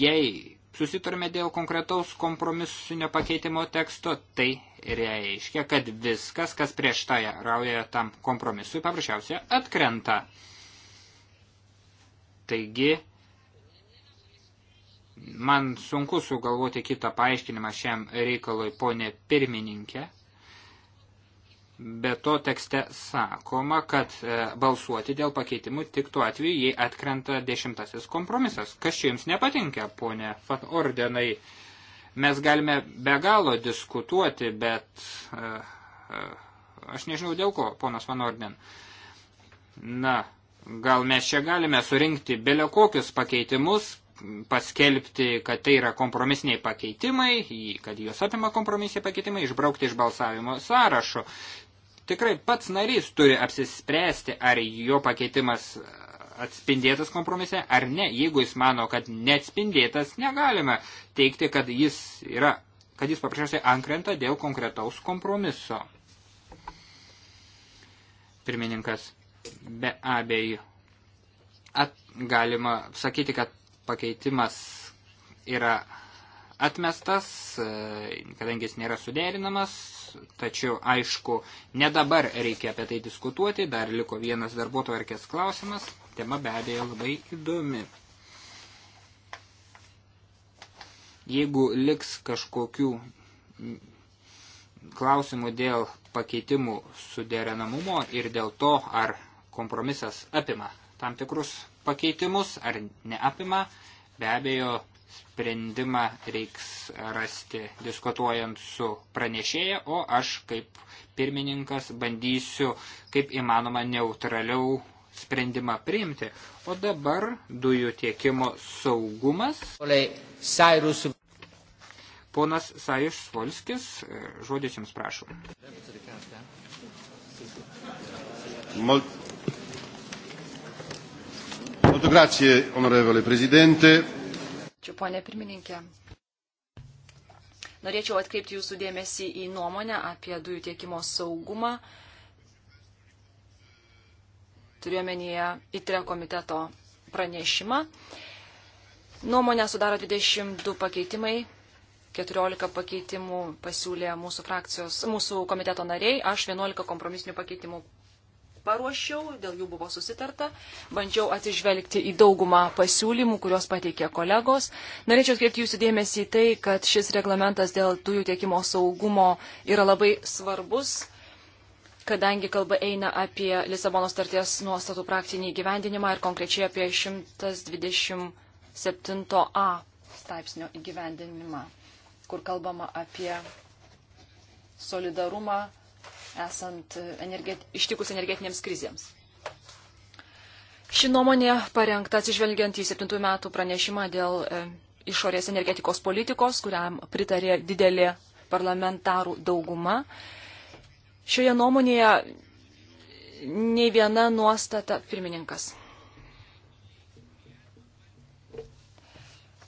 jei susitarme dėl konkretaus kompromisinio pakeitimo teksto, tai reiškia, kad viskas, kas prieš tai rauja tam kompromisui, paprasčiausiai atkrenta. Taigi, man sunku sugalvoti kitą paaiškinimą šiam reikalui, ponė pirmininkė, Be to tekste sakoma, kad e, balsuoti dėl pakeitimų tik tuo atveju, jei atkrenta dešimtasis kompromisas. Kas čia jums nepatinka, ponė Fat Ordenai? Mes galime be galo diskutuoti, bet e, e, aš nežinau dėl ko, ponas Van Orden. Na, gal mes čia galime surinkti belio kokius pakeitimus, paskelbti, kad tai yra kompromisiniai pakeitimai, kad juos apima kompromisiniai pakeitimai, išbraukti iš balsavimo sąrašo. Tikrai pats narys turi apsispręsti, ar jo pakeitimas atspindėtas kompromise, ar ne. Jeigu jis mano, kad neatspindėtas, negalime teikti, kad jis yra, kad jis paprasčiausiai ankrenta dėl konkretaus kompromiso. Pirmininkas, be abejo, at, galima sakyti, kad pakeitimas yra atmestas, kadangi jis nėra suderinamas tačiau aišku, ne dabar reikia apie tai diskutuoti, dar liko vienas darbo tvarkės klausimas, tema be abejo labai įdomi. Jeigu liks kažkokių klausimų dėl pakeitimų suderinamumo ir dėl to, ar kompromisas apima tam tikrus pakeitimus ar neapima, be abejo, sprendimą reiks rasti diskutuojant su pranešėja, o aš kaip pirmininkas bandysiu kaip įmanoma neutraliau sprendimą priimti. O dabar dujų tiekimo saugumas. Ponas Sajus Svolskis, žodis jums prašau. Molto grazie, onorevole Presidente. Čia ponė pirmininkė. Norėčiau atkreipti jūsų dėmesį į nuomonę apie dujų tiekimo saugumą. Turiuomenyje ITRE komiteto pranešimą. Nuomonę sudaro 22 pakeitimai, 14 pakeitimų pasiūlė mūsų, frakcijos, mūsų komiteto nariai, aš 11 kompromisinių pakeitimų paruošiau, dėl jų buvo susitarta, bandžiau atsižvelgti į daugumą pasiūlymų, kuriuos pateikė kolegos. Norėčiau atkreipti jūsų dėmesį į tai, kad šis reglamentas dėl dujų tiekimo saugumo yra labai svarbus, kadangi kalba eina apie Lisabono starties nuostatų praktinį įgyvendinimą ir konkrečiai apie 127a straipsnio įgyvendinimą, kur kalbama apie solidarumą esant energet, ištikus energetinėms krizėms. Ši nuomonė parengta atsižvelgiant į 7 metų pranešimą dėl e, išorės energetikos politikos, kuriam pritarė didelė parlamentarų dauguma. Šioje nuomonėje nei viena nuostata pirmininkas.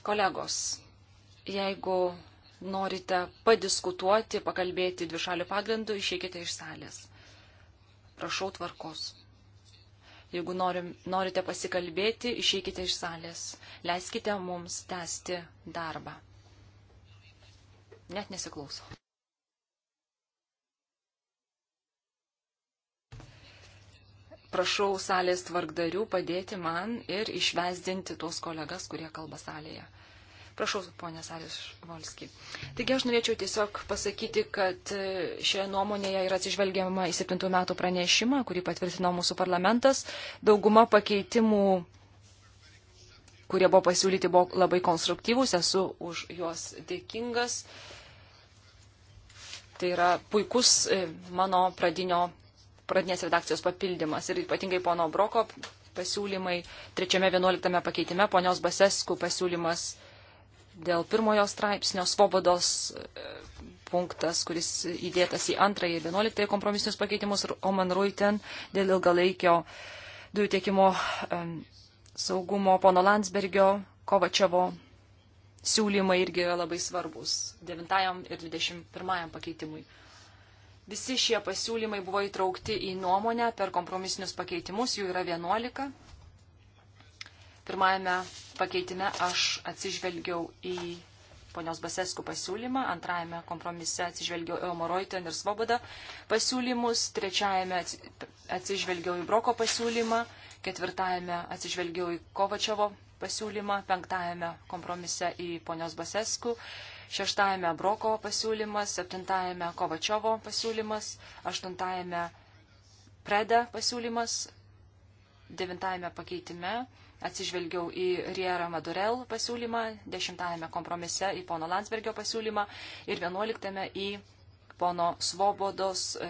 Kolegos, jeigu norite padiskutuoti, pakalbėti dvišalių pagrindų, išeikite iš salės. Prašau tvarkos. Jeigu norim, norite pasikalbėti, išeikite iš salės. Leiskite mums tęsti darbą. Net nesiklauso. Prašau salės tvarkdarių padėti man ir išvesdinti tuos kolegas, kurie kalba salėje. Prašau, ponė Sarius Volski. Taigi aš norėčiau tiesiog pasakyti, kad e, šioje nuomonėje yra atsižvelgiama į 7 metų pranešimą, kurį patvirtino mūsų parlamentas. Dauguma pakeitimų kurie buvo pasiūlyti, buvo labai konstruktyvūs, esu už juos dėkingas. Tai yra puikus e, mano pradinio, pradinės redakcijos papildymas ir ypatingai pono Broko pasiūlymai, trečiame vienuoliktame pakeitime ponios Basesku pasiūlymas dėl pirmojo straipsnio svobodos e, punktas, kuris įdėtas į antrąjį ir vienuoliktąjį kompromisinius pakeitimus, o man ruiten dėl ilgalaikio dujų tiekimo saugumo pono Landsbergio, Kovačiovo siūlymai irgi yra labai svarbus 9 ir 21 pakeitimui. Visi šie pasiūlymai buvo įtraukti į nuomonę per kompromisinius pakeitimus, jų yra 11. Pirmajame pakeitime aš atsižvelgiau į ponios Baseskų pasiūlymą, antrajame kompromise atsižvelgiau į Omoroitin ir Svoboda pasiūlymus, trečiajame atsižvelgiau į Broko pasiūlymą, ketvirtajame atsižvelgiau į Kovačiovo pasiūlymą, penktajame kompromise į ponios Baseskų, šeštajame Broko pasiūlymas, septintajame Kovačiovo pasiūlymas, aštuntajame Preda pasiūlymas, devintajame pakeitime atsižvelgiau į Riera Madurel pasiūlymą, 10 kompromise į pono Landsbergio pasiūlymą ir 11 į pono Svobodos, e,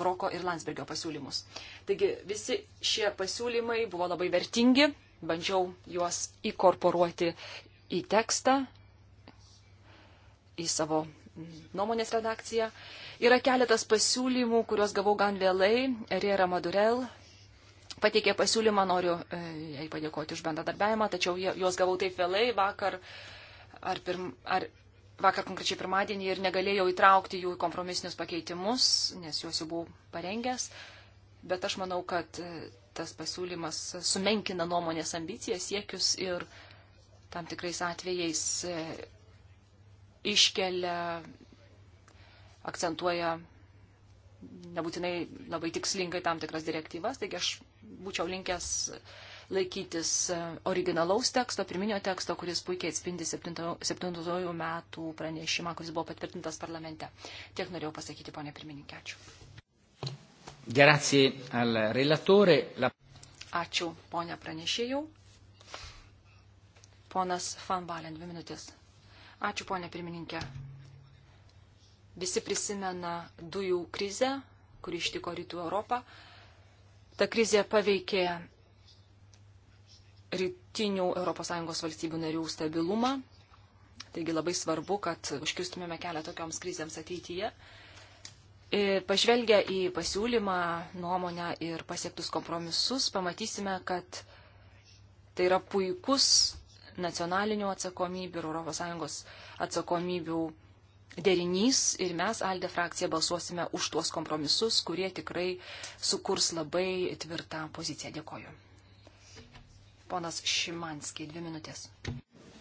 Broko ir Landsbergio pasiūlymus. Taigi visi šie pasiūlymai buvo labai vertingi, bandžiau juos įkorporuoti į tekstą, į savo nuomonės redakciją. Yra keletas pasiūlymų, kuriuos gavau gan vėlai. Riera Madurel pateikė pasiūlymą, noriu e, jai padėkoti už bendradarbiavimą, tačiau juos gavau taip vėlai vakar, ar, pirm, ar vakar konkrečiai pirmadienį ir negalėjau įtraukti jų kompromisinius pakeitimus, nes juos jau buvau parengęs, bet aš manau, kad e, tas pasiūlymas sumenkina nuomonės ambicijas, siekius ir tam tikrais atvejais e, iškelia, akcentuoja nebūtinai labai tikslingai tam tikras direktyvas, taigi aš būčiau linkęs laikytis originalaus teksto, pirminio teksto, kuris puikiai atspindi 70 metų pranešimą, kuris buvo patvirtintas parlamente. Tiek norėjau pasakyti, ponė pirmininkė. Ačiū. Grazie al relatore. La... Ačiū, ponė pranešėjau. Ponas Fan Valen, dvi minutės. Ačiū, ponė pirmininkė. Visi prisimena dujų krizę, kuri ištiko rytų Europą ta krizė paveikė rytinių ES valstybių narių stabilumą. Taigi labai svarbu, kad užkirstumėme kelią tokioms krizėms ateityje. Ir e, pažvelgę į pasiūlymą, nuomonę ir pasiektus kompromisus, pamatysime, kad tai yra puikus nacionalinių atsakomybių ir ES atsakomybių derinys ir mes, Alde frakcija, balsuosime už tuos kompromisus, kurie tikrai sukurs labai tvirtą poziciją. Dėkoju. Ponas Šimanskiai, dvi minutės.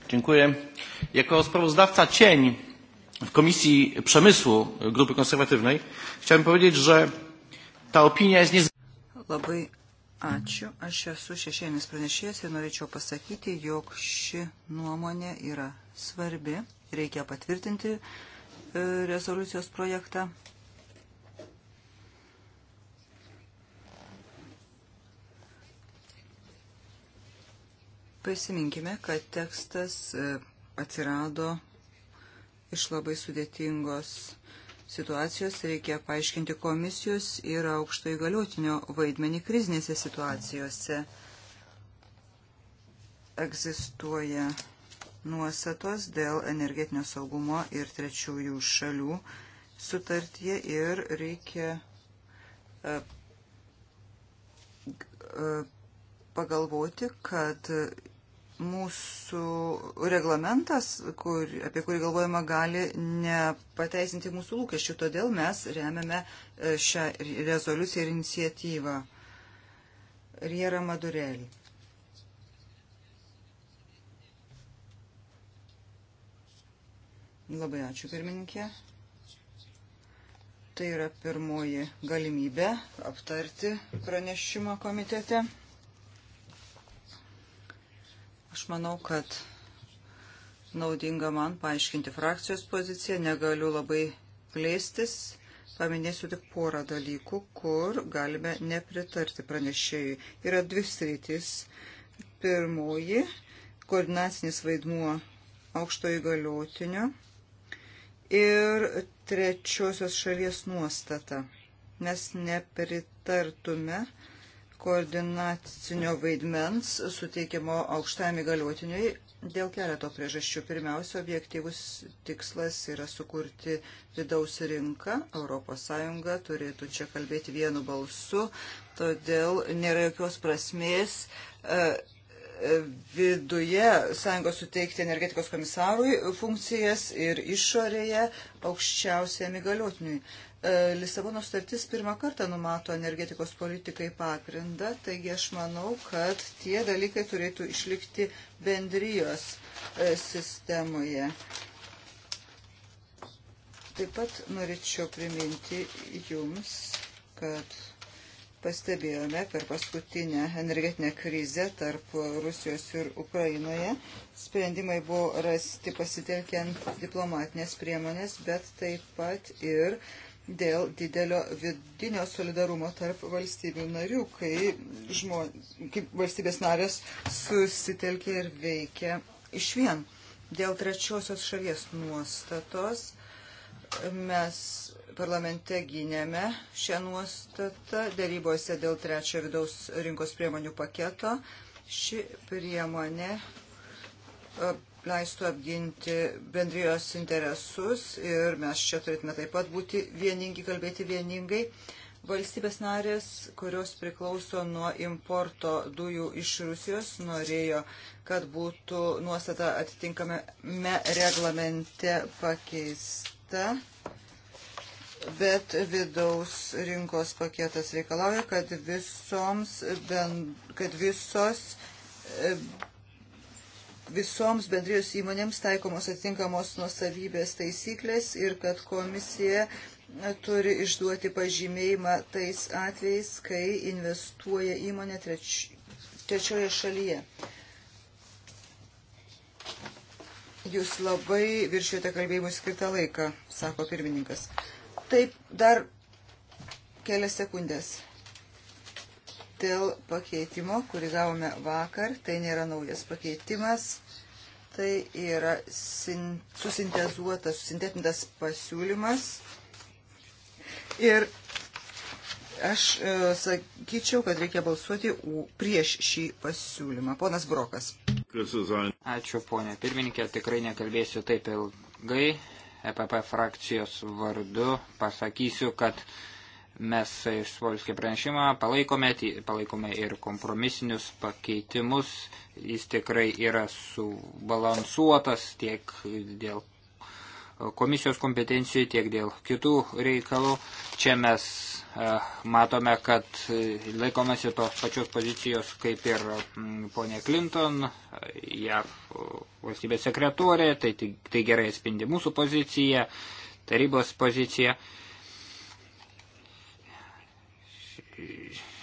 Dziękuję. Jako sprawozdawca cień w Komisji Przemysłu Grupy Konserwatywnej chciałem powiedzieć, że ta opinia jest niezwykle. Labai ačiū. Aš esu šešėlinis pranešėjas ir norėčiau pasakyti, jog ši nuomonė yra svarbi, reikia patvirtinti rezoliucijos projektą. Prisiminkime, kad tekstas e, atsirado iš labai sudėtingos situacijos. Reikia paaiškinti komisijos ir aukšto įgaliotinio vaidmenį krizinėse situacijose. Egzistuoja nuostatos dėl energetinio saugumo ir trečiųjų šalių sutartyje ir reikia e, e, pagalvoti, kad mūsų reglamentas, kur, apie kurį galvojama, gali nepateisinti mūsų lūkesčių. Todėl mes remiame e, šią rezoliuciją ir iniciatyvą. Riera Madurelį. Labai ačiū pirmininkė. Tai yra pirmoji galimybė aptarti pranešimą komitete. Aš manau, kad naudinga man paaiškinti frakcijos poziciją, negaliu labai plėstis, paminėsiu tik porą dalykų, kur galime nepritarti pranešėjui. Yra dvi sritis. Pirmoji - koordinacinis vaidmuo aukšto įgaliotinio ir trečiosios šalies nuostata. Mes nepritartume koordinacinio vaidmens suteikimo aukštam įgaliotiniui dėl keleto priežasčių. Pirmiausia, objektyvus tikslas yra sukurti vidaus rinką. ES turėtų čia kalbėti vienu balsu, todėl nėra jokios prasmės. E, viduje sąjungos suteikti energetikos komisarui funkcijas ir išorėje aukščiausiam įgaliotiniui. E, Lisabono sutartis pirmą kartą numato energetikos politikai pagrindą, taigi aš manau, kad tie dalykai turėtų išlikti bendrijos e, sistemoje. Taip pat norėčiau priminti jums, kad pastebėjome per paskutinę energetinę krizę tarp Rusijos ir Ukrainoje. Sprendimai buvo rasti pasitelkiant diplomatinės priemonės, bet taip pat ir dėl didelio vidinio solidarumo tarp valstybių narių, kai, žmon, kai valstybės narės susitelkia ir veikia iš vien. Dėl trečiosios šalies nuostatos Mes parlamente gynėme šią nuostatą darybose dėl trečio vidaus rinkos priemonių paketo. Ši priemonė e, leistų apginti bendrijos interesus ir mes čia turėtume taip pat būti vieningi, kalbėti vieningai. Valstybės narės, kurios priklauso nuo importo dujų iš Rusijos, norėjo, kad būtų nuostata atitinkame reglamente pakeista paketą, bet vidaus rinkos paketas reikalauja, kad, visoms, ben, kad visos e, visoms bendrijos įmonėms taikomos atitinkamos nuosavybės taisyklės ir kad komisija turi išduoti pažymėjimą tais atvejais, kai investuoja įmonė treč, trečioje šalyje. Jūs labai viršijote kalbėjimui skirtą laiką, sako pirmininkas. Taip, dar kelias sekundės. Dėl pakeitimo, kurį gavome vakar, tai nėra naujas pakeitimas, tai yra sin susintezuotas, susintetintas pasiūlymas. Ir aš e, sakyčiau, kad reikia balsuoti prieš šį pasiūlymą. Ponas Brokas. Ačiū, ponė pirmininkė, tikrai nekalbėsiu taip ilgai. EPP frakcijos vardu pasakysiu, kad mes iš Svolskio pranešimą palaikome, palaikome ir kompromisinius pakeitimus. Jis tikrai yra subalansuotas tiek dėl komisijos kompetencijų, tiek dėl kitų reikalų. Čia mes e, matome, kad e, laikomasi tos pačios pozicijos kaip ir ponė Clinton, e, JAV valstybės sekretorė, tai, tai, tai gerai atspindi mūsų poziciją, tarybos poziciją.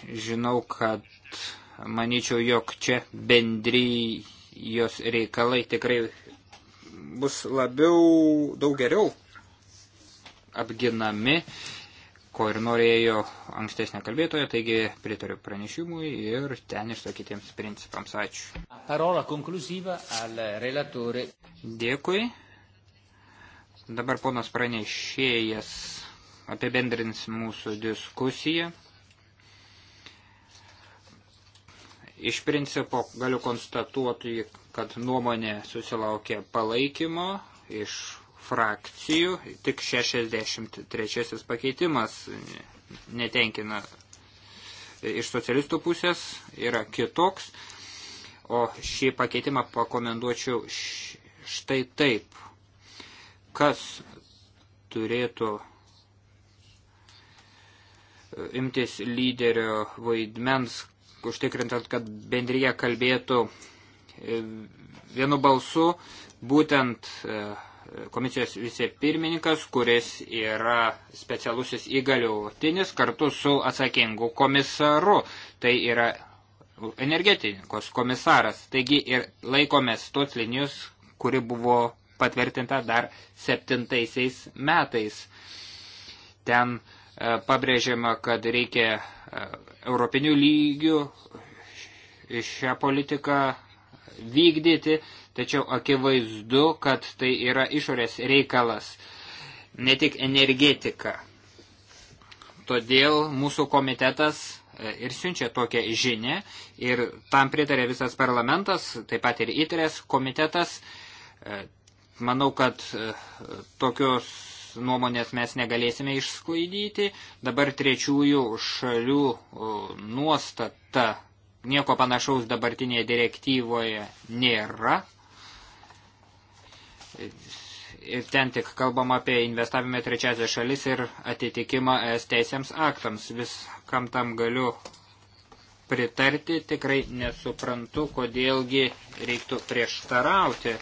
Žinau, kad manyčiau, jog čia bendryjos reikalai tikrai bus labiau, daug geriau apginami, ko ir norėjo ankstesnė kalbėtoja, taigi pritariu pranešimui ir ten išsakytiems principams. Ačiū. Parola konkluzyva al relatore. Dėkui. Dabar ponas pranešėjas apibendrins mūsų diskusiją. Iš principo galiu konstatuoti, kad nuomonė susilaukė palaikymo iš frakcijų, tik 63 pakeitimas netenkina iš socialistų pusės, yra kitoks, o šį pakeitimą pakomenduočiau štai taip, kas turėtų e, imtis lyderio vaidmens, užtikrintant, kad bendryje kalbėtų e, vienu balsu, būtent e, komisijos vicepirmininkas, kuris yra specialusis įgaliutinis kartu su atsakingu komisaru. Tai yra energetikos komisaras. Taigi ir laikomės tos linijos, kuri buvo patvirtinta dar septintaisiais metais. Ten e, pabrėžiama, kad reikia europinių lygių šią politiką vykdyti, tačiau akivaizdu, kad tai yra išorės reikalas, ne tik energetika. Todėl mūsų komitetas e, ir siunčia tokią žinę ir tam pritarė visas parlamentas, taip pat ir įtrės komitetas. E, Manau, kad e, tokios nuomonės mes negalėsime išsklaidyti. Dabar trečiųjų šalių nuostata nieko panašaus dabartinėje direktyvoje nėra. Ir ten tik kalbam apie investavimą trečiasią šalis ir atitikimą es teisėms aktams. Viskam tam galiu pritarti, tikrai nesuprantu, kodėlgi reiktų prieštarauti.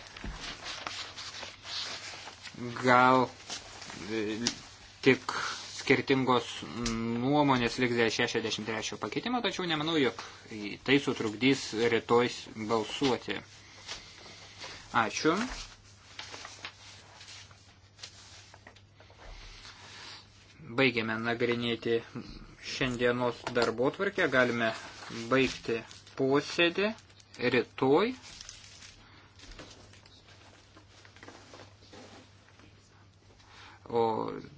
Gal tik skirtingos nuomonės liks dėl 63 pakeitimo, tačiau nemanau, jog tai sutrukdys rytoj balsuoti. Ačiū. Baigėme nagrinėti šiandienos darbo tvarkę, galime baigti posėdį rytoj o